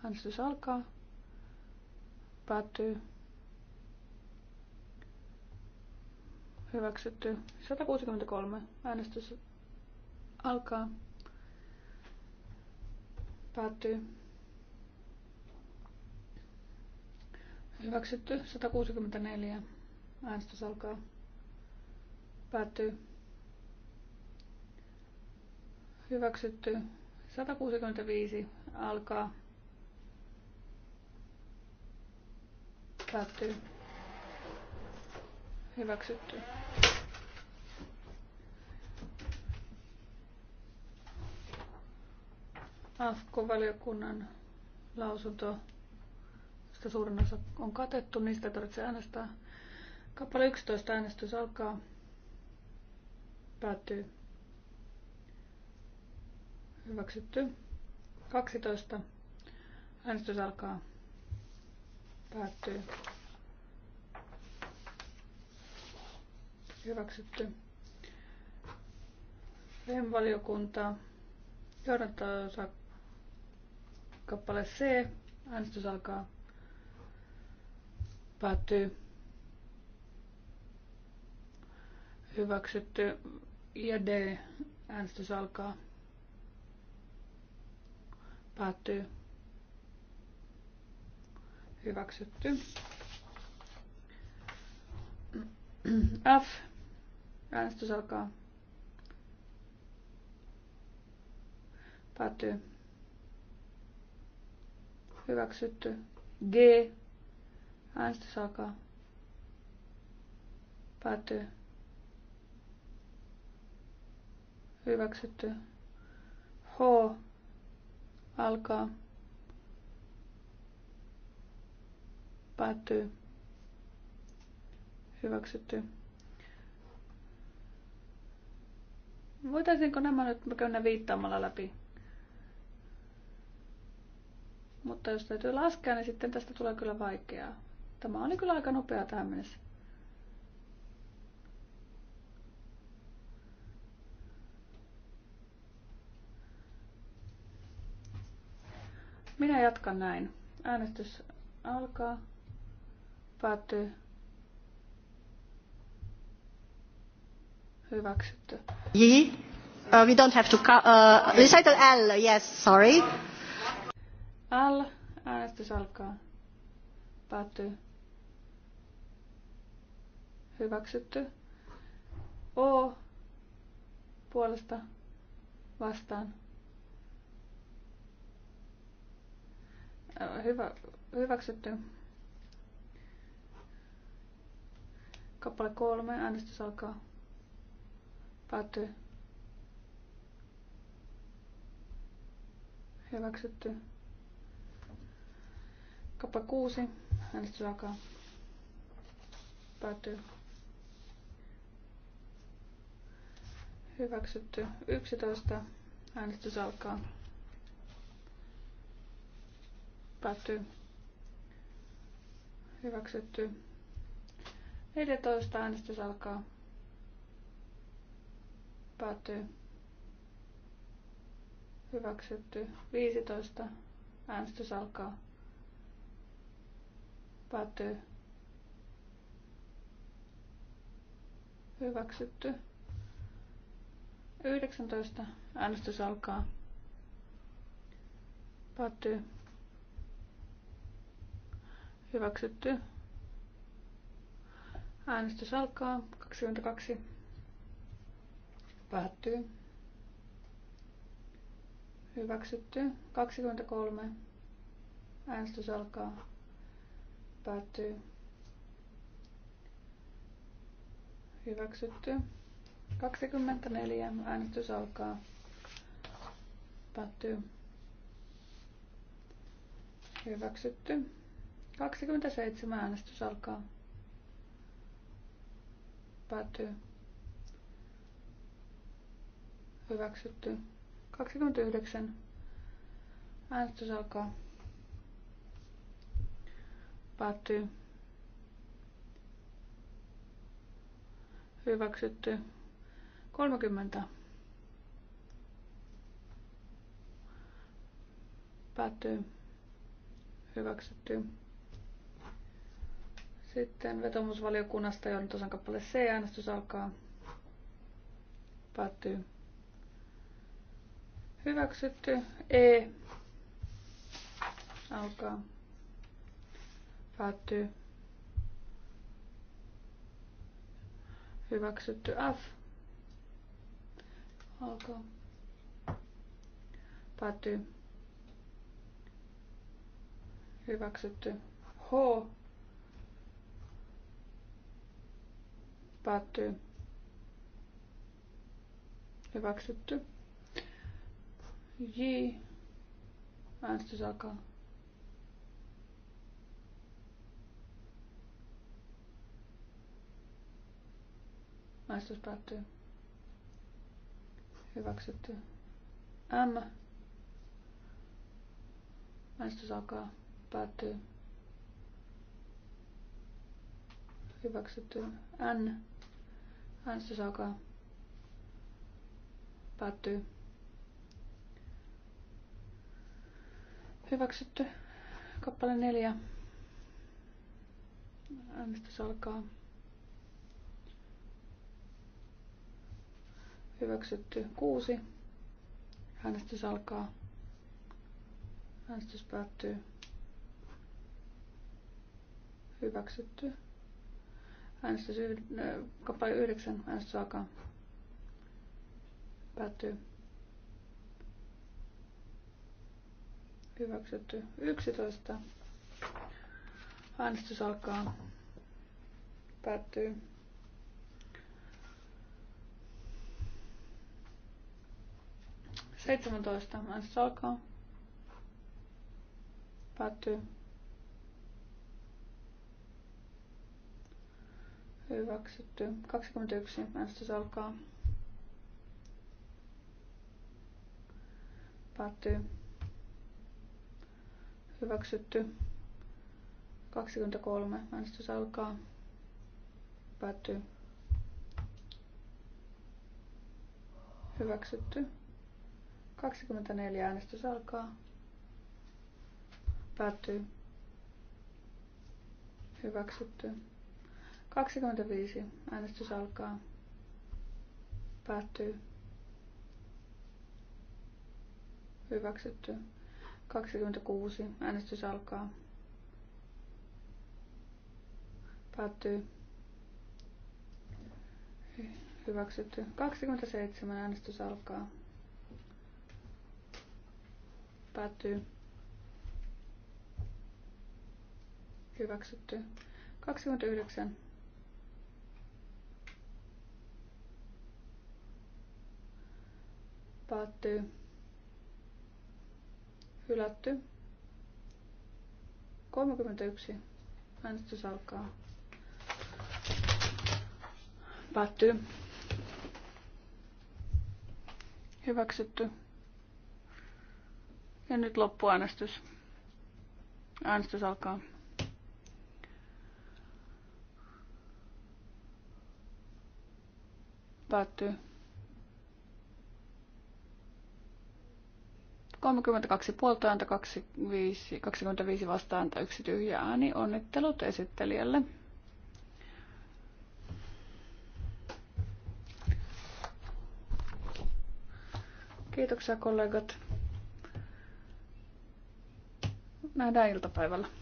Äänestys alkaa. Päättyy. Hyväksytty. 163. Äänestys alkaa. Päättyy. Hyväksytty. 164. Äänestys alkaa. Päättyy. Hyväksytty. 165 alkaa. Päättyy. Hyväksytty. AFKO-valiokunnan lausunto, josta suurin osa on katettu, niistä ei tarvitse äänestää. Kappale 11 äänestys alkaa. Päättyy. Hyväksytty. 12. Äänestys alkaa. Päättyy. Hyväksytty. VEM-valiokunta. Johdantaosa kappale C. Äänestys alkaa. Päättyy. Hyväksytty. Ja D. Äänestys alkaa. Päättyy. Hyväksytty. F. Äänestys alkaa. Päättyy. Hyväksytty. G. Äänestys alkaa. Päättyy. Hyväksytty. H. Alkaa. Päättyy. Hyväksytty. Voitaisinko nämä nyt käydä viittaamalla läpi? Mutta jos täytyy laskea, niin sitten tästä tulee kyllä vaikeaa. Tämä oli kyllä aika nopea tähän mennessä. Minä jatkan näin. Äänestys alkaa. Päättyy. Hyväksytty. Yi. Uh, we don't have to... Uh, recital L, yes, sorry. L. Äänestys alkaa. Päättyy. Hyväksytty. O. Puolesta vastaan. Hyvä, hyväksytty. Kappale kolme, äänestys alkaa. Päättyy. Hyväksytty. Kappale kuusi, äänestys alkaa. Päättyy. Hyväksytty. 11. Äänestys alkaa. Päättyy. Hyväksytty. 14 äänestys alkaa. Päättyy. Hyväksytty. 15 äänestys alkaa. Päättyy. Hyväksytty. 19. Äänestys alkaa. Päättyy. Hyväksytty. Äänestys alkaa. 22. Päättyy. Hyväksytty. 23. Äänestys alkaa. Päättyy. Hyväksytty. 24. Äänestys alkaa. Päättyy. Hyväksytty. 27 äänestys alkaa. Päättyy. Hyväksytty. 29. Äänestys alkaa. Päättyy. Hyväksytty. 30. Päättyy. Hyväksytty. Sitten vetomusvaliokunnasta, johon osan kappale C-äänestys alkaa. Päättyy. Hyväksytty. E. Alkaa. Päättyy. Hyväksytty F. Alkaa. Päättyy. Hyväksytty H. Päättyy. Hyväksytty. J. Äänestys alkaa. Äänestys päättyy. Hyväksytty. M. Äänestys alkaa. Päättyy. Hyväksytty. N. Äänestys alkaa. Päättyy. Hyväksytty. Kappale neljä. Äänestys alkaa. Hyväksytty. Kuusi. Äänestys alkaa. Äänestys päättyy. Hyväksytty. Äänestys yh, kappale 9. Äänestys alkaa. Päättyy. Hyväksytty. 11. Äänestys alkaa. Päättyy. Seitsemäntoista. Äänestys alkaa. Päättyy. Hyväksytty. 21. se alkaa. Päättyy. Hyväksytty. 23. Äänestys alkaa. Päättyy. Hyväksytty. 24. Äänestys alkaa. Päättyy. Hyväksytty. 25. Äänestys alkaa. Päättyy. Hyväksytty. 26. Äänestys alkaa. Päättyy. Hyväksytty. 27. Äänestys alkaa. Päättyy. Hyväksytty. 29. Päättyy. Hylätty. 31. Äänestys alkaa. Päättyy. Hyväksytty. Ja nyt loppuäänestys. Äänestys alkaa. Päättyy. 32 puolta ääntä, 25, 25 vasta ääntä, yksi tyhjä ääni. Onnittelut esittelijälle. Kiitoksia kollegat. Nähdään iltapäivällä.